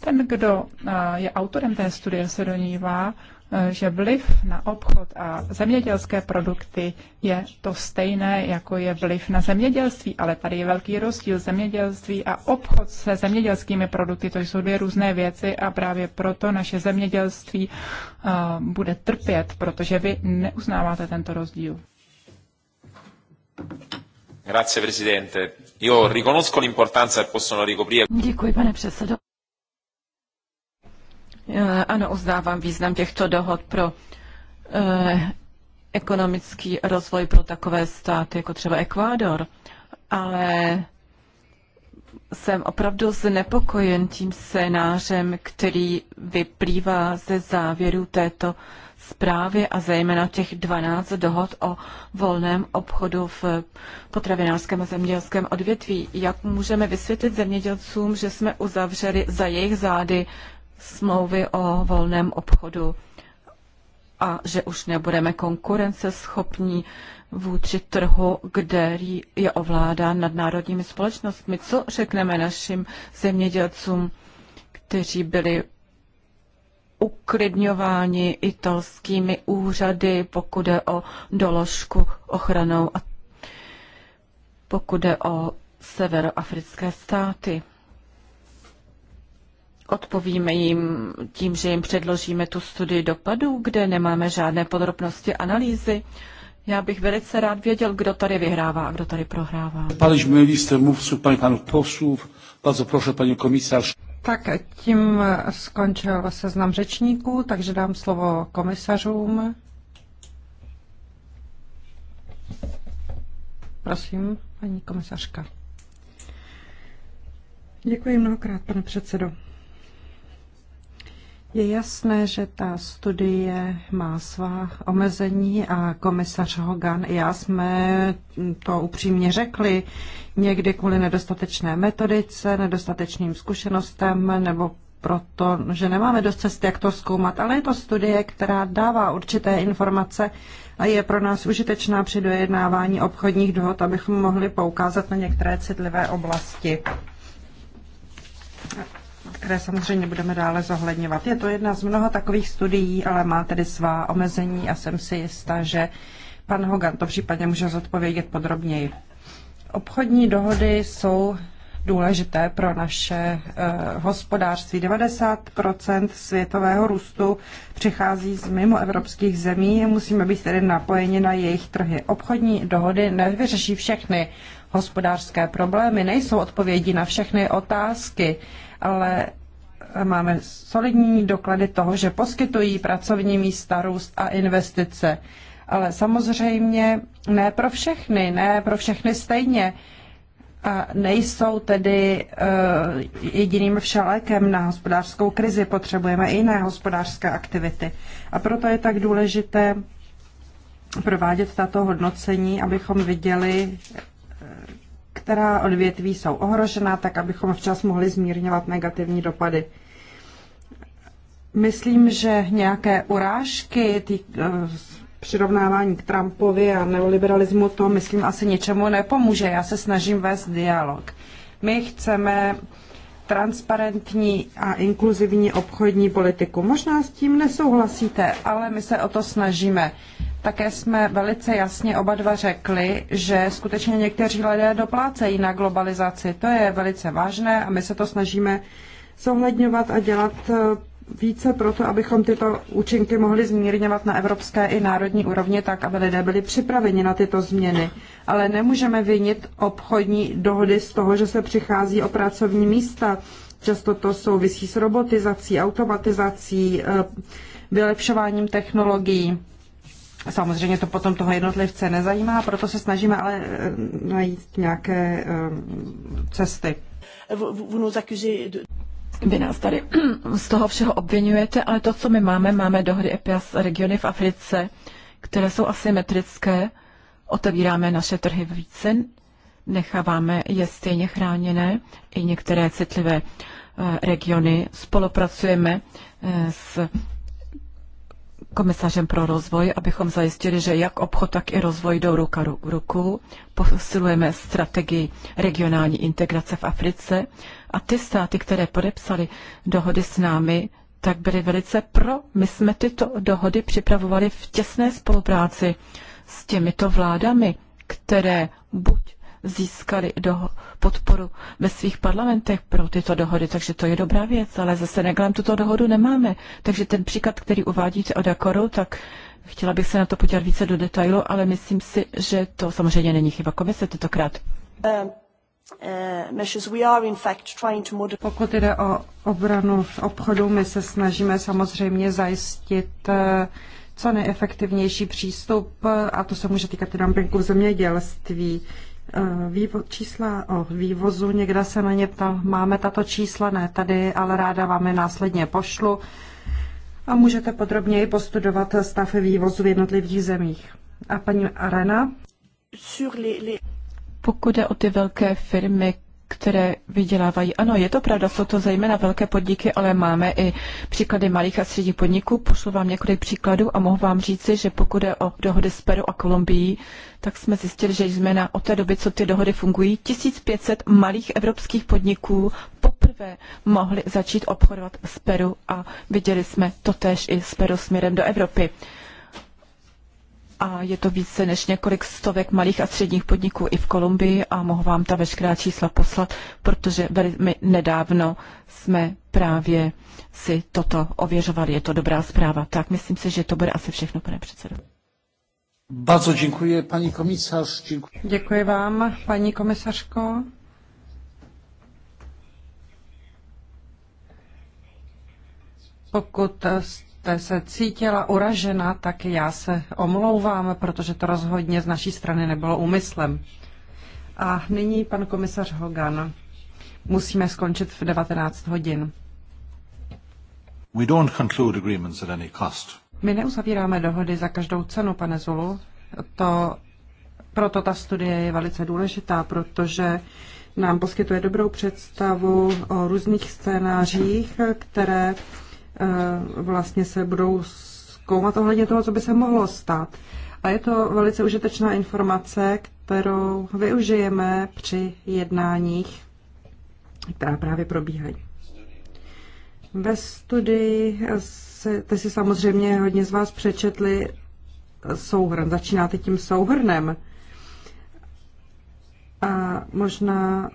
S2: ten, kdo eh, je autorem té studie, se donívá, eh, že vliv na obchod a zemědělské produkty je to stejné, jako je vliv na zemědělství, ale tady je velký rozdíl zemědělství a obchod se zemědělskými produkty, to jsou dvě různé věci a právě proto naše zemědělství eh, bude trpět, protože vy neuznáváte tento rozdíl. Grazie Io riconosco l'importanza che possono ricoprire.
S1: Děkuji, pane předsedo. Eh, ano, uznávám význam těchto dohod pro eh, ekonomický rozvoj pro takové státy, jako třeba Ekvádor, ale jsem opravdu znepokojen tím scénářem, který vyplývá ze závěru této zprávy a zejména těch 12 dohod o volném obchodu v potravinářském a zemědělském odvětví. Jak můžeme vysvětlit zemědělcům, že jsme uzavřeli za jejich zády smlouvy o volném obchodu a že už nebudeme konkurenceschopní vůči trhu, který je ovládán nadnárodními společnostmi. Co řekneme našim zemědělcům, kteří byli uklidňováni italskými úřady, pokud je o doložku ochranou a pokud je o severoafrické státy. Odpovíme jim tím, že jim předložíme tu studii dopadů, kde nemáme žádné podrobnosti analýzy. Já bych velice rád věděl, kdo tady vyhrává a kdo tady prohrává. Paliśmy
S2: listę mówców, paní panów posłów. Bardzo proszę, paní komisarz.
S3: Tak tím skončil seznam řečníků, takže dám slovo komisařům. Prosím, paní komisařka. Děkuji mnohokrát, pane předsedo. Je jasné, že ta studie má svá omezení a komisař Hogan i já jsme to upřímně řekli, někdy kvůli nedostatečné metodice, nedostatečným zkušenostem nebo proto, že nemáme dost cesty, jak to zkoumat, ale je to studie, která dává určité informace a je pro nás užitečná při dojednávání obchodních dohod, abychom mohli poukázat na některé citlivé oblasti které samozřejmě budeme dále zohledňovat. Je to jedna z mnoha takových studií, ale má tedy svá omezení a jsem si jistá, že pan Hogan to případně může zodpovědět podrobněji. Obchodní dohody jsou důležité pro naše uh, hospodářství. 90 světového růstu přichází z mimo evropských zemí. Musíme být tedy napojeni na jejich trhy. Obchodní dohody nevyřeší všechny hospodářské problémy, nejsou odpovědi na všechny otázky ale máme solidní doklady toho, že poskytují pracovní místa, růst a investice. Ale samozřejmě ne pro všechny, ne pro všechny stejně. A nejsou tedy uh, jediným všelékem na hospodářskou krizi. Potřebujeme i jiné hospodářské aktivity. A proto je tak důležité provádět tato hodnocení, abychom viděli, která odvětví jsou ohrožena, tak abychom včas mohli zmírňovat negativní dopady. Myslím, že nějaké urážky tý, eh, přirovnávání k Trumpovi a neoliberalismu to, myslím, asi něčemu nepomůže. Já se snažím vést dialog. My chceme transparentní a inkluzivní obchodní politiku. Možná s tím nesouhlasíte, ale my se o to snažíme. Také jsme velice jasně oba dva řekli, že skutečně někteří lidé doplácejí na globalizaci. To je velice vážné a my se to snažíme zohledňovat a dělat eh, více proto, abychom tyto účinky mohli zmírňovat na evropské i národní úrovni tak, aby lidé byli připraveni na tyto změny. Ale nemůžeme vinit obchodní dohody z toho, že se přichází o pracovní místa. Často to souvisí s robotizací, automatizací, eh, vylepšováním technologií. Samozřejmě to potom toho jednotlivce nezajímá, proto se snažíme ale eh, najít nějaké eh, cesty. Vy nás tady z toho všeho
S1: obvinujete, ale to, co my máme, máme dohody EPIAS regiony v Africe, které jsou asymetrické. Otevíráme naše trhy více, necháváme je stejně chráněné, i některé citlivé eh, regiony. Spolupracujeme s komisařem pro rozvoj, abychom zajistili, že jak obchod, tak i rozvoj jdou ruka v ruku. Posilujeme strategii regionální integrace v Africe a ty státy, které podepsaly dohody s námi, tak byly velice pro. My jsme tyto dohody připravovali v těsné spolupráci s těmito vládami, které buď získali do podporu ve svých parlamentech pro tyto dohody, takže to je dobrá věc, ale zase Senegalem tuto dohodu nemáme. Takže ten příklad, který uvádíte o Dakoru, tak chtěla bych se na to podívat více do detailu, ale myslím si, že to samozřejmě není chyba komise tentokrát.
S3: Um. Uh, Pokud jde o obranu v obchodu, my se snažíme samozřejmě zajistit uh, co nejefektivnější přístup, uh, a to se může týkat i dumpingu v zemědělství. Eh, vývo, čísla o vývozu, někde se na ně ptal, máme tato čísla, ne tady, ale ráda vám je následně pošlu a můžete podrobněji postudovat stav vývozu v jednotlivých zemích. A paní Arena? Pokud je o ty velké firmy,
S1: které vydělávají. Ano, je to pravda, jsou to zejména velké podniky, ale máme i příklady malých a středních podniků. Pošlu vám několik příkladů a mohu vám říci, že pokud je o dohody s Peru a Kolumbií, tak jsme zjistili, že jsme na od té doby, co ty dohody fungují, 1500 malých evropských podniků poprvé mohli začít obchodovat s Peru a viděli jsme totéž i s Peru směrem do Evropy a je to více než několik stovek malých a středních podniků i v Kolumbii a mohu vám ta veškerá čísla poslat, protože velmi nedávno jsme právě si toto ověřovali. Je to dobrá zpráva. Tak myslím si, že to bude asi všechno, pane předsedo.
S3: Bardzo děkuji, paní komisař. Děkuji. děkuji vám, paní komisařko. Pokud jste jste se cítila uražena, tak já se omlouvám, protože to rozhodně z naší strany nebylo úmyslem. A nyní pan komisař Hogan. Musíme skončit v 19 hodin.
S1: We don't conclude agreements at any cost.
S3: My neuzavíráme dohody za každou cenu, pane Zulu. To, proto ta studie je velice důležitá, protože nám poskytuje dobrou představu o různých scénářích, které Eh, vlastně se budou zkoumat ohledně toho, co by se mohlo stát. A je to velice užitečná informace, kterou využijeme při jednáních, která právě probíhají. Ve studii te si samozřejmě hodně z vás přečetli souhrn. Začínáte tím souhrnem. A možná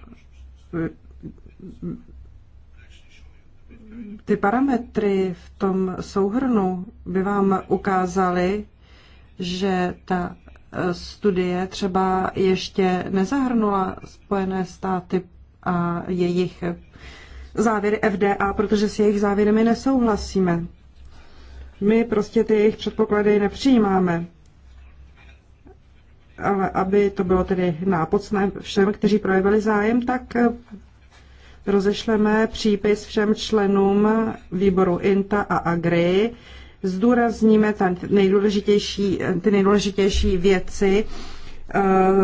S3: ty parametry v tom souhrnu by vám ukázaly, že ta eh, studie třeba ještě nezahrnula Spojené státy a jejich závěry FDA, protože s jejich závěry my nesouhlasíme. My prostě ty jejich předpoklady nepřijímáme. Ale aby to bylo tedy nápocné všem, kteří projevili zájem, tak eh, rozešleme přípis všem členům výboru INTA a AGRI, zdůrazníme ta nejdůležitější, ty nejdůležitější věci eh,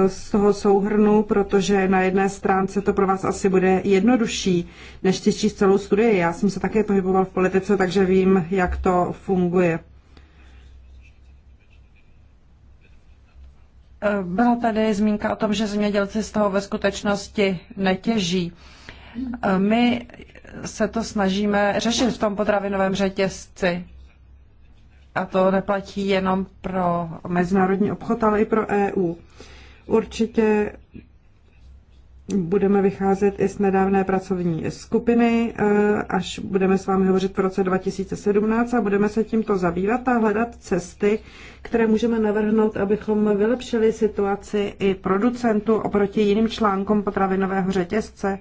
S3: z toho souhrnu, protože na jedné stránce to pro vás asi bude jednodušší, než si číst celou studii. Já jsem se také pohyboval v politice, takže vím, jak to funguje. Byla tady zmínka o tom, že zemědělci z toho ve skutečnosti netěží. Eh, my se to snažíme řešit v tom potravinovém řetězci. A to neplatí jenom pro mezinárodní obchod, ale i pro EU. Určitě budeme vycházet i z nedávné pracovní skupiny, eh, až budeme s vámi hovořit v roce 2017 a budeme se tímto zabývat a hledat cesty, které můžeme navrhnout, abychom vylepšili situaci i producentů oproti jiným článkům potravinového řetězce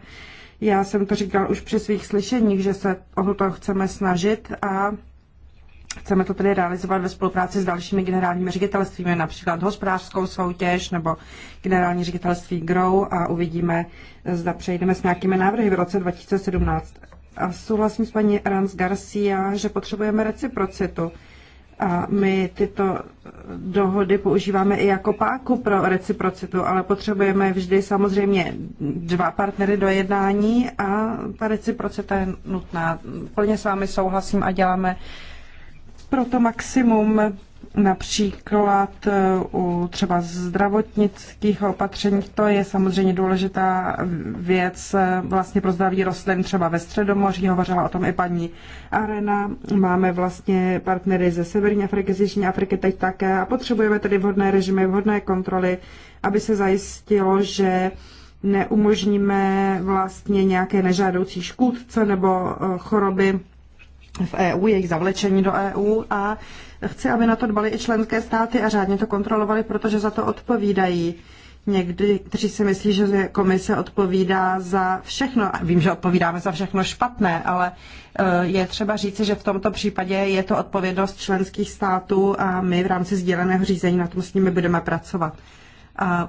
S3: já jsem to říkal už při svých slyšeních, že se o to chceme snažit a chceme to tedy realizovat ve spolupráci s dalšími generálními ředitelstvími, například hospodářskou soutěž nebo generální ředitelství GROW a uvidíme, zda přejdeme s nějakými návrhy v roce 2017. A souhlasím s paní Rans Garcia, že potřebujeme reciprocitu. A my tyto dohody používáme i jako páku pro reciprocitu, ale potřebujeme vždy samozřejmě dva partnery do jednání a ta reciprocita je nutná. Plně s vámi souhlasím a děláme pro to maximum Například eh, u třeba zdravotnických opatření, to je samozřejmě důležitá věc eh, vlastně pro zdraví rostlin třeba ve Středomoří, hovořila o tom i paní Arena. Máme vlastně partnery ze Severní Afriky, z Jižní Afriky teď také a potřebujeme tedy vhodné režimy, vhodné kontroly, aby se zajistilo, že neumožníme vlastně nějaké nežádoucí škůdce nebo eh, choroby v EU, jejich zavlečení do EU a Chci, aby na to dbali i členské státy a řádně to kontrolovali, protože za to odpovídají. Někdy, kteří si myslí, že komise odpovídá za všechno. Vím, že odpovídáme za všechno špatné, ale eh, je třeba říci, že v tomto případě je to odpovědnost členských států a my v rámci sdíleného řízení na tom s nimi budeme pracovat. A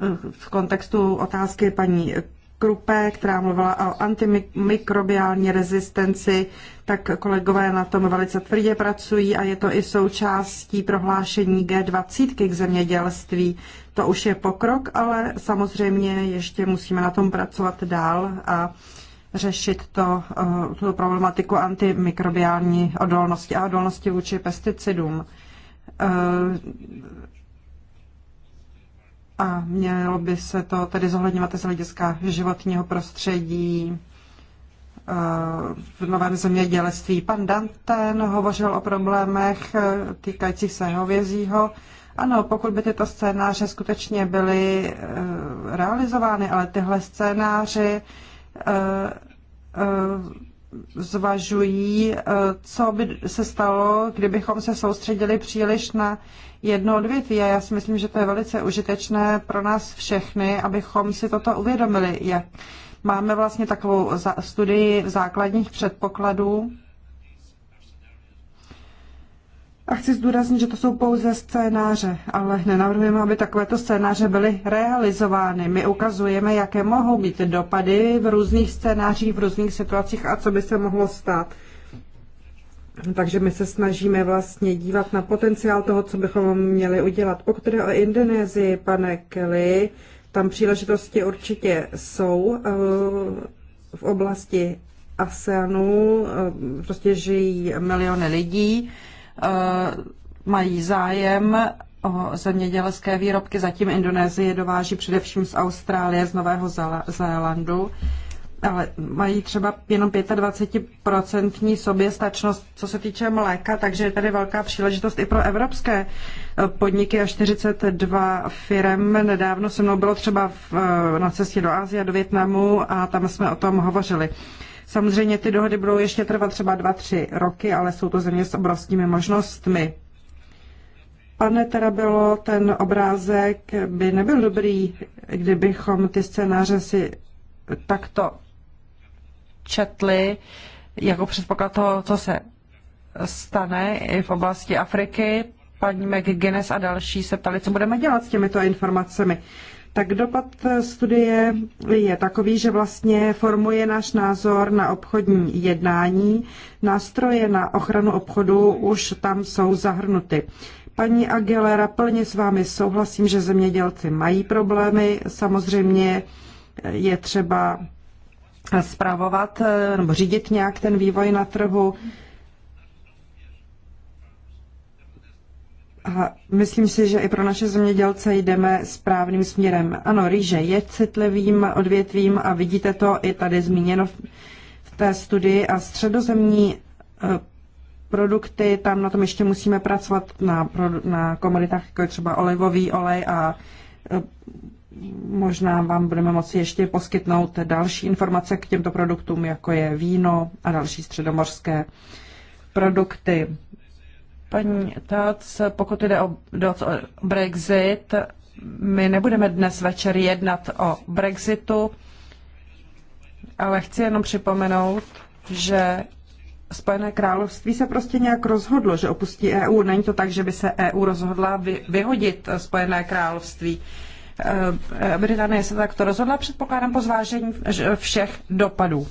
S3: eh, v kontextu otázky paní Krupe, která mluvila o antimikrobiální rezistenci, tak kolegové na tom velice tvrdě pracují a je to i součástí prohlášení G20 k zemědělství. To už je pokrok, ale samozřejmě ještě musíme na tom pracovat dál a řešit to, eh, tu problematiku antimikrobiální odolnosti a odolnosti vůči pesticidům eh, a mělo by se to tedy zohledňovat z hlediska životního prostředí eh, v novém zemědělství. Pan Danten hovořil o problémech eh, týkajících se hovězího. Ano, pokud by tyto scénáře skutečně byly eh, realizovány, ale tyhle scénáři zvažují, co by se stalo, kdybychom se soustředili příliš na jedno odvětví. A já si myslím, že to je velice užitečné pro nás všechny, abychom si toto uvědomili. Jak máme vlastně takovou studii základních předpokladů. A chci zdůraznit, že to jsou pouze scénáře, ale nenavrhujeme, aby takovéto scénáře byly realizovány. My ukazujeme, jaké mohou být dopady v různých scénářích, v různých situacích a co by se mohlo stát. Takže my se snažíme vlastně dívat na potenciál toho, co bychom měli udělat. Pokud jde o Indonésii, pane Kelly, tam příležitosti určitě jsou eh, v oblasti ASEANu, eh, prostě žijí miliony lidí, eh, mají zájem o zemědělské výrobky, zatím Indonésie dováží především z Austrálie, z Nového Zélandu. Zala- ale mají třeba jenom 25% soběstačnost, co se týče mléka, takže je tady velká příležitost i pro evropské eh, podniky a 42 firm. Nedávno se mnou bylo třeba v, eh, na cestě do Ázie, do Větnamu a tam jsme o tom hovořili. Samozřejmě ty dohody budou ještě trvat třeba 2-3 roky, ale jsou to země s obrovskými možnostmi. Pane Terabilo, ten obrázek by nebyl dobrý, kdybychom ty scénáře si takto četli jako předpoklad toho, co se stane i v oblasti Afriky. Paní McGuinness a další se ptali, co budeme dělat s těmito informacemi. Tak dopad studie je takový, že vlastně formuje náš názor na obchodní jednání. Nástroje na ochranu obchodu už tam jsou zahrnuty. Paní Aguilera, plně s vámi souhlasím, že zemědělci mají problémy. Samozřejmě je třeba spravovat eh, nebo řídit nějak ten vývoj na trhu. A myslím si, že i pro naše zemědělce jdeme správným směrem. Ano, rýže je citlivým odvětvím a vidíte to i tady zmíněno v té studii a středozemní eh, produkty, tam na tom ještě musíme pracovat na, na komoditách, jako je třeba olivový olej a eh, možná vám budeme moci ještě poskytnout další informace k těmto produktům, jako je víno a další středomorské produkty. Paní Tac, pokud jde o, o Brexit, my nebudeme dnes večer jednat o Brexitu, ale chci jenom připomenout, že Spojené království se prostě nějak rozhodlo, že opustí EU. Není to tak, že by se EU rozhodla vyhodit Spojené království. Eh, eh, Británie se takto rozhodla, předpokládám po zvážení všech dopadů.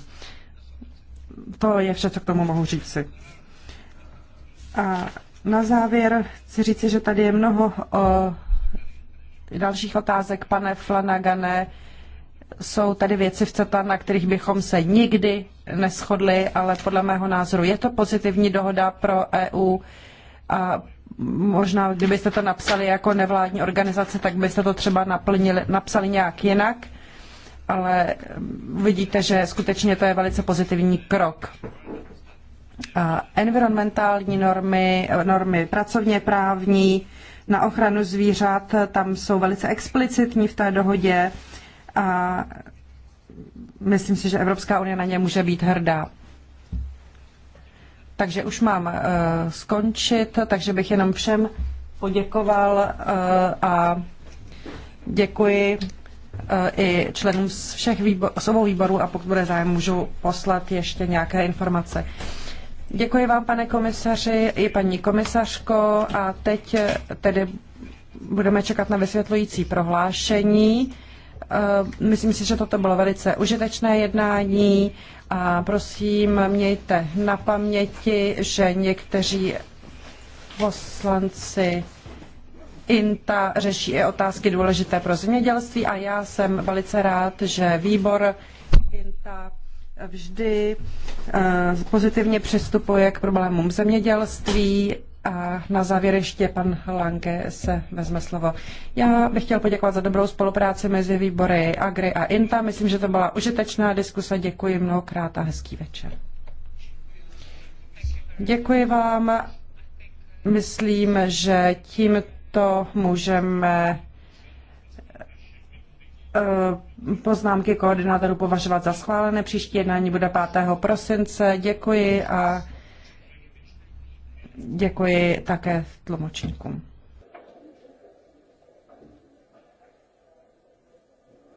S3: To je vše, co k tomu mohu říci. A na závěr chci říci, že tady je mnoho eh, dalších otázek, pane Flanagané. Jsou tady věci v CETA, na kterých bychom se nikdy neschodli, ale podle mého názoru je to pozitivní dohoda pro EU a možná kdybyste to napsali jako nevládní organizace, tak byste to třeba naplnili, napsali nějak jinak, ale vidíte, že skutečně to je velice pozitivní krok. A environmentální normy, normy pracovně právní, na ochranu zvířat, tam jsou velice explicitní v té dohodě a myslím si, že Evropská unie na ně může být hrdá. Takže už mám eh, skončit, takže bych jenom všem poděkoval eh, a děkuji eh, i členům z všech výbor, z obou výborů a pokud bude zájem, můžu poslat ještě nějaké informace. Děkuji vám, pane komisaři, i paní komisařko a teď tedy budeme čekat na vysvětlující prohlášení. Myslím si, že toto bylo velice užitečné jednání a prosím, mějte na paměti, že někteří poslanci INTA řeší i otázky důležité pro zemědělství a já jsem velice rád, že výbor INTA vždy eh, pozitivně přistupuje k problémům zemědělství a na závěr ještě pan Lange se vezme slovo. Já bych chtěl poděkovat za dobrou spolupráci mezi výbory Agri a INTA. Myslím, že to byla užitečná diskuse. Děkuji mnohokrát a hezký večer. Děkuji vám. Myslím, že tímto můžeme eh, poznámky koordinátorů považovat za schválené. Příští jednání bude 5. prosince. Děkuji a Děkuji také tlumočníkům.